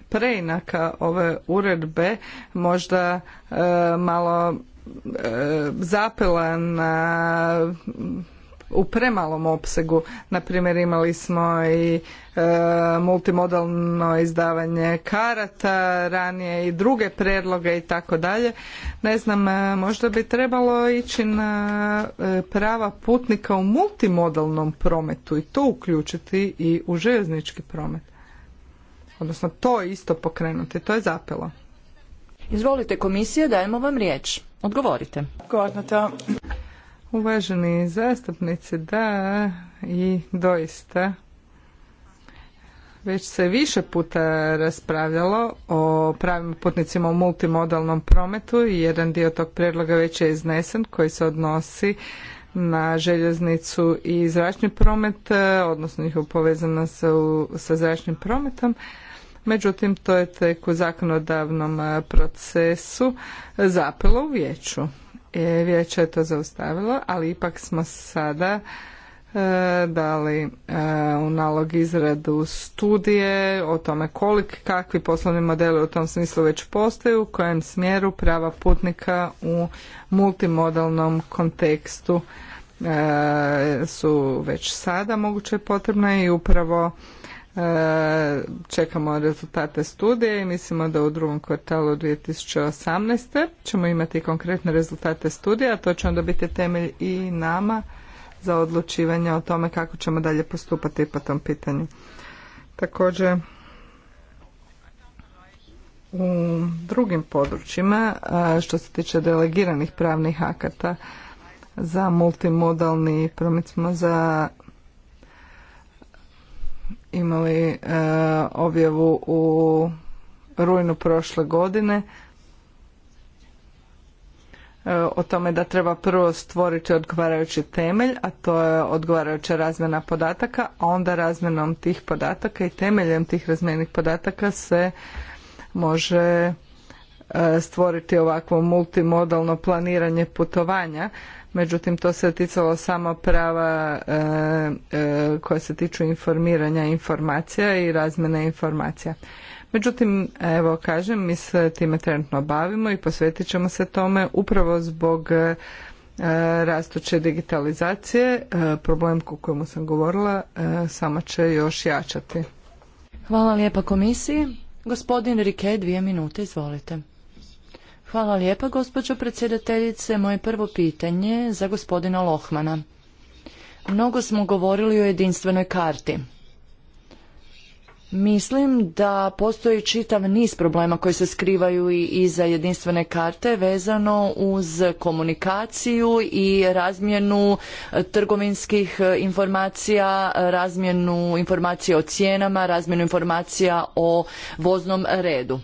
preinaka ove uredbe možda e, malo E, zapela na u premalom opsegu. Na primjer imali smo i e, multimodalno izdavanje karata, ranije i druge predloge i tako dalje. Ne znam, e, možda bi trebalo ići na prava putnika u multimodalnom prometu i to uključiti i u željeznički promet. Odnosno to isto pokrenuti, to je zapelo. Izvolite komisije, dajemo vam riječ. Odgovorite. Uvaženi zastupnici, da i doista već se više puta raspravljalo o pravim putnicima u multimodalnom prometu i jedan dio tog predloga već je iznesen koji se odnosi na željeznicu i zračni promet, odnosno njihov povezanost sa zračnim prometom međutim to je tek u zakonodavnom e, procesu zapelo u vijeću. E, vijeće je to zaustavilo, ali ipak smo sada e, dali u nalog izradu studije o tome kolik, kakvi poslovni modeli u tom smislu već postoje, u kojem smjeru prava putnika u multimodalnom kontekstu su već sada moguće potrebne i upravo E, čekamo rezultate studije i mislimo da u drugom kvartalu 2018. ćemo imati konkretne rezultate studija, a to će onda biti temelj i nama za odlučivanje o tome kako ćemo dalje postupati po tom pitanju. Također, u drugim područjima, e, što se tiče delegiranih pravnih akata za multimodalni promet za imali e, objavu u rujnu prošle godine e, o tome da treba prvo stvoriti odgovarajući temelj, a to je odgovarajuća razmjena podataka, a onda razmjenom tih podataka i temeljem tih razmjenih podataka se može e, stvoriti ovakvo multimodalno planiranje putovanja međutim to se ticalo samo prava e, e, koja se tiču informiranja informacija i razmjene informacija. Međutim, evo kažem, mi se time trenutno bavimo i posvetit ćemo se tome upravo zbog e, rastuće digitalizacije. Problem o kojemu sam govorila samo će još jačati. Hvala lijepa komisiji. Gospodin Rike, dvije minute, izvolite. Hvala lijepa, gospođo predsjedateljice. Moje prvo pitanje za gospodina Lohmana. Mnogo smo govorili o jedinstvenoj karti. Mislim da postoji čitav niz problema koji se skrivaju i iza jedinstvene karte vezano uz komunikaciju i razmjenu e, trgovinskih e, informacija, razmjenu informacija o cijenama, razmjenu informacija o voznom redu.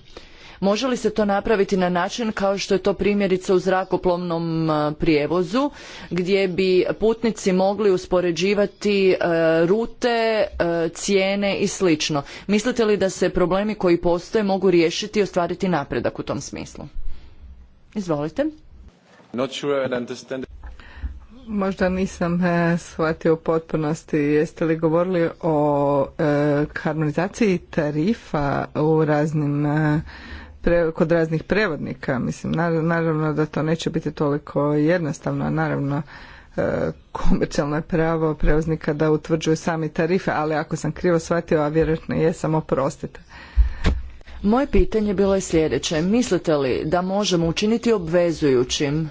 Može li se to napraviti na način kao što je to primjerice u zrakoplovnom e, prijevozu gdje bi putnici mogli uspoređivati e, rute, e, cijene i slično. Mislite li da se problemi koji postoje mogu riješiti i ostvariti napredak u tom smislu? Izvolite. Možda nisam shvatio u potpunosti. Jeste li govorili o harmonizaciji tarifa u raznim kod raznih prevodnika. Mislim, naravno da to neće biti toliko jednostavno, naravno e, komercijalno je pravo prevoznika da utvrđuju sami tarife, ali ako sam krivo shvatio, a vjerojatno samo prostite. Moje pitanje bilo je sljedeće. Mislite li da možemo učiniti obvezujućim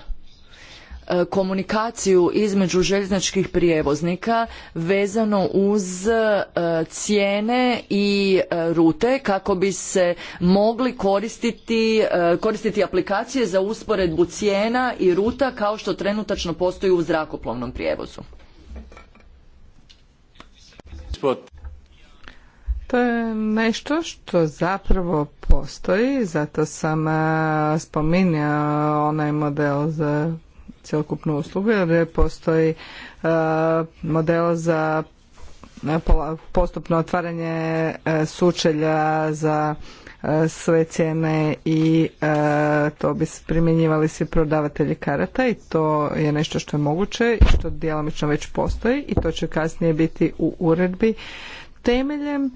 E, komunikaciju između željezničkih prijevoznika vezano uz e, cijene i e, rute kako bi se mogli koristiti, aplikacije za usporedbu cijena i ruta kao što trenutačno postoji u zrakoplovnom prijevozu. To je nešto što zapravo postoji, zato sam spominjao onaj model za cjelokupnu uslugu jer postoji e, model za e, postupno otvaranje e, sučelja za sve cijene i to bi primjenjivali svi prodavatelji karata i to je nešto što je moguće i što djelomično već postoji i to će kasnije biti u uredbi temeljem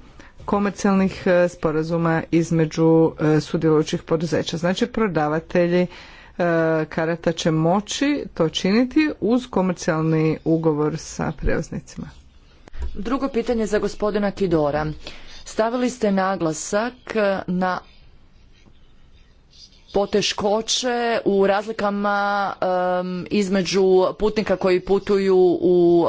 komercijalnih sporazuma između sudjelujućih poduzeća. Znači prodavatelji E, karata će moći to činiti uz komercijalni ugovor sa prijevoznicima. Drugo pitanje za gospodina Kidora. Stavili ste naglasak na poteškoće u razlikama između putnika koji putuju u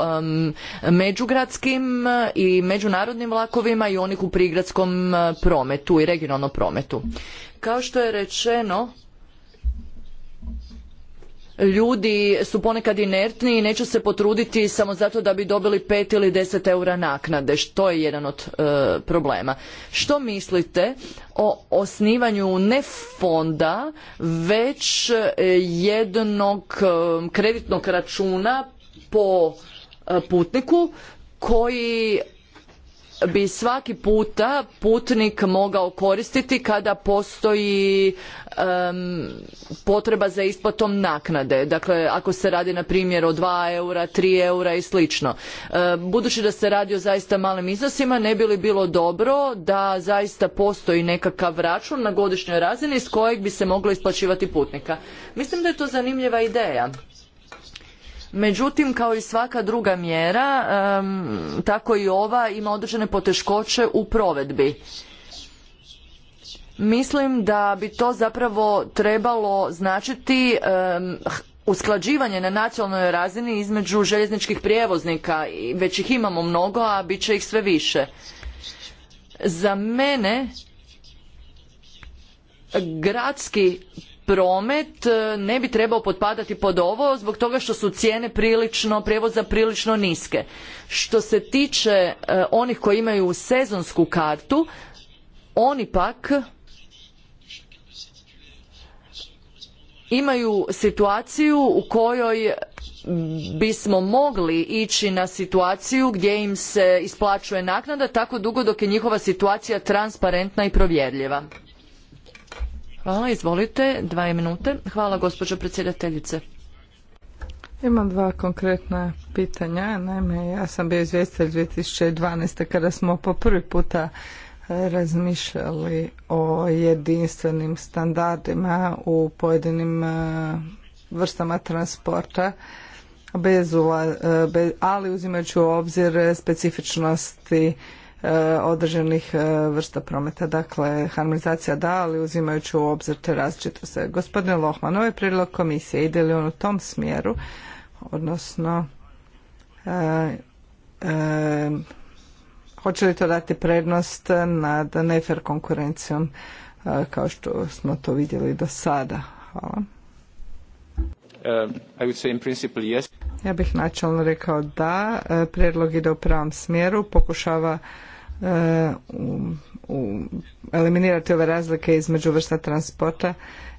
međugradskim i međunarodnim vlakovima i onih u prigradskom prometu i regionalnom prometu. Kao što je rečeno, ljudi su ponekad inertni i neće se potruditi samo zato da bi dobili pet ili deset eura naknade što je jedan od e, problema što mislite o osnivanju ne fonda već e, jednog e, kreditnog računa po putniku koji bi svaki puta putnik mogao koristiti kada postoji potreba za isplatom naknade. Dakle, ako se radi na primjer o 2 eura, 3 eura i slično. Budući da se radi o zaista malim iznosima, ne bi li bilo dobro da zaista postoji nekakav račun na godišnjoj razini s kojeg bi se moglo isplaćivati putnika. Mislim da je to zanimljiva ideja Međutim, kao i svaka druga mjera, tako i ova ima određene poteškoće u provedbi. Mislim da bi to zapravo trebalo značiti usklađivanje na nacionalnoj razini između željezničkih prijevoznika, već ih imamo mnogo, a bit će ih sve više. Za mene gradski promet e, ne bi trebao potpadati pod ovo zbog toga što su cijene prilično prijevoza prilično niske. Što se tiče e, onih koji imaju sezonsku kartu, oni pak imaju situaciju u kojoj bismo mogli ići na situaciju gdje im se isplaćuje naknada tako dugo dok je njihova situacija transparentna i provjerljiva. Hvala, izvolite, dva minute. Hvala gospođo predsjedateljice. Imam dva konkretna pitanja. Naime, ja sam bio izvjestitelj 2012. kada smo po prvi puta e, razmišljali o jedinstvenim standardima u pojedinim e, vrstama transporta, bez, e, ali uzimajući u obzir specifičnosti E, određenih e, vrsta prometa. Dakle, harmonizacija da, ali uzimajući u obzir te različitosti. Gospodine Lohman, ovaj prijedlog komisije ide li on u tom smjeru, odnosno e, hoće li to dati prednost nad nefer konkurencijom kao što smo to vidjeli do sada? Hvala. Uh, ja bih načelno rekao da e, prijedlog ide u pravom smjeru, pokušava e, eliminirati ove razlike između vrsta transporta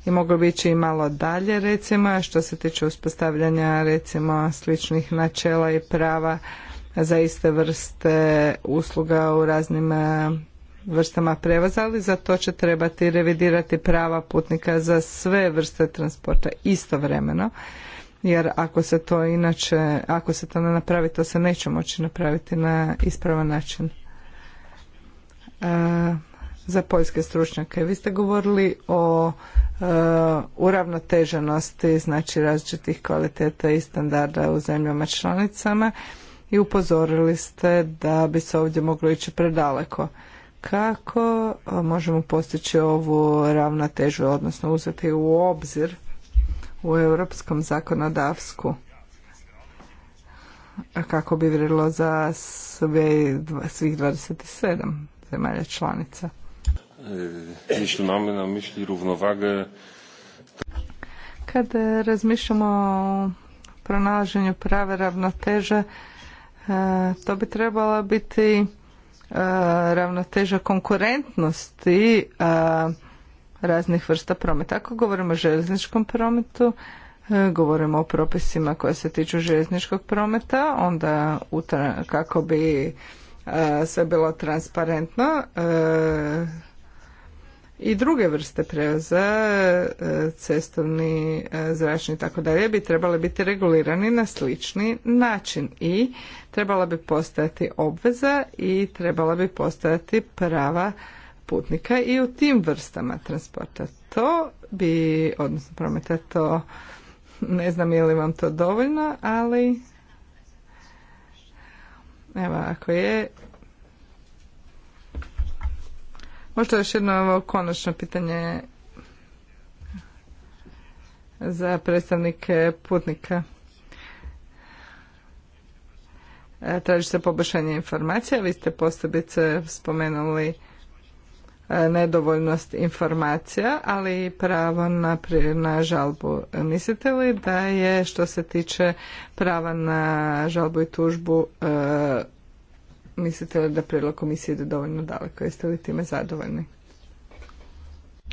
i moglo bi ići i malo dalje recimo što se tiče uspostavljanja recimo sličnih načela i prava za iste vrste usluga u raznim e, vrstama prevoza, ali za to će trebati revidirati prava putnika za sve vrste transporta istovremeno. Jer ako se to inače, ako se to ne napravi, to se neće moći napraviti na ispravan način. E, za poljske stručnjake. Vi ste govorili o e, uravnoteženosti, znači različitih kvaliteta i standarda u zemljama članicama i upozorili ste da bi se ovdje moglo ići predaleko kako možemo postići ovu ravnotežu, odnosno uzeti u obzir u europskom zakonodavsku kako bi vrilo za sve, svih 27 zemalja članica. E, Kad razmišljamo o pronalaženju prave ravnoteže, e, to bi trebalo biti E, ravnoteža konkurentnosti e, raznih vrsta prometa. Ako govorimo o željezničkom prometu, e, govorimo o propisima koje se tiču željezničkog prometa, onda kako bi sve bilo transparentno, i druge vrste prevoza, e, cestovni, e, zračni i tako dalje, bi trebali biti regulirani na slični način i trebala bi postojati obveza i trebala bi postojati prava putnika i u tim vrstama transporta. To bi, odnosno prometa, to ne znam je li vam to dovoljno, ali evo, ako je, Možda još jedno ovo konačno pitanje za predstavnike putnika. E, traži se poboljšanje informacija. Vi ste posebice spomenuli e, nedovoljnost informacija, ali i pravo na, na žalbu. Mislite li da je što se tiče prava na žalbu i tužbu e, mislite li da prijedlog komisije ide dovoljno daleko? Jeste li time zadovoljni?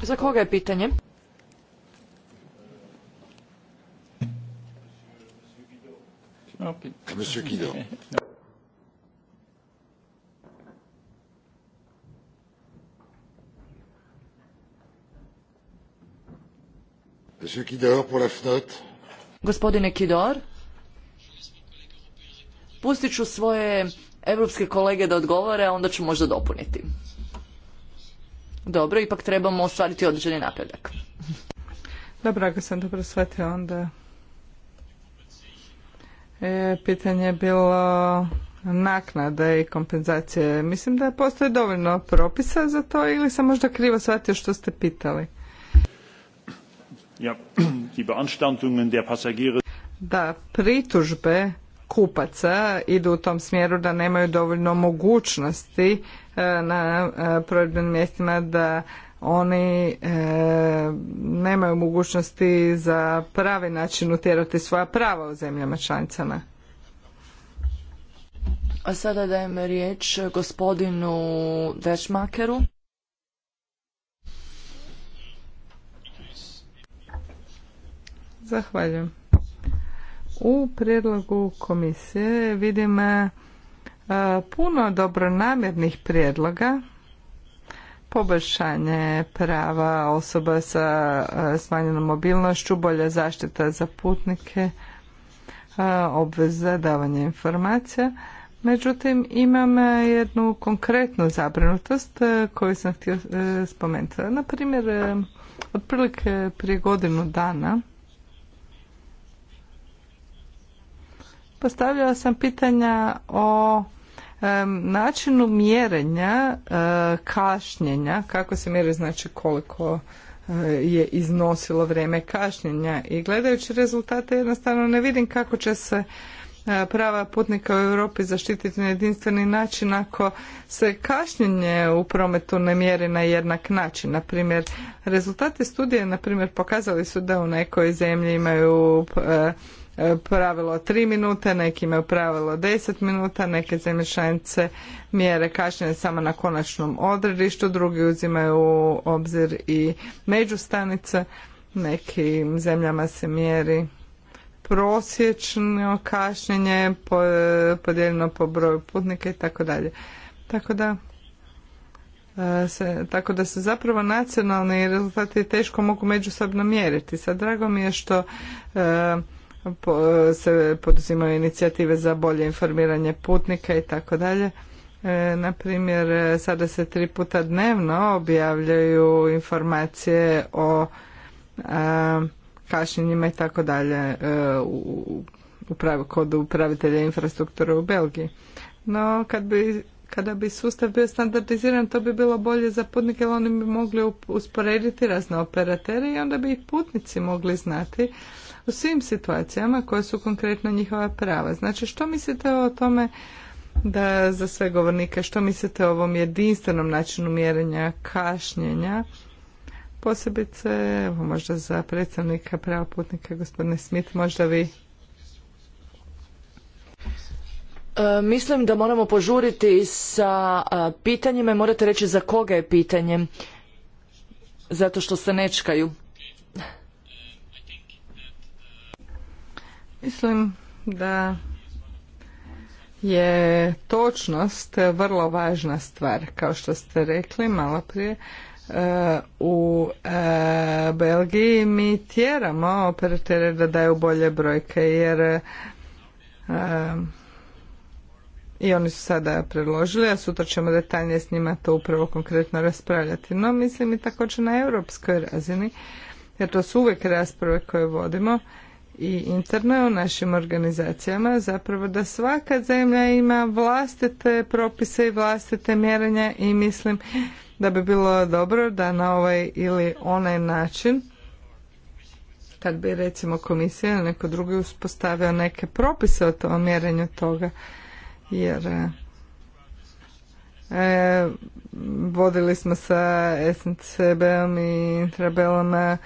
Za koga je pitanje? Gospodine Kidor, pustit ću svoje europske kolege da odgovore, a onda ću možda dopuniti. Dobro, ipak trebamo ostvariti određeni napredak. Dobro, ako sam dobro shvatila, onda e, pitanje je bilo naknade i kompenzacije. Mislim da postoji dovoljno propisa za to ili sam možda krivo shvatio što ste pitali. Da, pritužbe kupaca idu u tom smjeru da nemaju dovoljno mogućnosti e, na e, provedbenim mjestima da oni e, nemaju mogućnosti za pravi način utjerati svoja prava u zemljama članicama. A sada dajem riječ gospodinu Dešmakeru. Zahvaljujem. U prijedlogu komisije vidim e, e, puno dobronamjernih prijedloga, poboljšanje prava osoba sa e, smanjenom mobilnošću, bolja zaštita za putnike, obveza davanja informacija. Međutim, imam jednu konkretnu zabrinutost koju sam htio spomenuti. Na primjer, otprilike prije godinu dana postavljala sam pitanja o načinu mjerenja e, kašnjenja, kako se mjeri znači koliko e, je iznosilo vrijeme kašnjenja i gledajući rezultate jednostavno ne vidim kako će se e, prava putnika u Europi zaštititi na jedinstveni način ako se kašnjenje u prometu ne mjeri na jednak način. Na primjer, rezultati studije na primjer pokazali su da u nekoj zemlji imaju E, pravilo tri minute, neki imaju pravilo 10 minuta, neke zemlje članice mjere kašnjenja samo na konačnom odredištu, drugi uzimaju u obzir i međustanice, nekim zemljama se mjeri prosječno kašnjenje podijeljeno po broju putnika i tako dalje. Tako da e, se, tako da se zapravo nacionalni rezultati teško mogu međusobno mjeriti. Sad drago mi je što e, E, se poduzimaju inicijative za bolje informiranje putnika i tako dalje. E, na primjer, e, sada se tri puta dnevno objavljaju informacije o kašnjenjima i tako dalje u kod upravitelja infrastrukture u Belgiji. No, kad bi, kada bi sustav bio standardiziran, to bi bilo bolje za putnike, jer oni bi mogli usporediti razne operatere i onda bi i putnici mogli znati u svim situacijama koje su konkretno njihova prava. Znači što mislite o tome da za sve govornike, što mislite o ovom jedinstvenom načinu mjerenja kašnjenja? Posebice, evo možda za predstavnika prava putnika, gospodine Smit, možda vi e, mislim da moramo požuriti sa e, pitanjima i morate reći za koga je pitanje zato što se nečkaju. Mislim da je točnost vrlo važna stvar. Kao što ste rekli malo prije, eh, u eh, Belgiji mi tjeramo operatere da daju bolje brojke jer eh, i oni su sada predložili, a sutra ćemo detaljnije s njima to upravo konkretno raspravljati. No, mislim i također na europskoj razini, jer to su uvijek rasprave koje vodimo, i interno u našim organizacijama zapravo da svaka zemlja ima vlastite propise i vlastite mjerenja i mislim da bi bilo dobro da na ovaj ili onaj način kad bi recimo komisija ili neko drugi uspostavio neke propise o tom mjerenju toga jer e, vodili smo sa SNCB-om i Intrabelom e,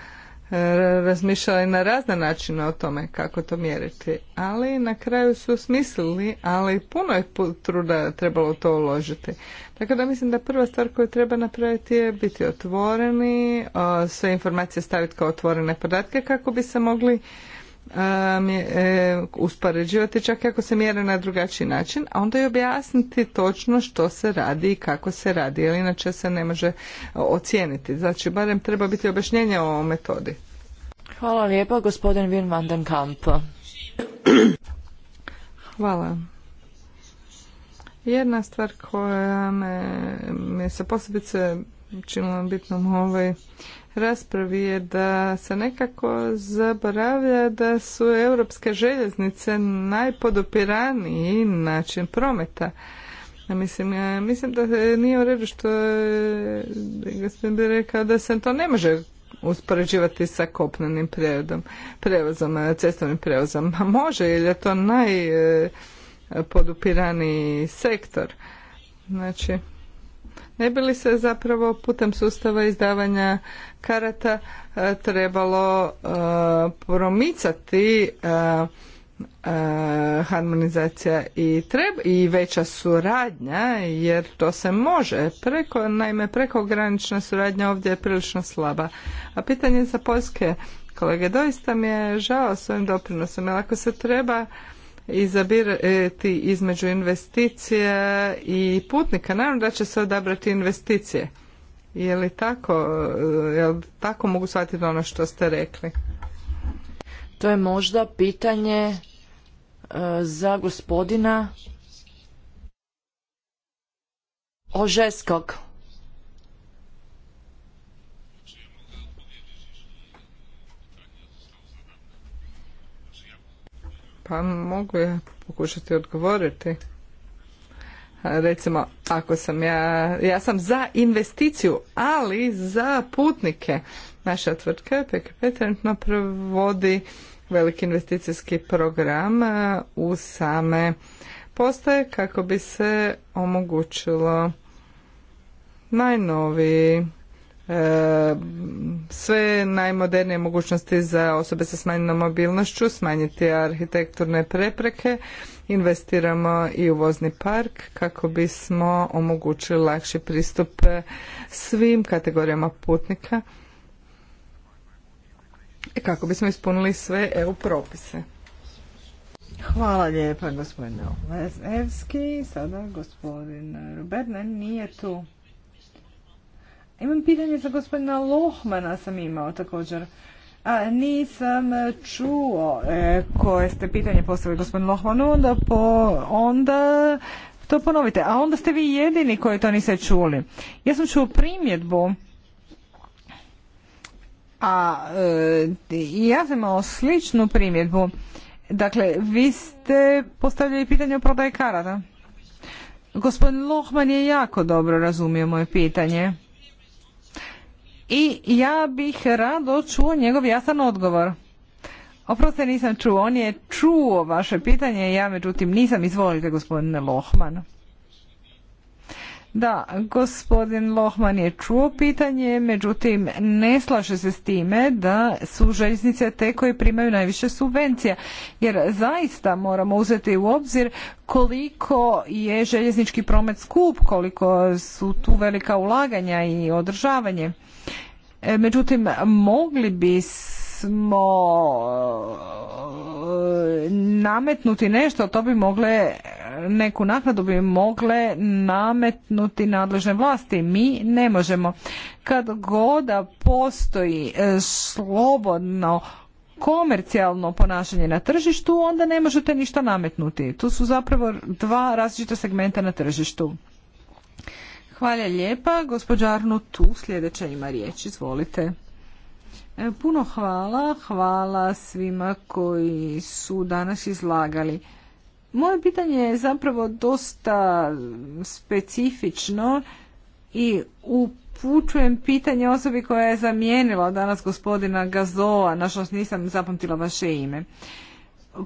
razmišljali na razne načine o tome kako to mjeriti, ali na kraju su smislili, ali puno je truda trebalo to uložiti. Tako da mislim da prva stvar koju treba napraviti je biti otvoreni, sve informacije staviti kao otvorene podatke kako bi se mogli Um, e, uspoređivati čak ako se mjere na drugačiji način, a onda i objasniti točno što se radi i kako se radi, jer inače se ne može ocijeniti. Znači, barem treba biti objašnjenje o metodi. Hvala lijepa, gospodin Wim van den Kamp. Hvala. Jedna stvar koja me, se posebice činila bitnom ovaj raspravi je da se nekako zaboravlja da su europske željeznice najpodopiraniji način prometa. Mislim, mislim da nije u redu što je gospodin bi rekao da se to ne može uspoređivati sa kopnenim prijevodom, prevozom, cestovnim prevozom. A može, jer je to najpodupiraniji eh, sektor. Znači, ne bi li se zapravo putem sustava izdavanja karata e, trebalo e, promicati e, harmonizacija i treba i veća suradnja jer to se može preko naime prekogranična suradnja ovdje je prilično slaba a pitanje za poljske kolege doista mi je žao svojim doprinosom jer ako se treba izabirati između investicija i putnika. Naravno da će se odabrati investicije. Je li tako, eh, je li tako mogu shvatiti ono što ste rekli? To je možda pitanje eh, za gospodina Ožeskog. Pa mogu ja pokušati odgovoriti. Recimo, ako sam ja, ja sam za investiciju, ali za putnike. Naša tvrtka PKP trenutno provodi veliki investicijski program u same postaje kako bi se omogućilo najnoviji E, sve najmodernije mogućnosti za osobe sa smanjenom mobilnošću, smanjiti arhitekturne prepreke, investiramo i u vozni park kako bismo omogućili lakši pristup svim kategorijama putnika i kako bismo ispunili sve EU propise. Hvala lijepa gospodine Sada gospodin Robert nije tu. Imam pitanje za gospodina Lohmana sam imao također. A, nisam čuo e, koje ste pitanje postavili gospodinu Lohmanu, onda, po, onda to ponovite. A onda ste vi jedini koji to niste čuli. Ja sam čuo primjedbu a e, ja sam imao sličnu primjedbu. Dakle, vi ste postavljali pitanje o prodaje karata. Gospodin Lohman je jako dobro razumio moje pitanje i ja bih rado čuo njegov jasan odgovor. Oprostite, nisam čuo. On je čuo vaše pitanje, ja međutim nisam. Izvolite, gospodine Lohman. Da, gospodin Lohman je čuo pitanje, međutim ne slaže se s time da su željeznice te koje primaju najviše subvencija, jer zaista moramo uzeti u obzir koliko je željeznički promet skup, koliko su tu velika ulaganja i održavanje. E, međutim, mogli bismo e, nametnuti nešto, to bi mogle, neku naknadu bi mogle nametnuti nadležne vlasti. Mi ne možemo. Kad goda postoji e, slobodno komercijalno ponašanje na tržištu, onda ne možete ništa nametnuti. Tu su zapravo dva različita segmenta na tržištu. Hvala lijepa. Gospođa Arno tu sljedeća ima riječ. Izvolite. E, puno hvala. Hvala svima koji su danas izlagali. Moje pitanje je zapravo dosta specifično i upućujem pitanje osobi koja je zamijenila danas gospodina Gazoa, nažalost nisam zapamtila vaše ime.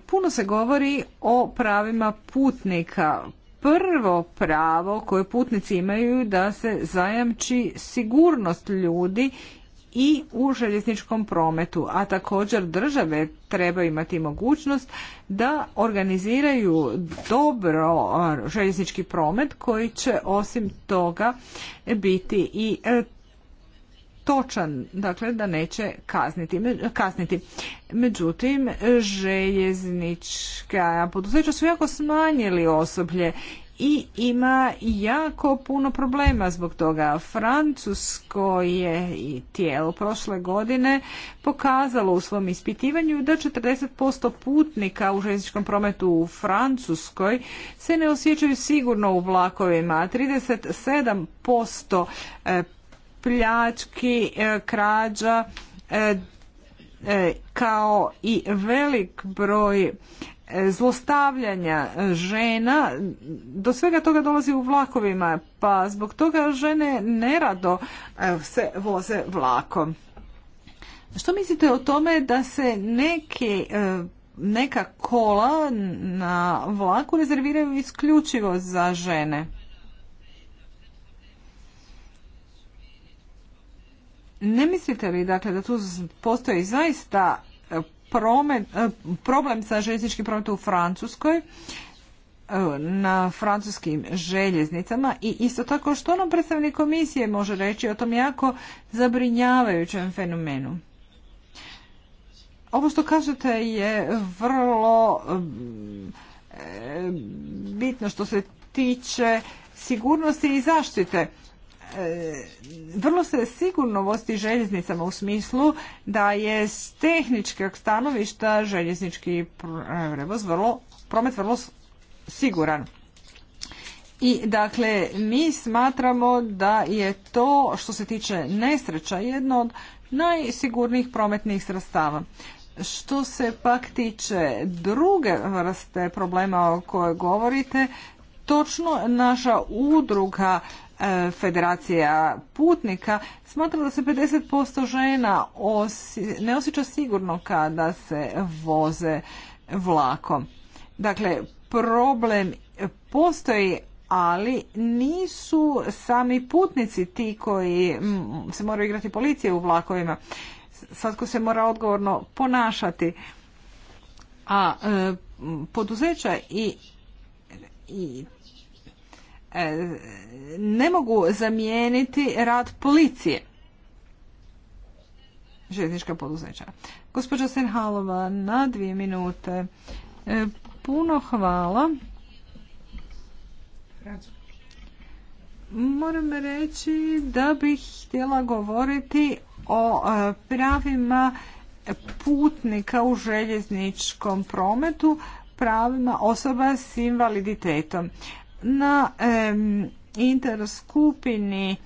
Puno se govori o pravima putnika, prvo pravo koje putnici imaju da se zajamči sigurnost ljudi i u željezničkom prometu, a također države treba imati mogućnost da organiziraju dobro željeznički promet koji će osim toga biti i e, točan, dakle da neće kazniti. kazniti Međutim, željeznička poduzeća su jako smanjili osoblje i ima jako puno problema zbog toga. Francusko je i tijelo prošle godine pokazalo u svom ispitivanju da 40% putnika u željezničkom prometu u Francuskoj se ne osjećaju sigurno u vlakovima, a 37% pljački, e, krađa, e, e, kao i velik broj zlostavljanja žena, do svega toga dolazi u vlakovima, pa zbog toga žene nerado se voze vlakom. Što mislite o tome da se neke neka kola na vlaku rezerviraju isključivo za žene? Ne mislite li dakle da tu postoji zaista e, e, problem sa željezničkim prometom u Francuskoj e, na francuskim željeznicama i isto tako što nam predstavnik komisije može reći o tom jako zabrinjavajućem fenomenu? Ovo što kažete je vrlo bitno što se tiče sigurnosti i zaštite E, vrlo se sigurno vosti željeznicama u smislu da je s tehničkog stanovišta željeznički prevoz promet vrlo siguran. I dakle, mi smatramo da je to što se tiče nesreća jedno od najsigurnijih prometnih sredstava. Što se pak tiče druge vrste problema o kojoj govorite, točno naša udruga federacija putnika smatra da se 50% žena ne osjeća sigurno kada se voze vlakom. Dakle, problem postoji, ali nisu sami putnici ti koji se moraju igrati policije u vlakovima. Svatko se mora odgovorno ponašati. A e, poduzeća i i E, ne mogu zamijeniti rad policije željeznička poduzeća. Gospođa Senhalova, na dvije minute. E, puno hvala. Moram reći da bih htjela govoriti o e, pravima putnika u željezničkom prometu, pravima osoba s invaliditetom. Na interskupini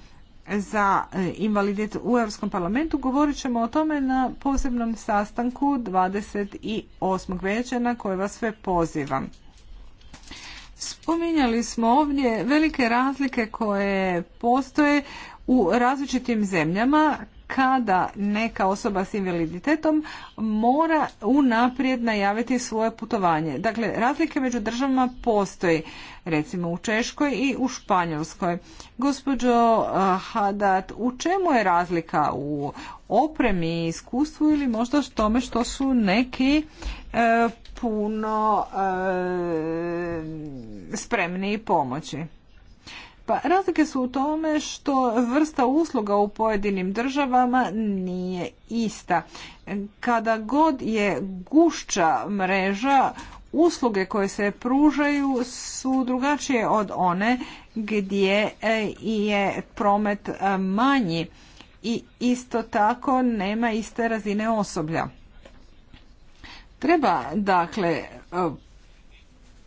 za eh, invaliditet u Europskom parlamentu govorit ćemo o tome na posebnom sastanku 28. veća na koje vas sve pozivam. Spominjali smo ovdje velike razlike koje postoje u različitim zemljama kada neka osoba s invaliditetom mora unaprijed najaviti svoje putovanje. Dakle, razlike među državama postoji, recimo u Češkoj i u Španjolskoj. Gospođo eh, Hadat, u čemu je razlika u opremi, iskustvu ili možda tome što su neki eh, puno eh, spremniji pomoći? Pa razlike su u tome što vrsta usluga u pojedinim državama nije ista. Kada god je gušća mreža, usluge koje se pružaju su drugačije od one gdje e, je promet e, manji i isto tako nema iste razine osoblja. Treba dakle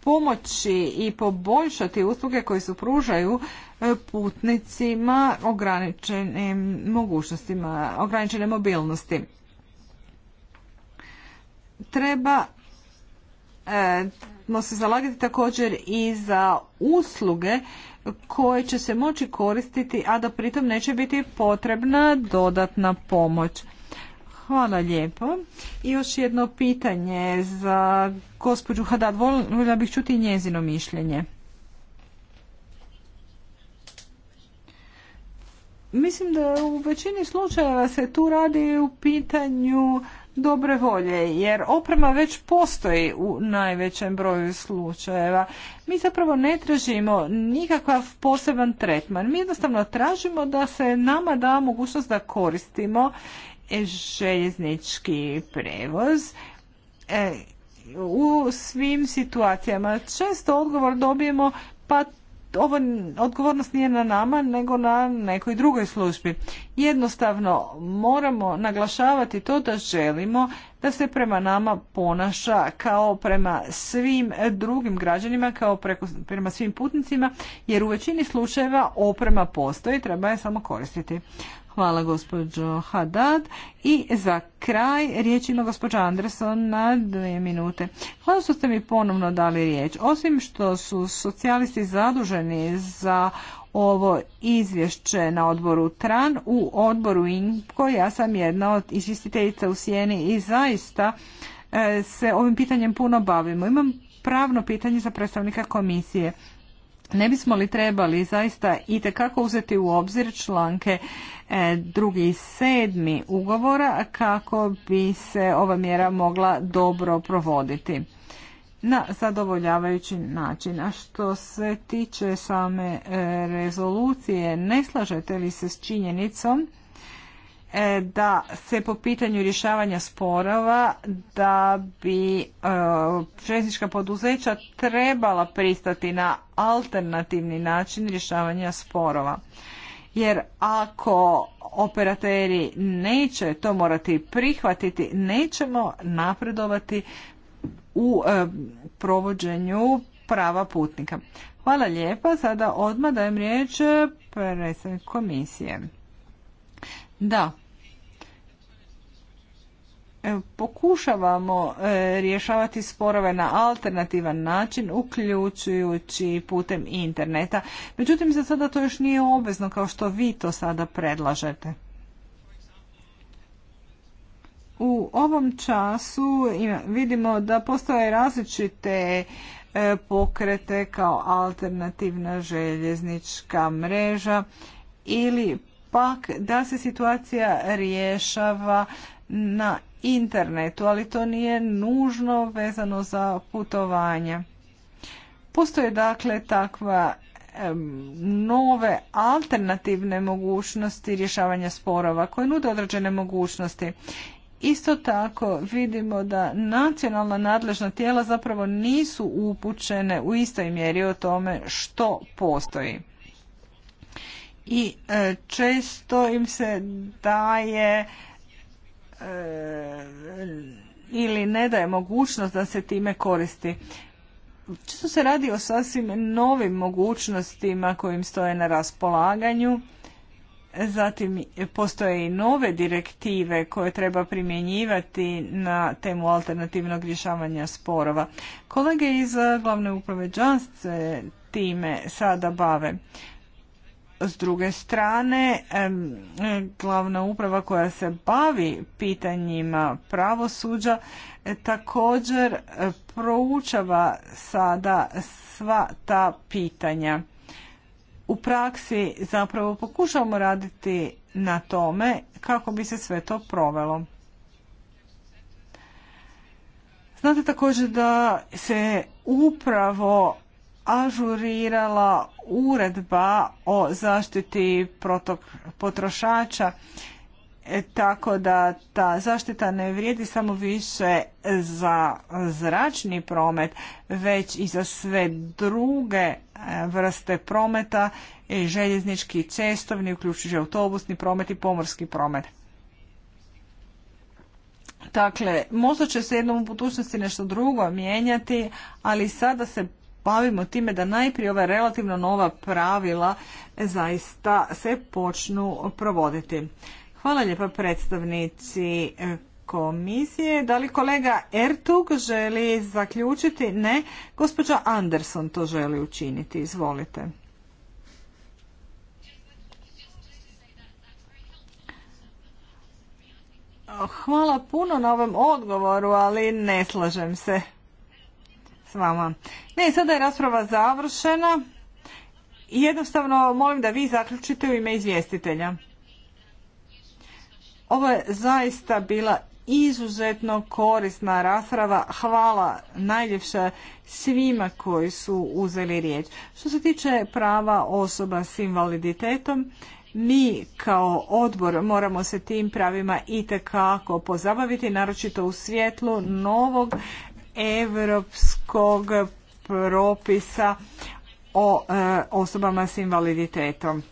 pomoći i poboljšati usluge koje su pružaju e, putnicima ograničenim mogućnostima, ograničene mobilnosti. Treba e, se zalagati također i za usluge koje će se moći koristiti, a da pritom neće biti potrebna dodatna pomoć. Hvala lijepo. I još jedno pitanje za gospođu Hadad. Voljela bih čuti njezino mišljenje. Mislim da u većini slučajeva se tu radi u pitanju dobre volje, jer oprema već postoji u najvećem broju slučajeva. Mi zapravo ne tražimo nikakav poseban tretman. Mi jednostavno tražimo da se nama da mogućnost da koristimo željeznički prevoz e, u svim situacijama. Često odgovor dobijemo pa ovo odgovornost nije na nama nego na nekoj drugoj službi. Jednostavno moramo naglašavati to da želimo da se prema nama ponaša kao prema svim drugim građanima, kao prema svim putnicima, jer u većini slučajeva oprema postoji, treba je samo koristiti. Hvala gospođo Hadad. I za kraj riječ ima gospođa Anderson na dvije minute. Hvala što ste mi ponovno dali riječ. Osim što su socijalisti zaduženi za ovo izvješće na odboru TRAN, u odboru INKO ja sam jedna od izvjestiteljica u Sijeni i zaista e, se ovim pitanjem puno bavimo. Imam pravno pitanje za predstavnika komisije. Ne bismo li trebali zaista i kako uzeti u obzir članke e, drugi i sedmi ugovora kako bi se ova mjera mogla dobro provoditi na zadovoljavajući način. A što se tiče same e, rezolucije, ne slažete li se s činjenicom E, da se po pitanju rješavanja sporova da bi e, željeznička poduzeća trebala pristati na alternativni način rješavanja sporova. Jer ako operateri neće to morati prihvatiti, nećemo napredovati u e, provođenju prava putnika. Hvala lijepa. Sada odmah dajem riječ predsjednik komisije. Da. Pokušavamo e, rješavati sporove na alternativan način, uključujući putem interneta. Međutim, za sada to još nije obvezno kao što vi to sada predlažete. U ovom času vidimo da postoje različite e, pokrete kao alternativna željeznička mreža ili pak da se situacija rješava na internetu, ali to nije nužno vezano za putovanje. Postoje dakle takva nove alternativne mogućnosti rješavanja sporova koje nude određene mogućnosti. Isto tako vidimo da nacionalna nadležna tijela zapravo nisu upućene u istoj mjeri o tome što postoji i e, često im se daje e, ili ne daje mogućnost da se time koristi. Često se radi o sasvim novim mogućnostima kojim stoje na raspolaganju. Zatim postoje i nove direktive koje treba primjenjivati na temu alternativnog rješavanja sporova. Kolege iz glavne uprave Just se time sada bave s druge strane, glavna uprava koja se bavi pitanjima pravosuđa e, također e, proučava sada sva ta pitanja. U praksi zapravo pokušavamo raditi na tome kako bi se sve to provelo. Znate također da se upravo ažurirala uredba o zaštiti protok potrošača e, tako da ta zaštita ne vrijedi samo više za zračni promet, već i za sve druge e, vrste prometa, e, željeznički, cestovni, uključujući autobusni promet i pomorski promet. Dakle, možda će se jednom u budućnosti nešto drugo mijenjati, ali sada se bavimo time da najprije ova relativno nova pravila zaista se počnu provoditi. Hvala lijepa predstavnici eh, komisije. Da li kolega Ertug želi zaključiti? Ne. Gospođa Anderson to želi učiniti. Izvolite. Hvala puno na ovom odgovoru, ali ne slažem se vama. Ne, sada je rasprava završena i jednostavno molim da vi zaključite u ime izvjestitelja. Ovo je zaista bila izuzetno korisna rasprava. Hvala najljepša svima koji su uzeli riječ. Što se tiče prava osoba s invaliditetom, mi kao odbor moramo se tim pravima itekako pozabaviti, naročito u svjetlu novog europskog propisa o e, osobama s invaliditetom.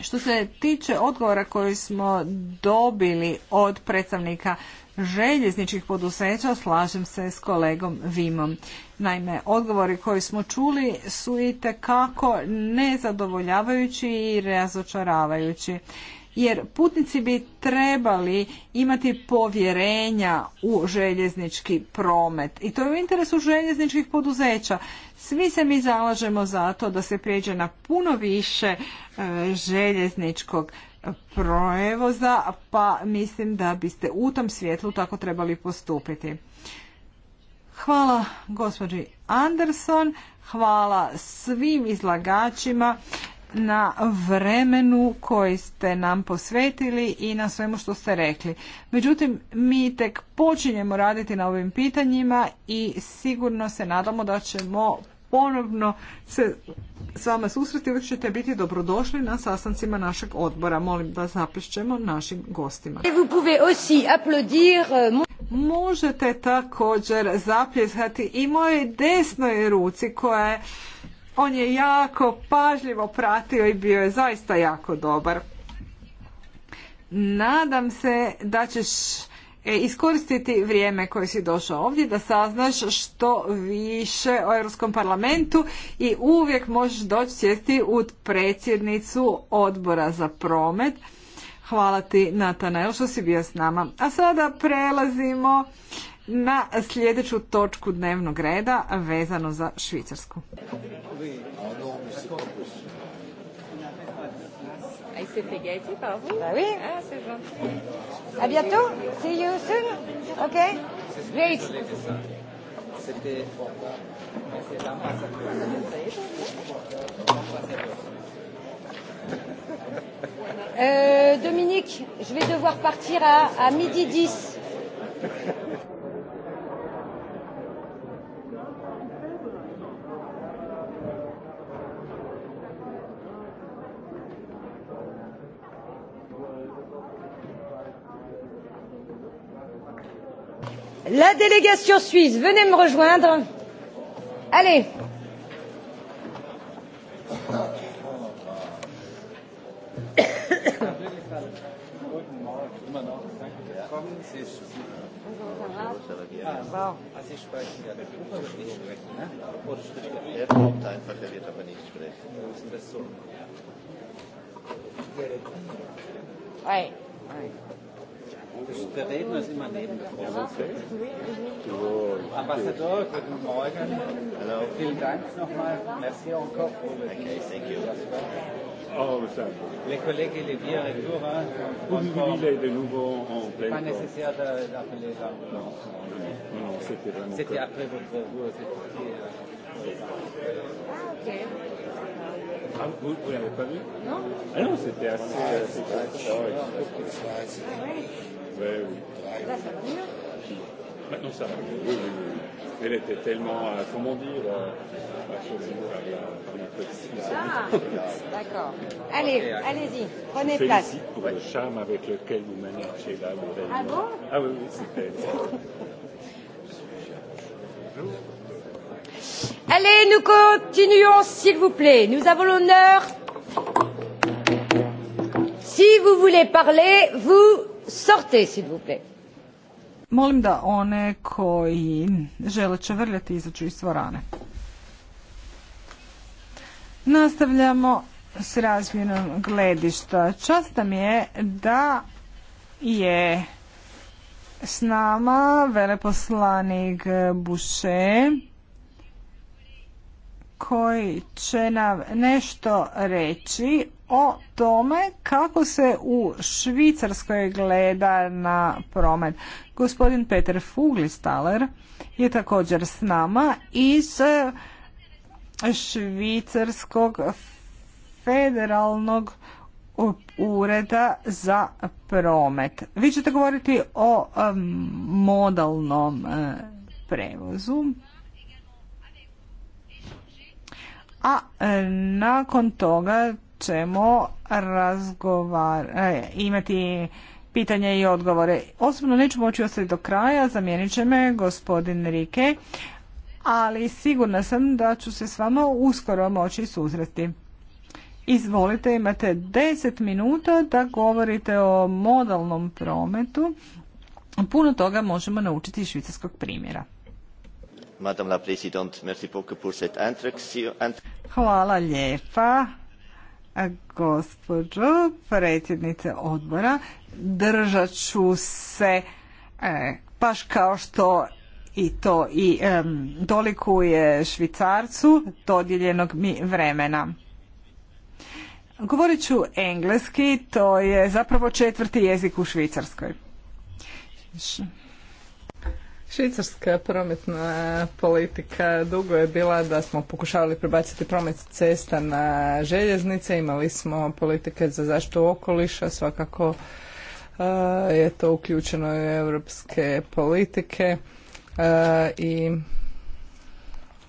Što se tiče odgovora koji smo dobili od predstavnika željezničkih poduzeća, slažem se s kolegom Vimom. Naime, odgovori koji smo čuli su i tekako nezadovoljavajući i razočaravajući jer putnici bi trebali imati povjerenja u željeznički promet i to je u interesu željezničkih poduzeća. Svi se mi zalažemo za to da se prijeđe na puno više e, željezničkog projevoza, pa mislim da biste u tom svjetlu tako trebali postupiti. Hvala gospođi Anderson, hvala svim izlagačima na vremenu koji ste nam posvetili i na svemu što ste rekli. Međutim, mi tek počinjemo raditi na ovim pitanjima i sigurno se nadamo da ćemo ponovno se s vama susreti. Uvijek ćete biti dobrodošli na sastancima našeg odbora. Molim da zapišćemo našim gostima. Euh, Možete također zapljeskati i moje desnoj ruci koja je on je jako pažljivo pratio i bio je zaista jako dobar. Nadam se da ćeš e, iskoristiti vrijeme koje si došao ovdje da saznaš što više o Europskom parlamentu i uvijek možeš doći sjesti u predsjednicu odbora za promet. Hvala ti Natanel što si bio s nama. A sada prelazimo na sljedeću točku dnevnog reda vezano za Švicarsku. Ah, Il euh, Dominique, je vais devoir partir à, à midi 10. La délégation suisse, venez me rejoindre. Allez. Der Ambassador, Merci encore. Okay, thank Les collègues et les vieux nouveau nécessaire c'était après votre vous, Non. c'était Là, ça va Maintenant, ça va mieux. Oui, oui, oui. Elle était tellement, euh, comment dire, euh, ah, d'accord. Allez, allez-y, prenez place. Merci pour le charme avec lequel vous managez là les Ah bon Ah oui, oui, c'était. Allez, nous continuons, s'il vous plaît. Nous avons l'honneur. Si vous voulez parler, vous Sortez, s'il vous plaît. Molim da one koji žele čevrljati izađu iz dvorane. Nastavljamo s razmjenom gledišta. Čast je da je s nama veleposlanik Buše koji će nam nešto reći o tome kako se u Švicarskoj gleda na promet. Gospodin Peter Fuglistaler je također s nama iz eh, Švicarskog federalnog ureda za promet. Vi ćete govoriti o eh, modalnom eh, prevozu. A nakon toga ćemo razgovar, e, imati pitanje i odgovore. Osobno neću moći ostati do kraja, zamijenit će me gospodin Rike, ali sigurna sam da ću se s vama uskoro moći suzreti. Izvolite, imate 10 minuta da govorite o modalnom prometu. Puno toga možemo naučiti iz švicarskog primjera. Hvala lijepa gospođo predsjednice odbora. Držat ću se paš e, kao što i to i dolikuje Švicarcu dodijeljenog mi vremena. Govorit ću engleski, to je zapravo četvrti jezik u Švicarskoj. Švicarska prometna politika dugo je bila da smo pokušavali prebaciti promet cesta na željeznice, imali smo politike za zaštitu okoliša, svakako e, je to uključeno u europske politike e, i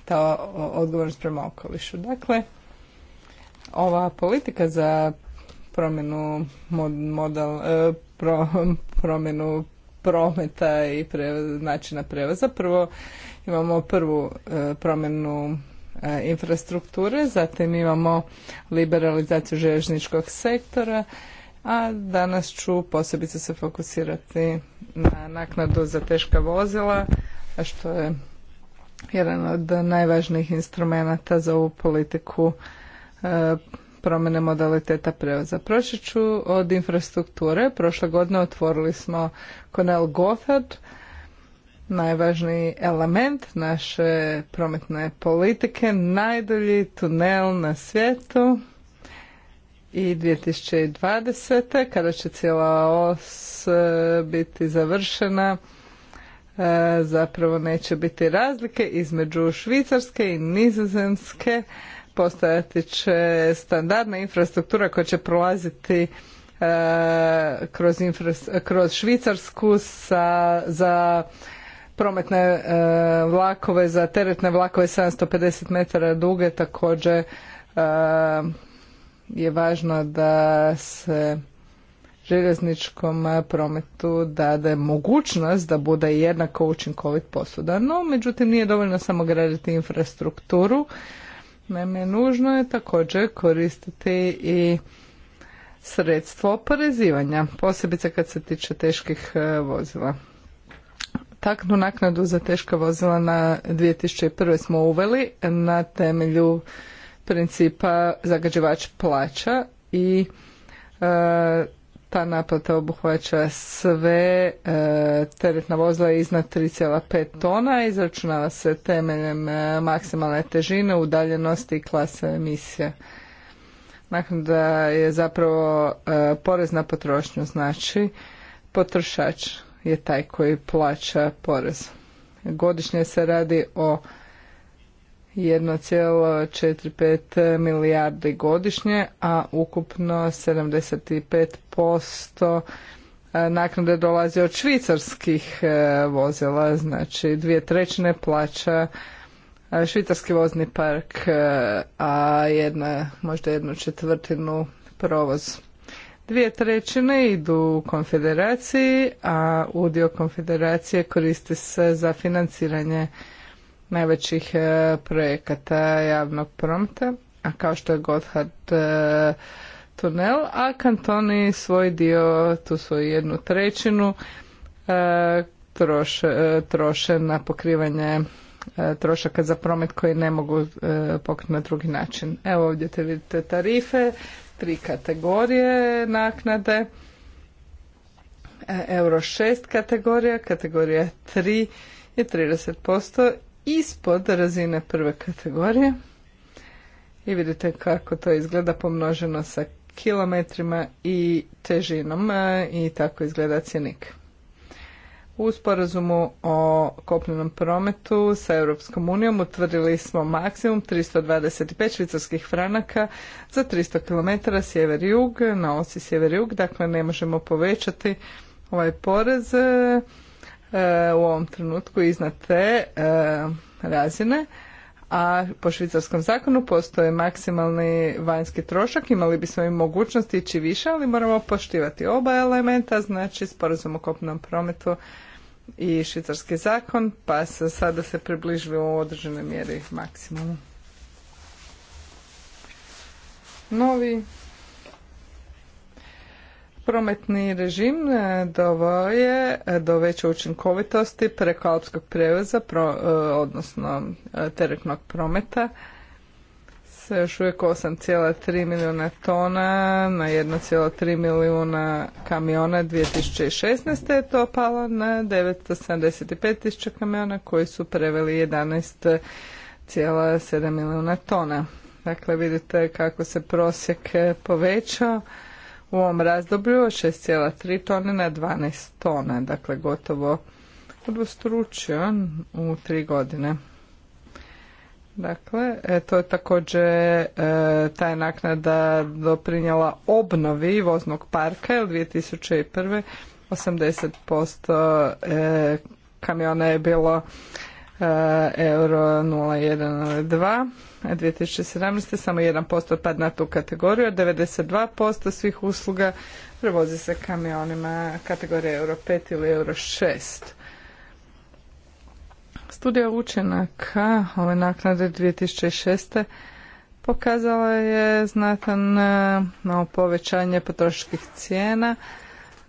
ta odgovornost prema okolišu. Dakle, ova politika za promjenu model, e, promjenu prometa i načina prevoza. Prvo imamo prvu e, promjenu e, infrastrukture, zatim imamo liberalizaciju željezničkog sektora, a danas ću posebice se fokusirati na naknadu za teška vozila, što je jedan od najvažnijih instrumenata za ovu politiku e, promjene modaliteta prevoza. Proći ću od infrastrukture. Prošle godine otvorili smo Konel Gothard, najvažniji element naše prometne politike, najdolji tunel na svijetu i 2020. kada će cijela os e, biti završena e, zapravo neće biti razlike između Švicarske i Nizozemske postojati će standardna infrastruktura koja će prolaziti e, kroz, kroz Švicarsku sa, za prometne e, vlakove, za teretne vlakove 750 metara duge također e, je važno da se željezničkom prometu dade mogućnost da bude jednako učinkovit posuda. No, međutim, nije dovoljno samo graditi infrastrukturu, Naime, nužno je također koristiti i sredstvo oporezivanja, posebice kad se tiče teških e, vozila. Taknu naknadu za teška vozila na 2001. smo uveli na temelju principa zagađivač plaća i e, ta naplata obuhvaća sve e, teretna vozila iznad 3,5 tona, izračunava se temeljem e, maksimalne težine, udaljenosti i klase emisije. Nakon da je zapravo e, porez na potrošnju, znači potrošač je taj koji plaća porez. Godišnje se radi o 1,45 milijardi godišnje, a ukupno 75% e, naknade dolazi od švicarskih e, vozila, znači dvije trećine plaća e, švicarski vozni park, a jedna, možda jednu četvrtinu provoz. Dvije trećine idu u konfederaciji, a udio konfederacije koristi se za financiranje najvećih e, projekata javnog prometa, a kao što je Gotthard e, tunel, a kantoni svoj dio, tu svoju jednu trećinu, e, troše, troše na pokrivanje trošaka za promet koji ne mogu pokriti na drugi način. Evo ovdje te vidite tarife, tri kategorije naknade, euro 6 kategorija, kategorija 3 je 30% ispod razine prve kategorije. I vidite kako to izgleda pomnoženo sa kilometrima i težinom e, i tako izgleda cjenik. U sporazumu o kopnenom prometu sa Europskom unijom utvrdili smo maksimum 325 švicarskih franaka za 300 km sjever-jug, na osi sjever-jug, dakle ne možemo povećati ovaj porez E, u ovom trenutku iznad te e, razine a po švicarskom zakonu postoje maksimalni vanjski trošak, imali bismo i mogućnosti ići više, ali moramo poštivati oba elementa, znači sporazum o kopnom prometu i švicarski zakon, pa se sada se približili u određenoj mjeri maksimalno. Novi Prometni režim e, doveo je e, do veće učinkovitosti preko alpskog prijevoza, e, odnosno teretnog prometa sa još uvijek 8,3 milijuna tona na 1,3 milijuna kamiona 2016. je to palo na 975 tisuća kamiona koji su preveli 11,7 milijuna tona. Dakle, vidite kako se prosjek povećao u ovom razdoblju 6,3 tone na 12 tona, dakle gotovo udvostručio u tri godine. Dakle, e, to je također e, taj naknada doprinjela obnovi voznog parka, jer 2001. 80% kamiona je bilo e, euro 0,1 ili 2, 2017. samo 1% na tu kategoriju, a 92% svih usluga prevozi se kamionima kategorije Euro 5 ili Euro 6. Studija učinaka ove naknade 2006. pokazala je znatan no, e, povećanje potroških cijena,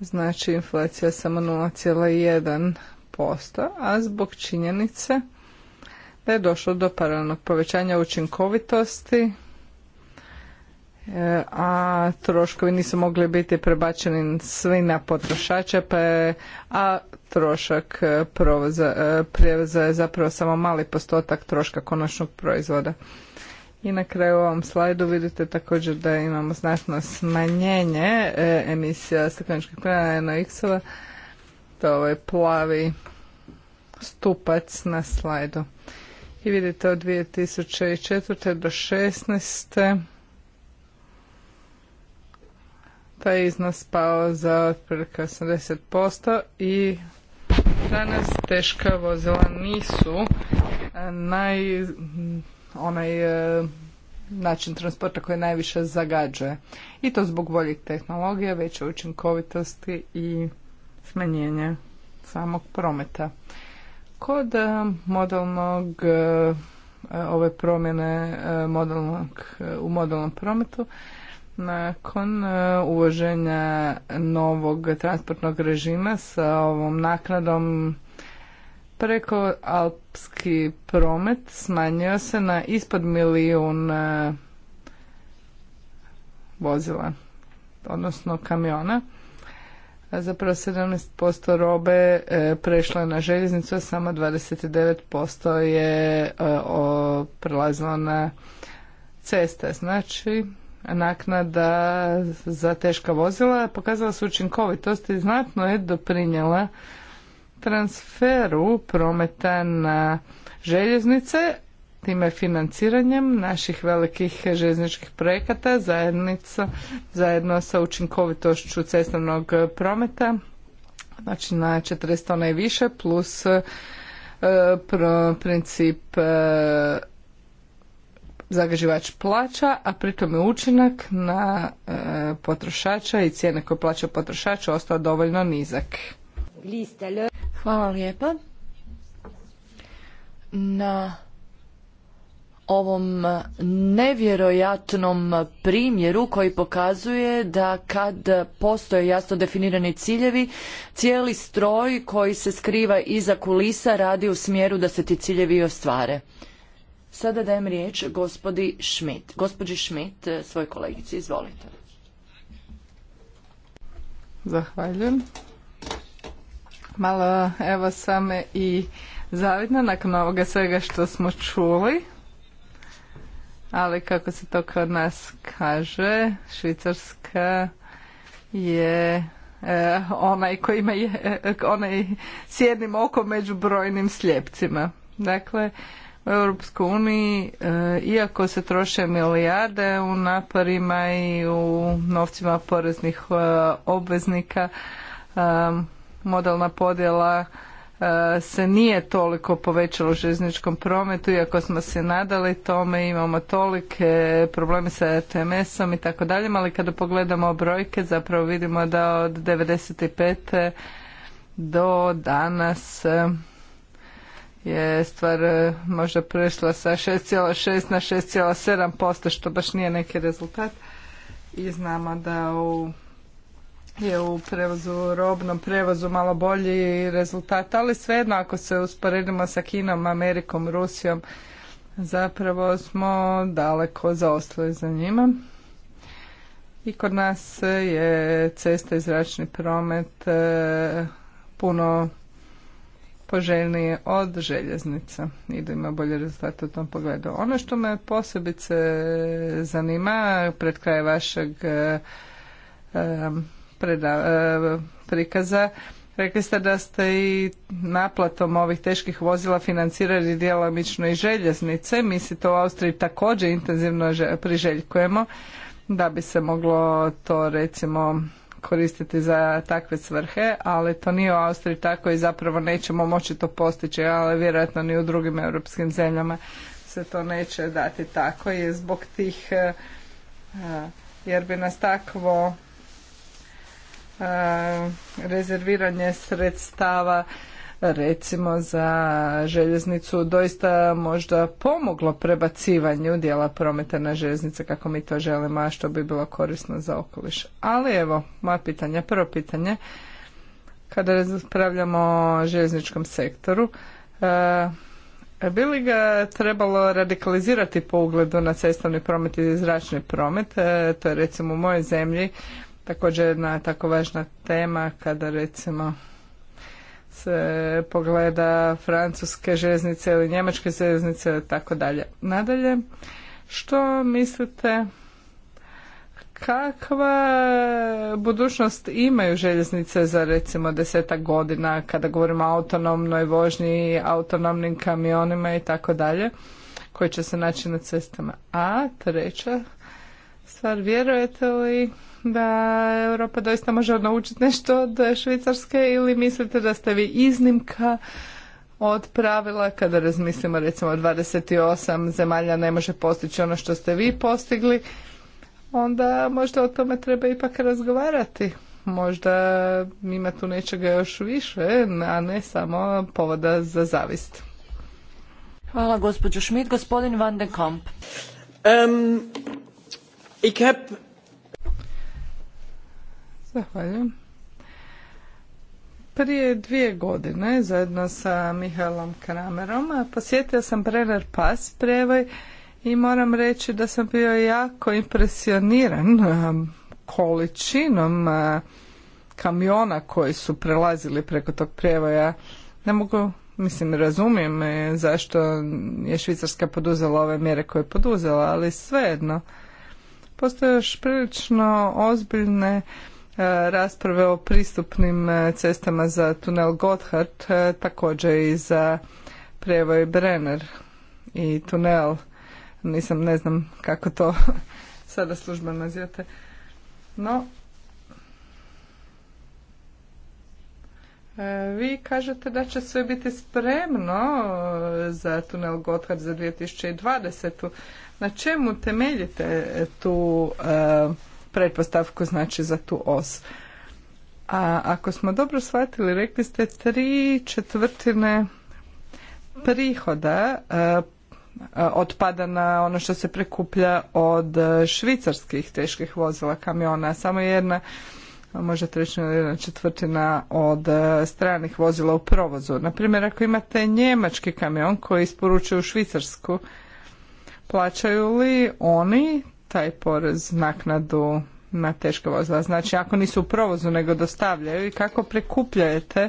znači inflacija samo 0,1%, a zbog činjenice da je došlo do paralelnog povećanja učinkovitosti, e, a troškovi nisu mogli biti prebačeni svi na potrošače, pa je, a trošak e, provoza, e, prijevoza je zapravo samo mali postotak troška konačnog proizvoda. I na kraju u ovom slajdu vidite također da imamo znatno smanjenje emisija stakleničkih plina NOx-ova. To je ovaj plavi stupac na slajdu i vidite od 2004. do 2016. taj iznos pao za otprilike 80% i danas teška vozila nisu naj onaj e, način transporta koji najviše zagađuje. I to zbog boljih tehnologija, veće učinkovitosti i smanjenje samog prometa. Kod e, modelnog e, e, ove promjene u modelnom prometu nakon uvoženja novog transportnog režima sa ovom naknadom preko alpski promet smanjio se na ispod milijun vozila, odnosno kamiona zapravo 17% robe e, prešlo je na željeznicu, a samo 29% je e, prelazilo na ceste. Znači, naknada za teška vozila pokazala se učinkovitost i znatno je doprinjela transferu prometa na željeznice, time financiranjem naših velikih željezničkih projekata zajednica, zajedno sa učinkovitošću cestovnog prometa, znači na 400 tona i više, plus e, princip e, zagađivač plaća, a pritom je učinak na e, potrošača i cijene koje plaća potrošač ostao dovoljno nizak. Hvala lijepa. Na ovom nevjerojatnom primjeru koji pokazuje da kad postoje jasno definirani ciljevi, cijeli stroj koji se skriva iza kulisa radi u smjeru da se ti ciljevi ostvare. Sada dajem riječ gospodi Šmit. Gospođi Šmit, svoj kolegici, izvolite. Zahvaljujem. Malo evo same i zavidna nakon ovoga svega što smo čuli ali kako se to kod nas kaže, Švicarska je e, onaj koji ima je, e, onaj s jednim okom među brojnim sljepcima. Dakle, u Europskoj uniji, e, iako se troše milijarde u naparima i u novcima poreznih obveznika, modelna podjela E, se nije toliko povećalo u željezničkom prometu, iako smo se nadali tome, imamo tolike probleme sa e TMS-om i tako dalje, ali kada pogledamo brojke zapravo vidimo da od 95. do danas e, je stvar možda prešla sa 6,6 na 6,7%, što baš nije neki rezultat. I znamo da u je u prevozu, robnom prevozu malo bolji rezultat, ali svejedno ako se usporedimo sa Kinom, Amerikom, Rusijom, zapravo smo daleko zaostali za njima. I kod nas je cesta i zračni promet e, puno poželjnije od željeznica i da ima bolje rezultate u tom pogledu. Ono što me posebice zanima pred kraj vašeg e, e, preda, e, prikaza. Rekli ste da ste i naplatom ovih teških vozila financirali djelomično i željeznice. Mi se to u Austriji također intenzivno priželjkujemo da bi se moglo to recimo koristiti za takve svrhe, ali to nije u Austriji tako i zapravo nećemo moći to postići, ali vjerojatno ni u drugim europskim zemljama se to neće dati tako i zbog tih e, e, jer bi nas takvo rezerviranje sredstava recimo za željeznicu doista možda pomoglo prebacivanju dijela prometa na željeznice kako mi to želimo, a što bi bilo korisno za okoliš. Ali evo, moja pitanja. Prvo pitanje, kada raspravljamo o željezničkom sektoru, e, bi li ga trebalo radikalizirati po ugledu na cestovni promet i zračni promet? E, to je recimo u mojoj zemlji također jedna tako važna tema kada recimo se pogleda francuske željeznice ili njemačke željeznice ili tako dalje. Nadalje, što mislite kakva budućnost imaju željeznice za recimo desetak godina kada govorimo o autonomnoj vožnji, autonomnim kamionima i tako dalje koji će se naći na cestama. A treća stvar. Vjerujete li da Europa doista može naučiti nešto od Švicarske ili mislite da ste vi iznimka od pravila kada razmislimo recimo 28 zemalja ne može postići ono što ste vi postigli onda možda o tome treba ipak razgovarati možda ima tu nečega još više a ne samo povoda za zavist Hvala gospođo Šmit gospodin Van de Kamp Zahvaljujem. Prije dvije godine, zajedno sa Mihaelom Kramerom, posjetio sam Brenner Pass prijevoj i moram reći da sam bio jako impresioniran količinom kamiona koji su prelazili preko tog prijevoja. Ne mogu, mislim, razumijem e, zašto je Švicarska poduzela ove mjere koje je poduzela, ali svejedno. Postoje još prilično ozbiljne e, rasprave o pristupnim e, cestama za tunel Gotthard, e, također i za prevoj Brenner i tunel. Nisam, ne znam kako to sada služba nazivate. No, Vi kažete da će sve biti spremno za tunel Gotthard za 2020. Na čemu temeljite tu e, pretpostavku znači za tu os? A ako smo dobro shvatili, rekli ste tri četvrtine prihoda e, otpada na ono što se prekuplja od švicarskih teških vozila, kamiona, samo jedna možete reći jedna četvrtina od e, stranih vozila u provozu. Naprimjer, ako imate njemački kamion koji isporučuje u Švicarsku, plaćaju li oni taj porez naknadu na teška vozila? Znači ako nisu u provozu nego dostavljaju i kako prikupljate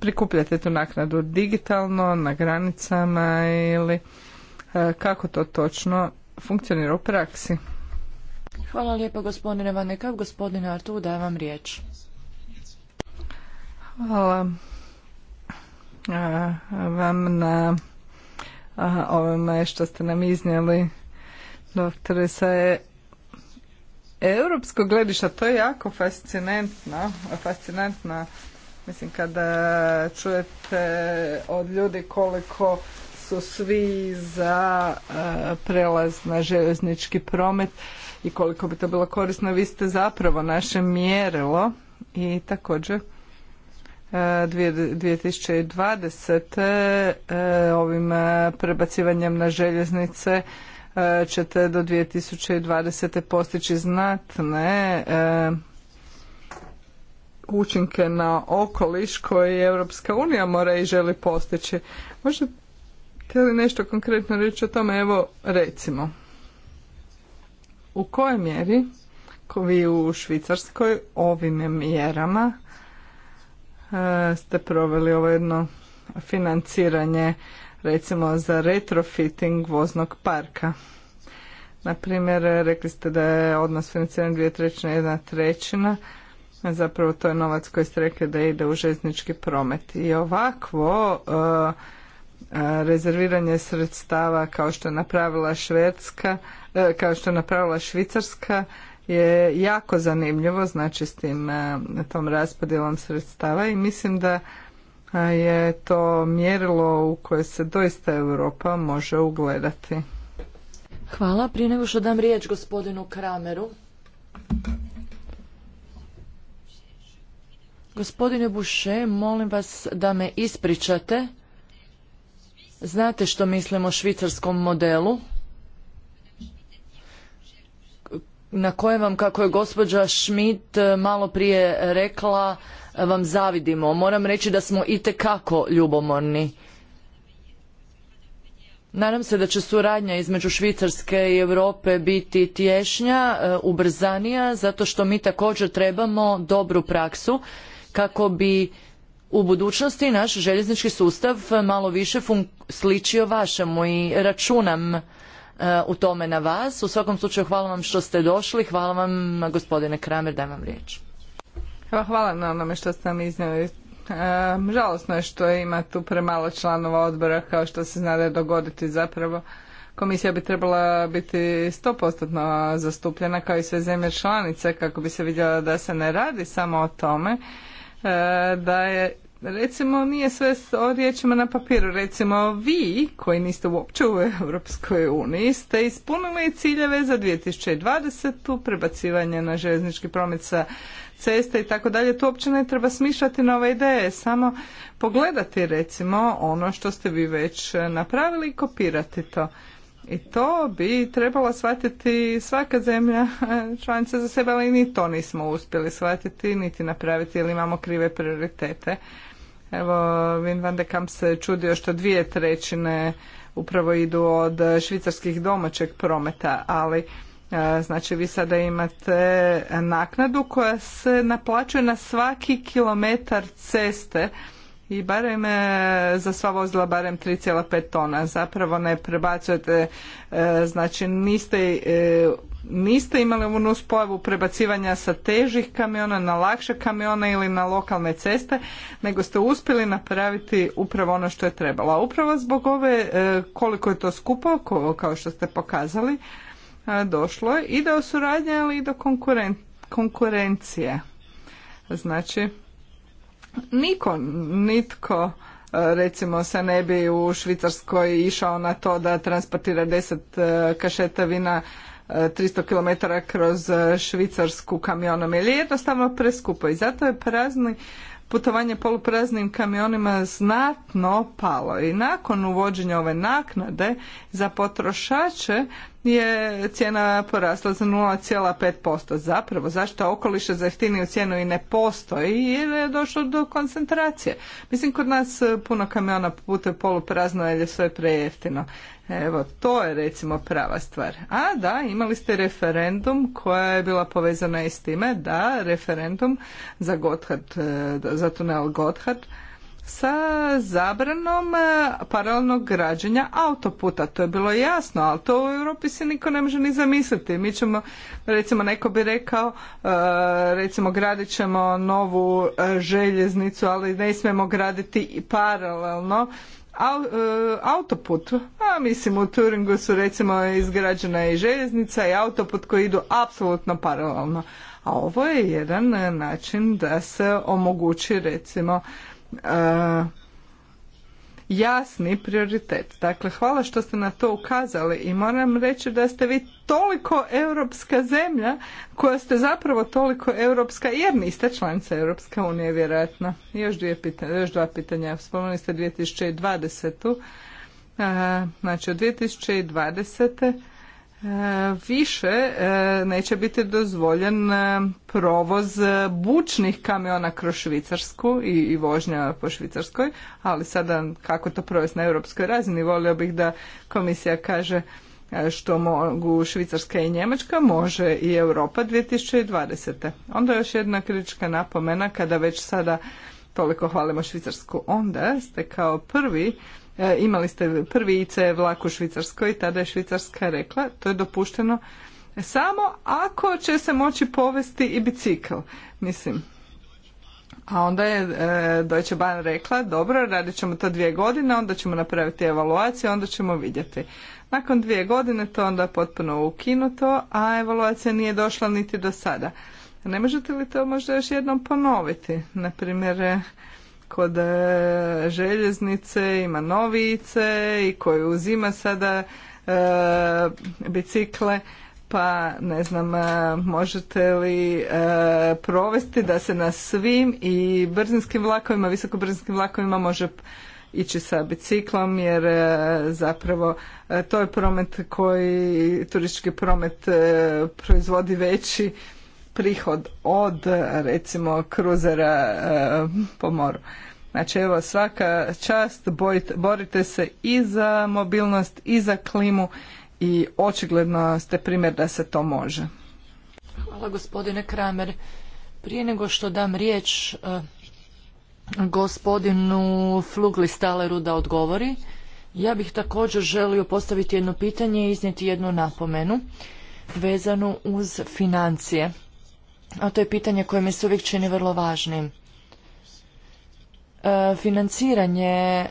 prikupljate tu naknadu digitalno, na granicama ili e, kako to točno funkcionira u praksi? Hvala lijepo gospodine Vanekav. Gospodine Artu, dajem vam riječ. Hvala e, vam na a ovome što ste nam iznijeli, doktore, sa je europsko gledišta, to je jako fascinantno, fascinantno, mislim kada čujete od ljudi koliko su svi za e, prelaz na željeznički promet i koliko bi to bilo korisno, vi ste zapravo naše mjerilo i također 2020. E, ovim e, prebacivanjem na željeznice e, ćete do 2020. postići znatne učinke na okoliš koje Europska unija mora i želi postići. Možete li nešto konkretno reći o tome? Evo, recimo, u kojoj mjeri vi u Švicarskoj ovim mjerama E, ste proveli ovo jedno financiranje recimo za retrofitting voznog parka. Na primjer, rekli ste da je odnos financiran dvije trećine, jedna trećina. Zapravo to je novac koji ste rekli da ide u željeznički promet. I ovakvo e, e, rezerviranje sredstava kao što je napravila Švedska, kao što je napravila Švicarska je jako zanimljivo, znači s tim e, tom raspodjelom sredstava i mislim da je to mjerilo u koje se doista Europa može ugledati. Hvala. Prije nego što dam riječ gospodinu Krameru. Gospodine Buše, molim vas da me ispričate. Znate što mislim o švicarskom modelu? na kojem vam, kako je gospođa Schmidt e, malo prije rekla, vam zavidimo. Moram reći da smo itekako ljubomorni. Nadam se da će suradnja između Švicarske i Europe biti tješnja, e, ubrzanija, zato što mi također trebamo dobru praksu kako bi u budućnosti naš željeznički sustav malo više sličio vašemu i računam E, u tome na vas. U svakom slučaju hvala vam što ste došli, hvala vam gospodine Kramer, dajem vam riječ. Hvala na onome što ste nam iznijeli. E, žalosno je što ima tu premalo članova odbora kao što se zna da je dogoditi zapravo. Komisija bi trebala biti 100% zastupljena kao i sve zemlje članice kako bi se vidjela da se ne radi samo o tome e, da je recimo nije sve o riječima na papiru. Recimo vi koji niste uopće u Europskoj uniji ste ispunili ciljeve za 2020. prebacivanje na željeznički promet sa cesta i tako dalje. Tu uopće ne treba smišljati nove ideje, samo pogledati recimo ono što ste vi već napravili i kopirati to. I to bi trebalo shvatiti svaka zemlja članica za sebe, ali ni to nismo uspjeli shvatiti, niti napraviti jer imamo krive prioritete. Evo, Vin van de Kamp se čudio što dvije trećine upravo idu od švicarskih domaćeg prometa, ali e, Znači vi sada imate naknadu koja se naplaćuje na svaki kilometar ceste i barem e, za sva vozila barem 3,5 tona. Zapravo ne prebacujete, e, znači niste niste imali ovu nuspojavu prebacivanja sa težih kamiona na lakše kamione ili na lokalne ceste, nego ste uspjeli napraviti upravo ono što je trebalo. A upravo zbog ove e, koliko je to skupo, kao što ste pokazali, e, došlo je i do suradnje, ali i do konkurencije. Znači, niko, nitko e, recimo se ne bi u Švicarskoj išao na to da transportira deset kašeta vina 300 km kroz e, Švicarsku kamionom jer je jednostavno preskupo i zato je prazni putovanje polupraznim kamionima znatno palo i nakon uvođenja ove naknade za potrošače je cijena porasla za 0,5%. Zapravo zašto okoliše za jeftiniju cijenu i ne postoji jer je došlo do koncentracije. Mislim kod nas e, puno kamiona putuje poluprazno jer je sve prejeftino. Evo, to je recimo prava stvar. A da, imali ste referendum koja je bila povezana i s time, da, referendum za, Gotthard, e, za tunel Gotthard sa zabranom e, paralelnog građenja autoputa. To je bilo jasno, ali to u Europi se niko ne može ni zamisliti. Mi ćemo, recimo, neko bi rekao, e, recimo, gradit ćemo novu željeznicu, ali ne smijemo graditi paralelno E, autoput. A mislim u Turingu su recimo izgrađena i željeznica i autoput koji idu apsolutno paralelno. A ovo je jedan način da se omogući recimo e, jasni prioritet. Dakle, hvala što ste na to ukazali i moram reći da ste vi toliko europska zemlja koja ste zapravo toliko europska jer niste članica Europske unije vjerojatno. Još, dvije pitanja, još dva pitanja. Spomenuli ste 2020. Znači od 2020. E, više e, neće biti dozvoljen e, provoz bučnih kamiona kroz Švicarsku i vožnja po Švicarskoj, ali sada kako to provesti na europskoj razini, volio bih da komisija kaže što mogu Švicarska i Njemačka, može i Europa 2020. Onda još jedna kritička napomena kada već sada toliko hvalimo Švicarsku, onda ste kao prvi E, imali ste prvi ICE vlak u Švicarskoj i tada je Švicarska rekla to je dopušteno samo ako će se moći povesti i bicikl. Mislim, a onda je e, Deutsche Bahn rekla, dobro, radit ćemo to dvije godine, onda ćemo napraviti evaluaciju, onda ćemo vidjeti. Nakon dvije godine to onda potpuno ukinuto, a evaluacija nije došla niti do sada. Ne možete li to možda još jednom ponoviti? Naprimjer, e, kod e, željeznice ima novice i koji uzima sada e, bicikle pa ne znam e, možete li provesti da se na svim i brzinskim vlakovima, visokobrzinskim vlakovima može ići sa biciklom jer zapravo to je promet koji turistički promet proizvodi veći prihod od recimo kruzera e, po moru. Znači evo svaka čast, borite se i za mobilnost i za klimu i očigledno ste primjer da se to može. Hvala gospodine Kramer. Prije nego što dam riječ e, gospodinu staleru da odgovori, ja bih također želio postaviti jedno pitanje i iznijeti jednu napomenu vezanu uz financije a to je pitanje koje mi se uvijek čini vrlo važnim. E, financiranje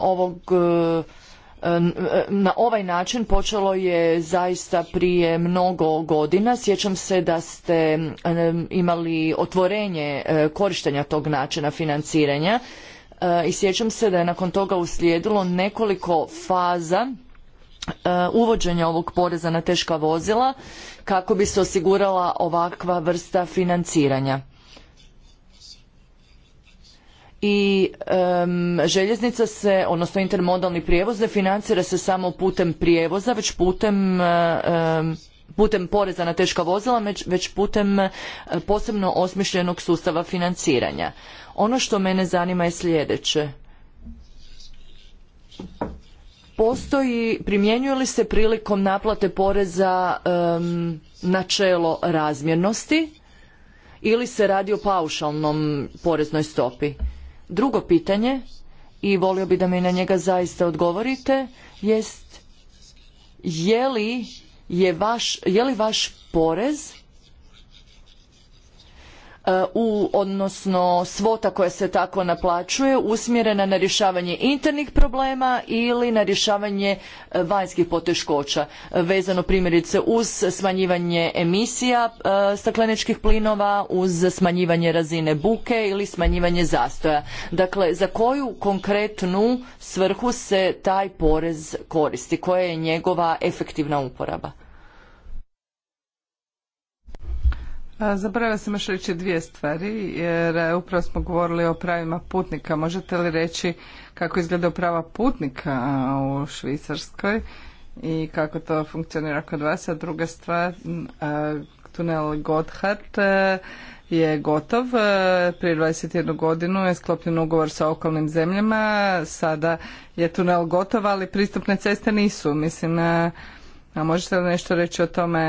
ovog e, e, na ovaj način počelo je zaista prije mnogo godina. Sjećam se da ste imali otvorenje korištenja tog načina financiranja i sjećam se da je nakon toga uslijedilo nekoliko faza E, uvođenja ovog poreza na teška vozila kako bi se osigurala ovakva vrsta financiranja. I željeznica se, odnosno intermodalni prijevoz ne financira se samo putem prijevoza, već putem e, putem poreza na teška vozila, već putem e, posebno osmišljenog sustava financiranja. Ono što mene zanima je sljedeće postoji, primjenjuje li se prilikom naplate poreza načelo razmjernosti ili se radi o paušalnom poreznoj stopi? Drugo pitanje, i volio bi da mi na njega zaista odgovorite, jest je je li vaš porez E, u odnosno svota koja se tako naplaćuje usmjerena na rješavanje internih problema ili na rješavanje e, vanjskih poteškoća vezano primjerice uz smanjivanje emisija e, stakleničkih plinova uz smanjivanje razine buke ili smanjivanje zastoja dakle za koju konkretnu svrhu se taj porez koristi koja je njegova efektivna uporaba Zaboravila sam još reći dvije stvari, jer e, upravo smo govorili o pravima putnika. Možete li reći kako izgleda prava putnika u Švicarskoj i kako to funkcionira kod vas? A druga stvar, tunel Gotthard e, je gotov. E, prije 21 godinu je sklopljen ugovor sa okolnim zemljama. Sada je tunel gotov, ali pristupne ceste nisu. Mislim, a možete li nešto reći o tome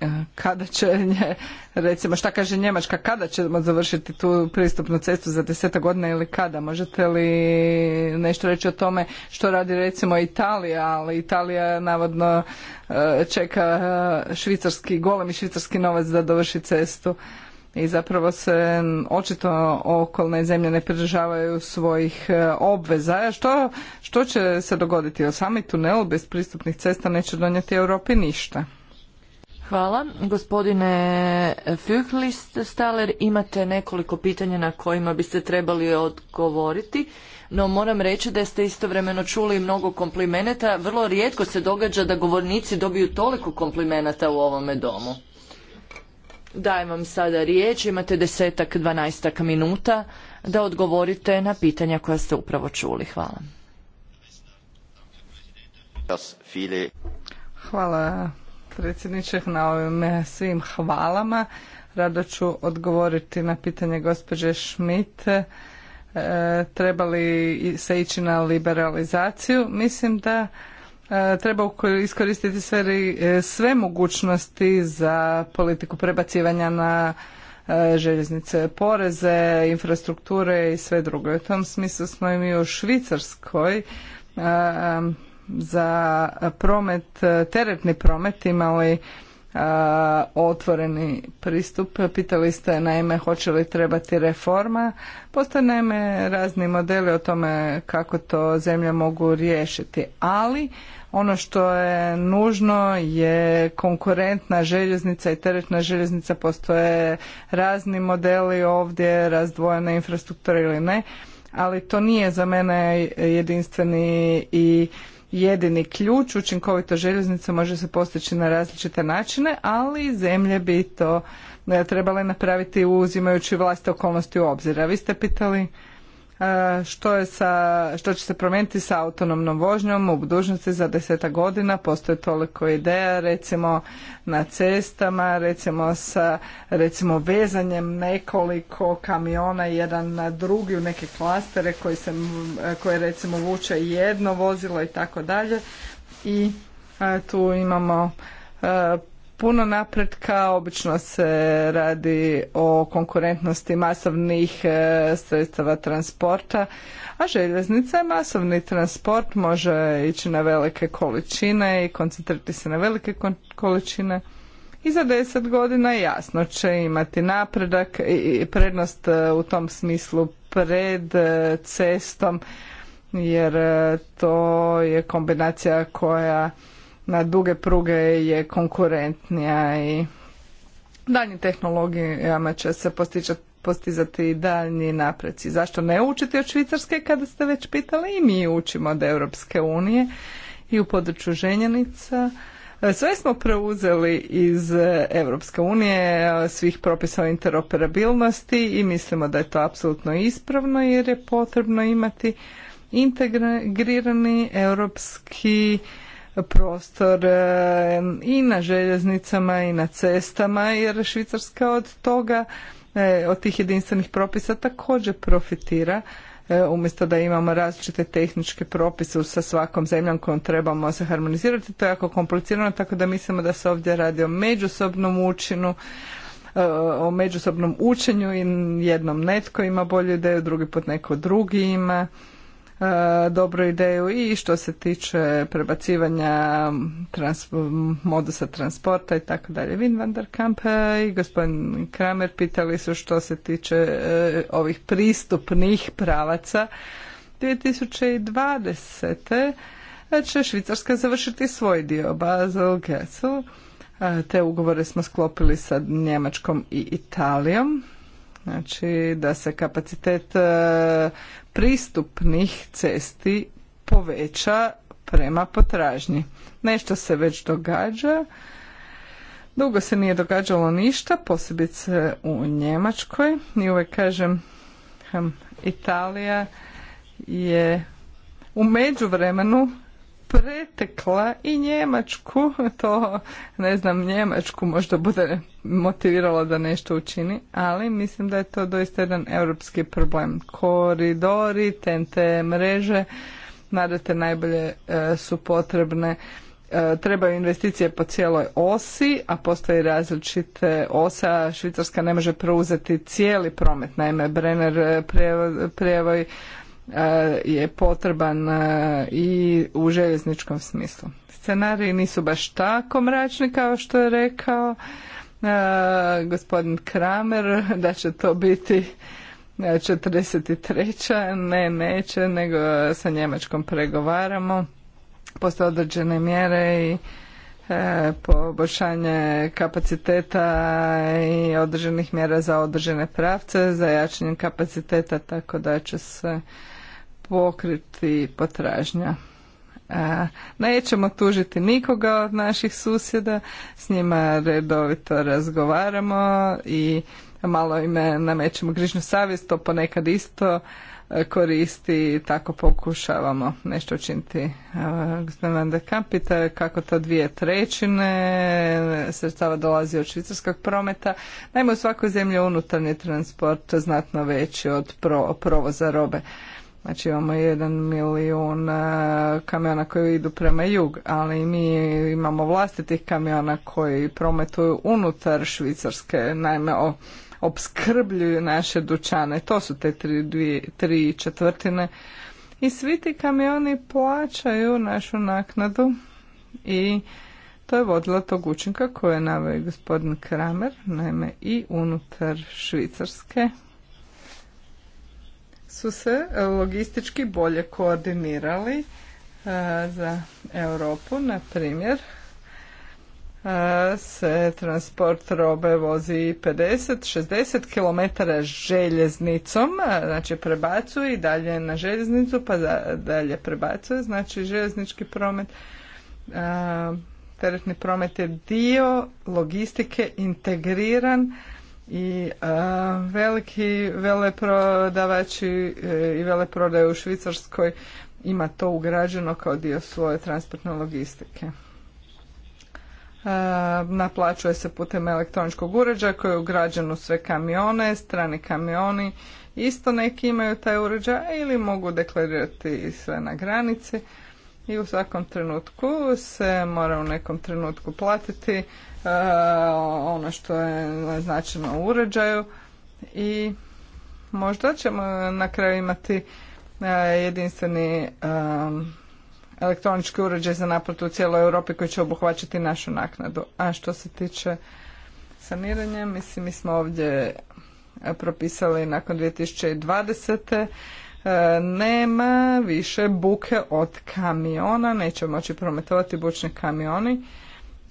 E, kada će, recimo šta kaže Njemačka, kada ćemo završiti tu pristupnu cestu za desetak godina ili kada? Možete li nešto reći o tome što radi recimo Italija, ali Italija navodno e, čeka e, švicarski, golemi švicarski novac da dovrši cestu i zapravo se očito okolne zemlje ne pridržavaju svojih obveza. Što, što će se dogoditi? O sami tunel bez pristupnih cesta neće donijeti Europi ništa. Hvala. Gospodine Füchlist Staler, imate nekoliko pitanja na kojima biste trebali odgovoriti, no moram reći da ste istovremeno čuli mnogo komplimenata. Vrlo rijetko se događa da govornici dobiju toliko komplimenata u ovome domu. Dajem vam sada riječ, imate desetak, dvanaestak minuta da odgovorite na pitanja koja ste upravo čuli. Hvala. Hvala predsjedniče na ovim eh, svim hvalama. Rado ću odgovoriti na pitanje gospođe Schmidt. E, treba li se ići na liberalizaciju? Mislim da e, treba iskoristiti sve, sve mogućnosti za politiku prebacivanja na željeznice, poreze, infrastrukture i sve drugo. U tom smislu smo i mi u Švicarskoj za promet, teretni promet imali e, otvoreni pristup. Pitali ste naime hoće li trebati reforma. Postoje naime razni modeli o tome kako to zemlje mogu riješiti, ali ono što je nužno je konkurentna željeznica i teretna željeznica. Postoje razni modeli ovdje, razdvojene infrastrukture ili ne, ali to nije za mene jedinstveni i jedini ključ. Učinkovito željeznica može se postići na različite načine, ali zemlje bi to e, trebale napraviti uzimajući vlast okolnosti u obzir. A vi ste pitali E, što, je sa, što će se promijeniti sa autonomnom vožnjom u budućnosti za desetak godina. Postoje toliko ideja, recimo na cestama, recimo sa recimo vezanjem nekoliko kamiona jedan na drugi u neke klastere koji se, koje recimo vuče jedno vozilo i tako dalje. I e, tu imamo e, puno napretka, obično se radi o konkurentnosti masovnih e, sredstava transporta, a željeznica masovni transport, može ići na velike količine i koncentrirati se na velike količine i za deset godina jasno će imati napredak i prednost e, u tom smislu pred e, cestom jer to je kombinacija koja na duge pruge je konkurentnija i daljnjim tehnologijama će se postičati postizati daljnji napreci. Zašto ne učiti od Švicarske kada ste već pitali i mi učimo od Europske unije i u području ženjenica. Sve smo preuzeli iz Europske unije, svih propisa o interoperabilnosti i mislimo da je to apsolutno ispravno jer je potrebno imati integrirani europski prostor e, i na željeznicama i na cestama jer Švicarska od toga, e, od tih jedinstvenih propisa također profitira e, umjesto da imamo različite tehničke propise sa svakom zemljom kojom trebamo se harmonizirati. To je jako komplicirano, tako da mislimo da se ovdje radi o međusobnom učinu, o međusobnom učenju i jednom netko ima bolju ideju, drugi put neko drugi ima E, dobru ideju i što se tiče prebacivanja modusa transporta i tako dalje. Vin van der Kamp e, i gospodin Kramer pitali su što se tiče e, ovih pristupnih pravaca. 2020. će Švicarska završiti svoj dio Basel Gesel. Te ugovore smo sklopili sa Njemačkom i Italijom Znači da se kapacitet e, pristupnih cesti poveća prema potražnji. Nešto se već događa. Dugo se nije događalo ništa, posebice u Njemačkoj. I uvijek kažem, hm, Italija je u međuvremenu pretekla i Njemačku, to ne znam Njemačku možda bude motivirala da nešto učini, ali mislim da je to doista jedan europski problem. Koridori, TNT mreže, nadate najbolje e, su potrebne e, trebaju investicije po cijeloj osi, a postoji različite osa. Švicarska ne može preuzeti cijeli promet, naime Brenner e, prijevoj E, je potreban e, i u željezničkom smislu. Scenariji nisu baš tako mračni kao što je rekao e, gospodin Kramer da će to biti 43. Ne, neće, nego sa Njemačkom pregovaramo. Postoje određene mjere i poboljšanje kapaciteta i određenih mjera za određene pravce, za jačanje kapaciteta, tako da će se pokriti potražnja. E, nećemo tužiti nikoga od naših susjeda, s njima redovito razgovaramo i malo ime namećemo grižnu savjest, to ponekad isto e, koristi, tako pokušavamo nešto učiniti. E, gospodin Van de Kampita, kako to dvije trećine sredstava dolazi od švicarskog prometa. Naime, u svakoj zemlji unutarnji transport znatno veći od pro, provoza robe. Znači imamo jedan milijun e, kamiona koji idu prema jug, ali mi imamo vlastitih kamiona koji prometuju unutar Švicarske, naime o, obskrbljuju naše dućane. To su te tri, dvije, četvrtine. I svi ti kamioni plaćaju našu naknadu i to je vodila tog učinka koje je naveo gospodin Kramer, naime i unutar Švicarske, su se e, logistički bolje koordinirali e, za Europu, na primjer, e, se transport robe vozi 50-60 km željeznicom, znači prebacuje i dalje na željeznicu, pa dalje prebacuje, znači željeznički promet. Teretni promet je dio logistike integriran i a, veliki veleprodavači e, i veleprodaje u Švicarskoj ima to ugrađeno kao dio svoje transportne logistike. A, naplaćuje se putem elektroničkog uređaja koji je ugrađen u sve kamione, strani kamioni. Isto neki imaju taj uređaj ili mogu deklarirati sve na granici i u svakom trenutku se mora u nekom trenutku platiti E, ono što je naznačeno u uređaju i možda ćemo na kraju imati e, jedinstveni e, elektronički uređaj za naplatu u cijeloj Europi koji će obuhvaćati našu naknadu. A što se tiče saniranja, mislim mi smo ovdje propisali nakon 2020. Nema više buke od kamiona, neće moći prometovati bučni kamioni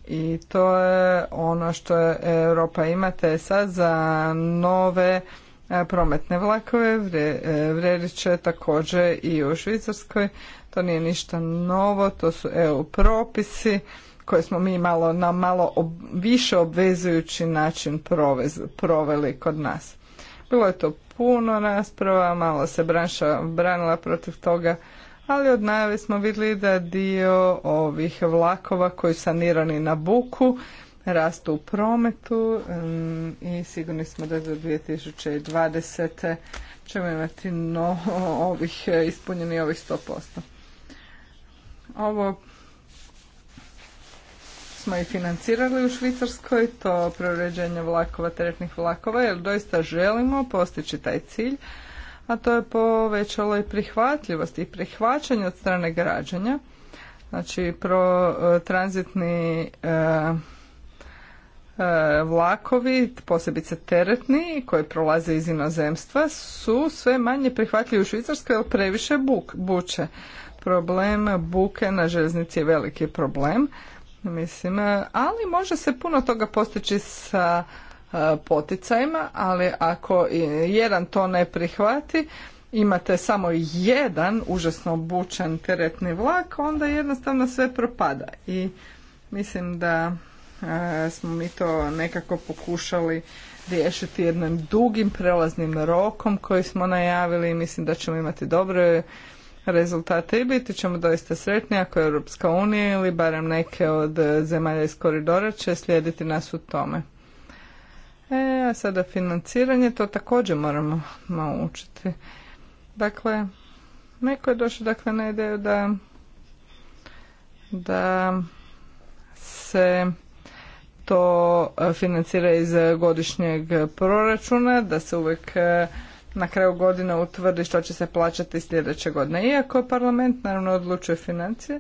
i to je ono što Europa ima te sad za nove e, prometne vlakove e, vrijedit će također i u Švicarskoj to nije ništa novo to su EU propisi koje smo mi malo na malo više obvezujući način proveli kod nas bilo je to puno rasprava malo se branša branila protiv toga ali od najave smo vidjeli da dio ovih vlakova koji su sanirani na buku rastu u prometu mm, i sigurni smo da za 2020. ćemo imati no, ovih, ispunjeni ovih 100%. Ovo smo i financirali u Švicarskoj, to preuređenje vlakova, teretnih vlakova, jer doista želimo postići taj cilj, a to je povećalo i prihvatljivost i prihvaćanje od strane građanja. Znači, pro e, tranzitni e, e, vlakovi, posebice teretni, koji prolaze iz inozemstva, su sve manje prihvatljivi u Švicarskoj jer previše buče. Problem buke na željeznici je veliki problem, mislim, ali može se puno toga postići sa poticajima, ali ako jedan to ne prihvati, imate samo jedan užasno obučen teretni vlak, onda jednostavno sve propada. I mislim da e, smo mi to nekako pokušali riješiti jednim dugim prelaznim rokom koji smo najavili i mislim da ćemo imati dobre rezultate i biti ćemo doista sretni ako je Europska unija ili barem neke od zemalja iz koridora će slijediti nas u tome. E, a sada financiranje, to također moramo naučiti. Dakle, neko je došao dakle, na ideju da, da se to financira iz godišnjeg proračuna, da se uvijek e, na kraju godine utvrdi što će se plaćati sljedeće godine. Iako parlament naravno odlučuje financije,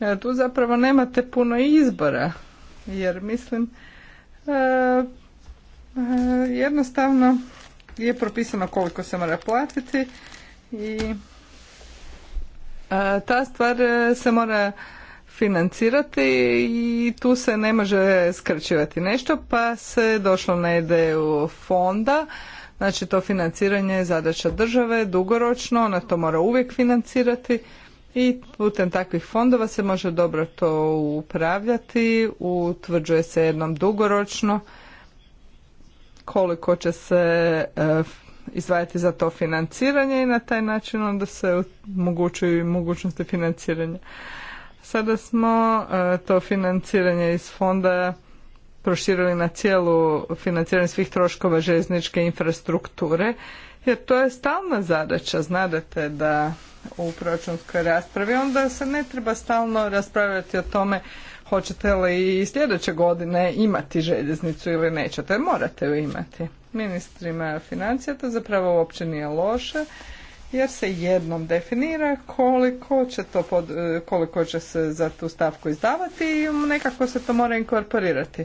e, tu zapravo nemate puno izbora, jer mislim e, E, jednostavno je propisano koliko se mora platiti i e, ta stvar e, se mora financirati i tu se ne može skraćivati nešto pa se došlo na ideju fonda znači to financiranje je zadaća države dugoročno ona to mora uvijek financirati i putem takvih fondova se može dobro to upravljati utvrđuje se jednom dugoročno koliko će se e, izdvajati za to financiranje i na taj način onda se omogućuju i mogućnosti financiranja. Sada smo e, to financiranje iz fonda proširili na cijelu financiranje svih troškova željezničke infrastrukture, jer to je stalna zadaća. Znadete da u proračunskoj raspravi onda se ne treba stalno raspravljati o tome hoćete li i sljedeće godine imati željeznicu ili nećete. Morate ju imati. Ministrima financija to zapravo uopće nije loše jer se jednom definira koliko će, to pod, koliko će se za tu stavku izdavati i nekako se to mora inkorporirati.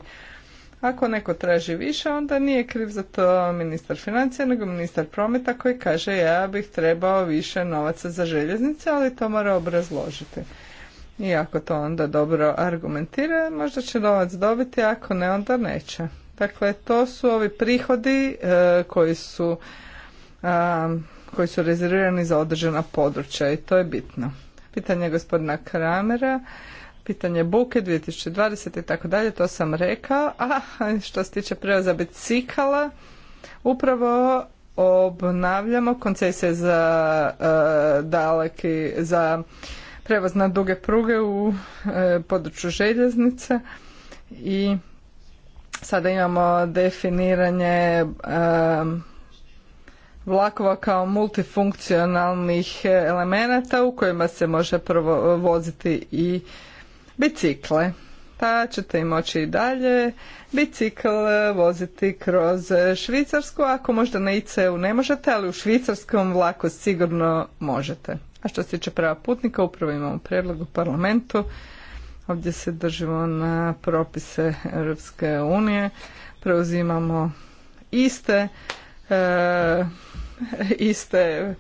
Ako neko traži više, onda nije kriv za to ministar financija, nego ministar prometa koji kaže ja bih trebao više novaca za željeznice, ali to mora obrazložiti. I ako to onda dobro argumentira, možda će novac dobiti, ako ne, onda neće. Dakle, to su ovi prihodi e, koji su koji su rezervirani za određena područja i to je bitno. Pitanje gospodina Kramera, pitanje buke 2020 i tako dalje, to sam rekao. A što se tiče prevoza bicikala, upravo obnavljamo koncesije za e, daleki, za prevoz na duge pruge u e, području željeznice i sada imamo definiranje e, vlakova kao multifunkcionalnih elemenata u kojima se može prvo voziti i bicikle. Pa ćete i moći i dalje bicikl voziti kroz Švicarsku, ako možda na ICU u ne možete, ali u švicarskom vlaku sigurno možete što se tiče prava putnika, upravo imamo predlog u parlamentu. Ovdje se držimo na propise Europske unije. Preuzimamo iste e, iste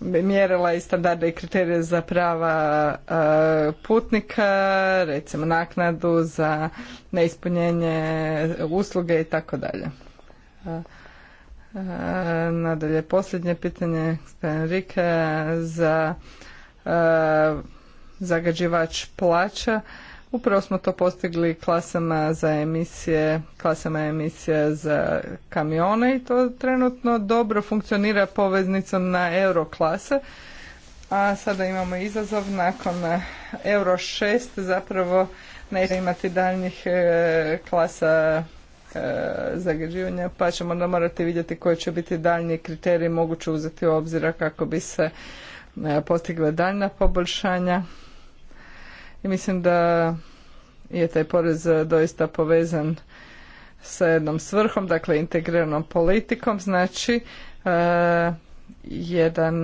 mjerila i standarde i kriterije za prava e, putnika, recimo naknadu za neispunjenje usluge i tako dalje. Ehm, nadalje, posljednje pitanje Enrike za ehm, zagađivač plaća. Upravo smo to postigli klasama za emisije, klasama emisija za kamione i to trenutno dobro funkcionira poveznicom na euro klase. A sada imamo izazov nakon euro 6 zapravo neće imati daljnjih e, klasa E, zagađivanja, pa ćemo onda morati vidjeti koji će biti daljnji kriteriji moguće uzeti u obzira kako bi se e, postigle daljna poboljšanja. I mislim da je taj porez doista povezan sa jednom svrhom, dakle integriranom politikom, znači e, jedan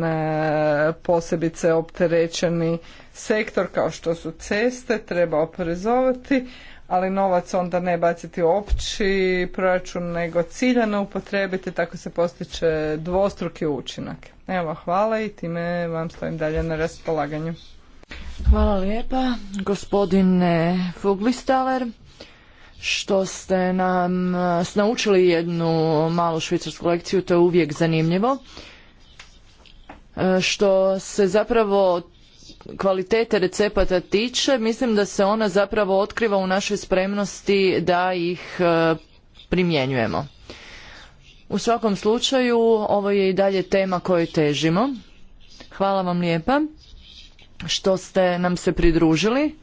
posebice opterećeni sektor kao što su ceste treba oporezovati, ali novac onda ne baciti opći proračun, nego ciljano upotrebiti, tako se postiče dvostruki učinak. Evo, hvala i time vam stojim dalje na raspolaganju. Hvala lijepa, gospodine Fuglistaler što ste nam naučili jednu malu švicarsku lekciju, to je uvijek zanimljivo. E, što se zapravo kvalitete recepata tiče, mislim da se ona zapravo otkriva u našoj spremnosti da ih e, primjenjujemo. U svakom slučaju, ovo je i dalje tema kojoj težimo. Hvala vam lijepa što ste nam se pridružili.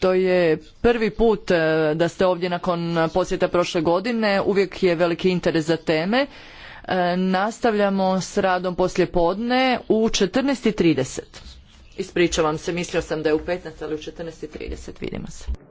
To je prvi put e, da ste ovdje nakon posjeta prošle godine. Uvijek je veliki interes za teme. E, nastavljamo s radom poslje podne u 14.30. Ispričavam se, mislio sam da je u 15, ali u 14.30 vidimo se.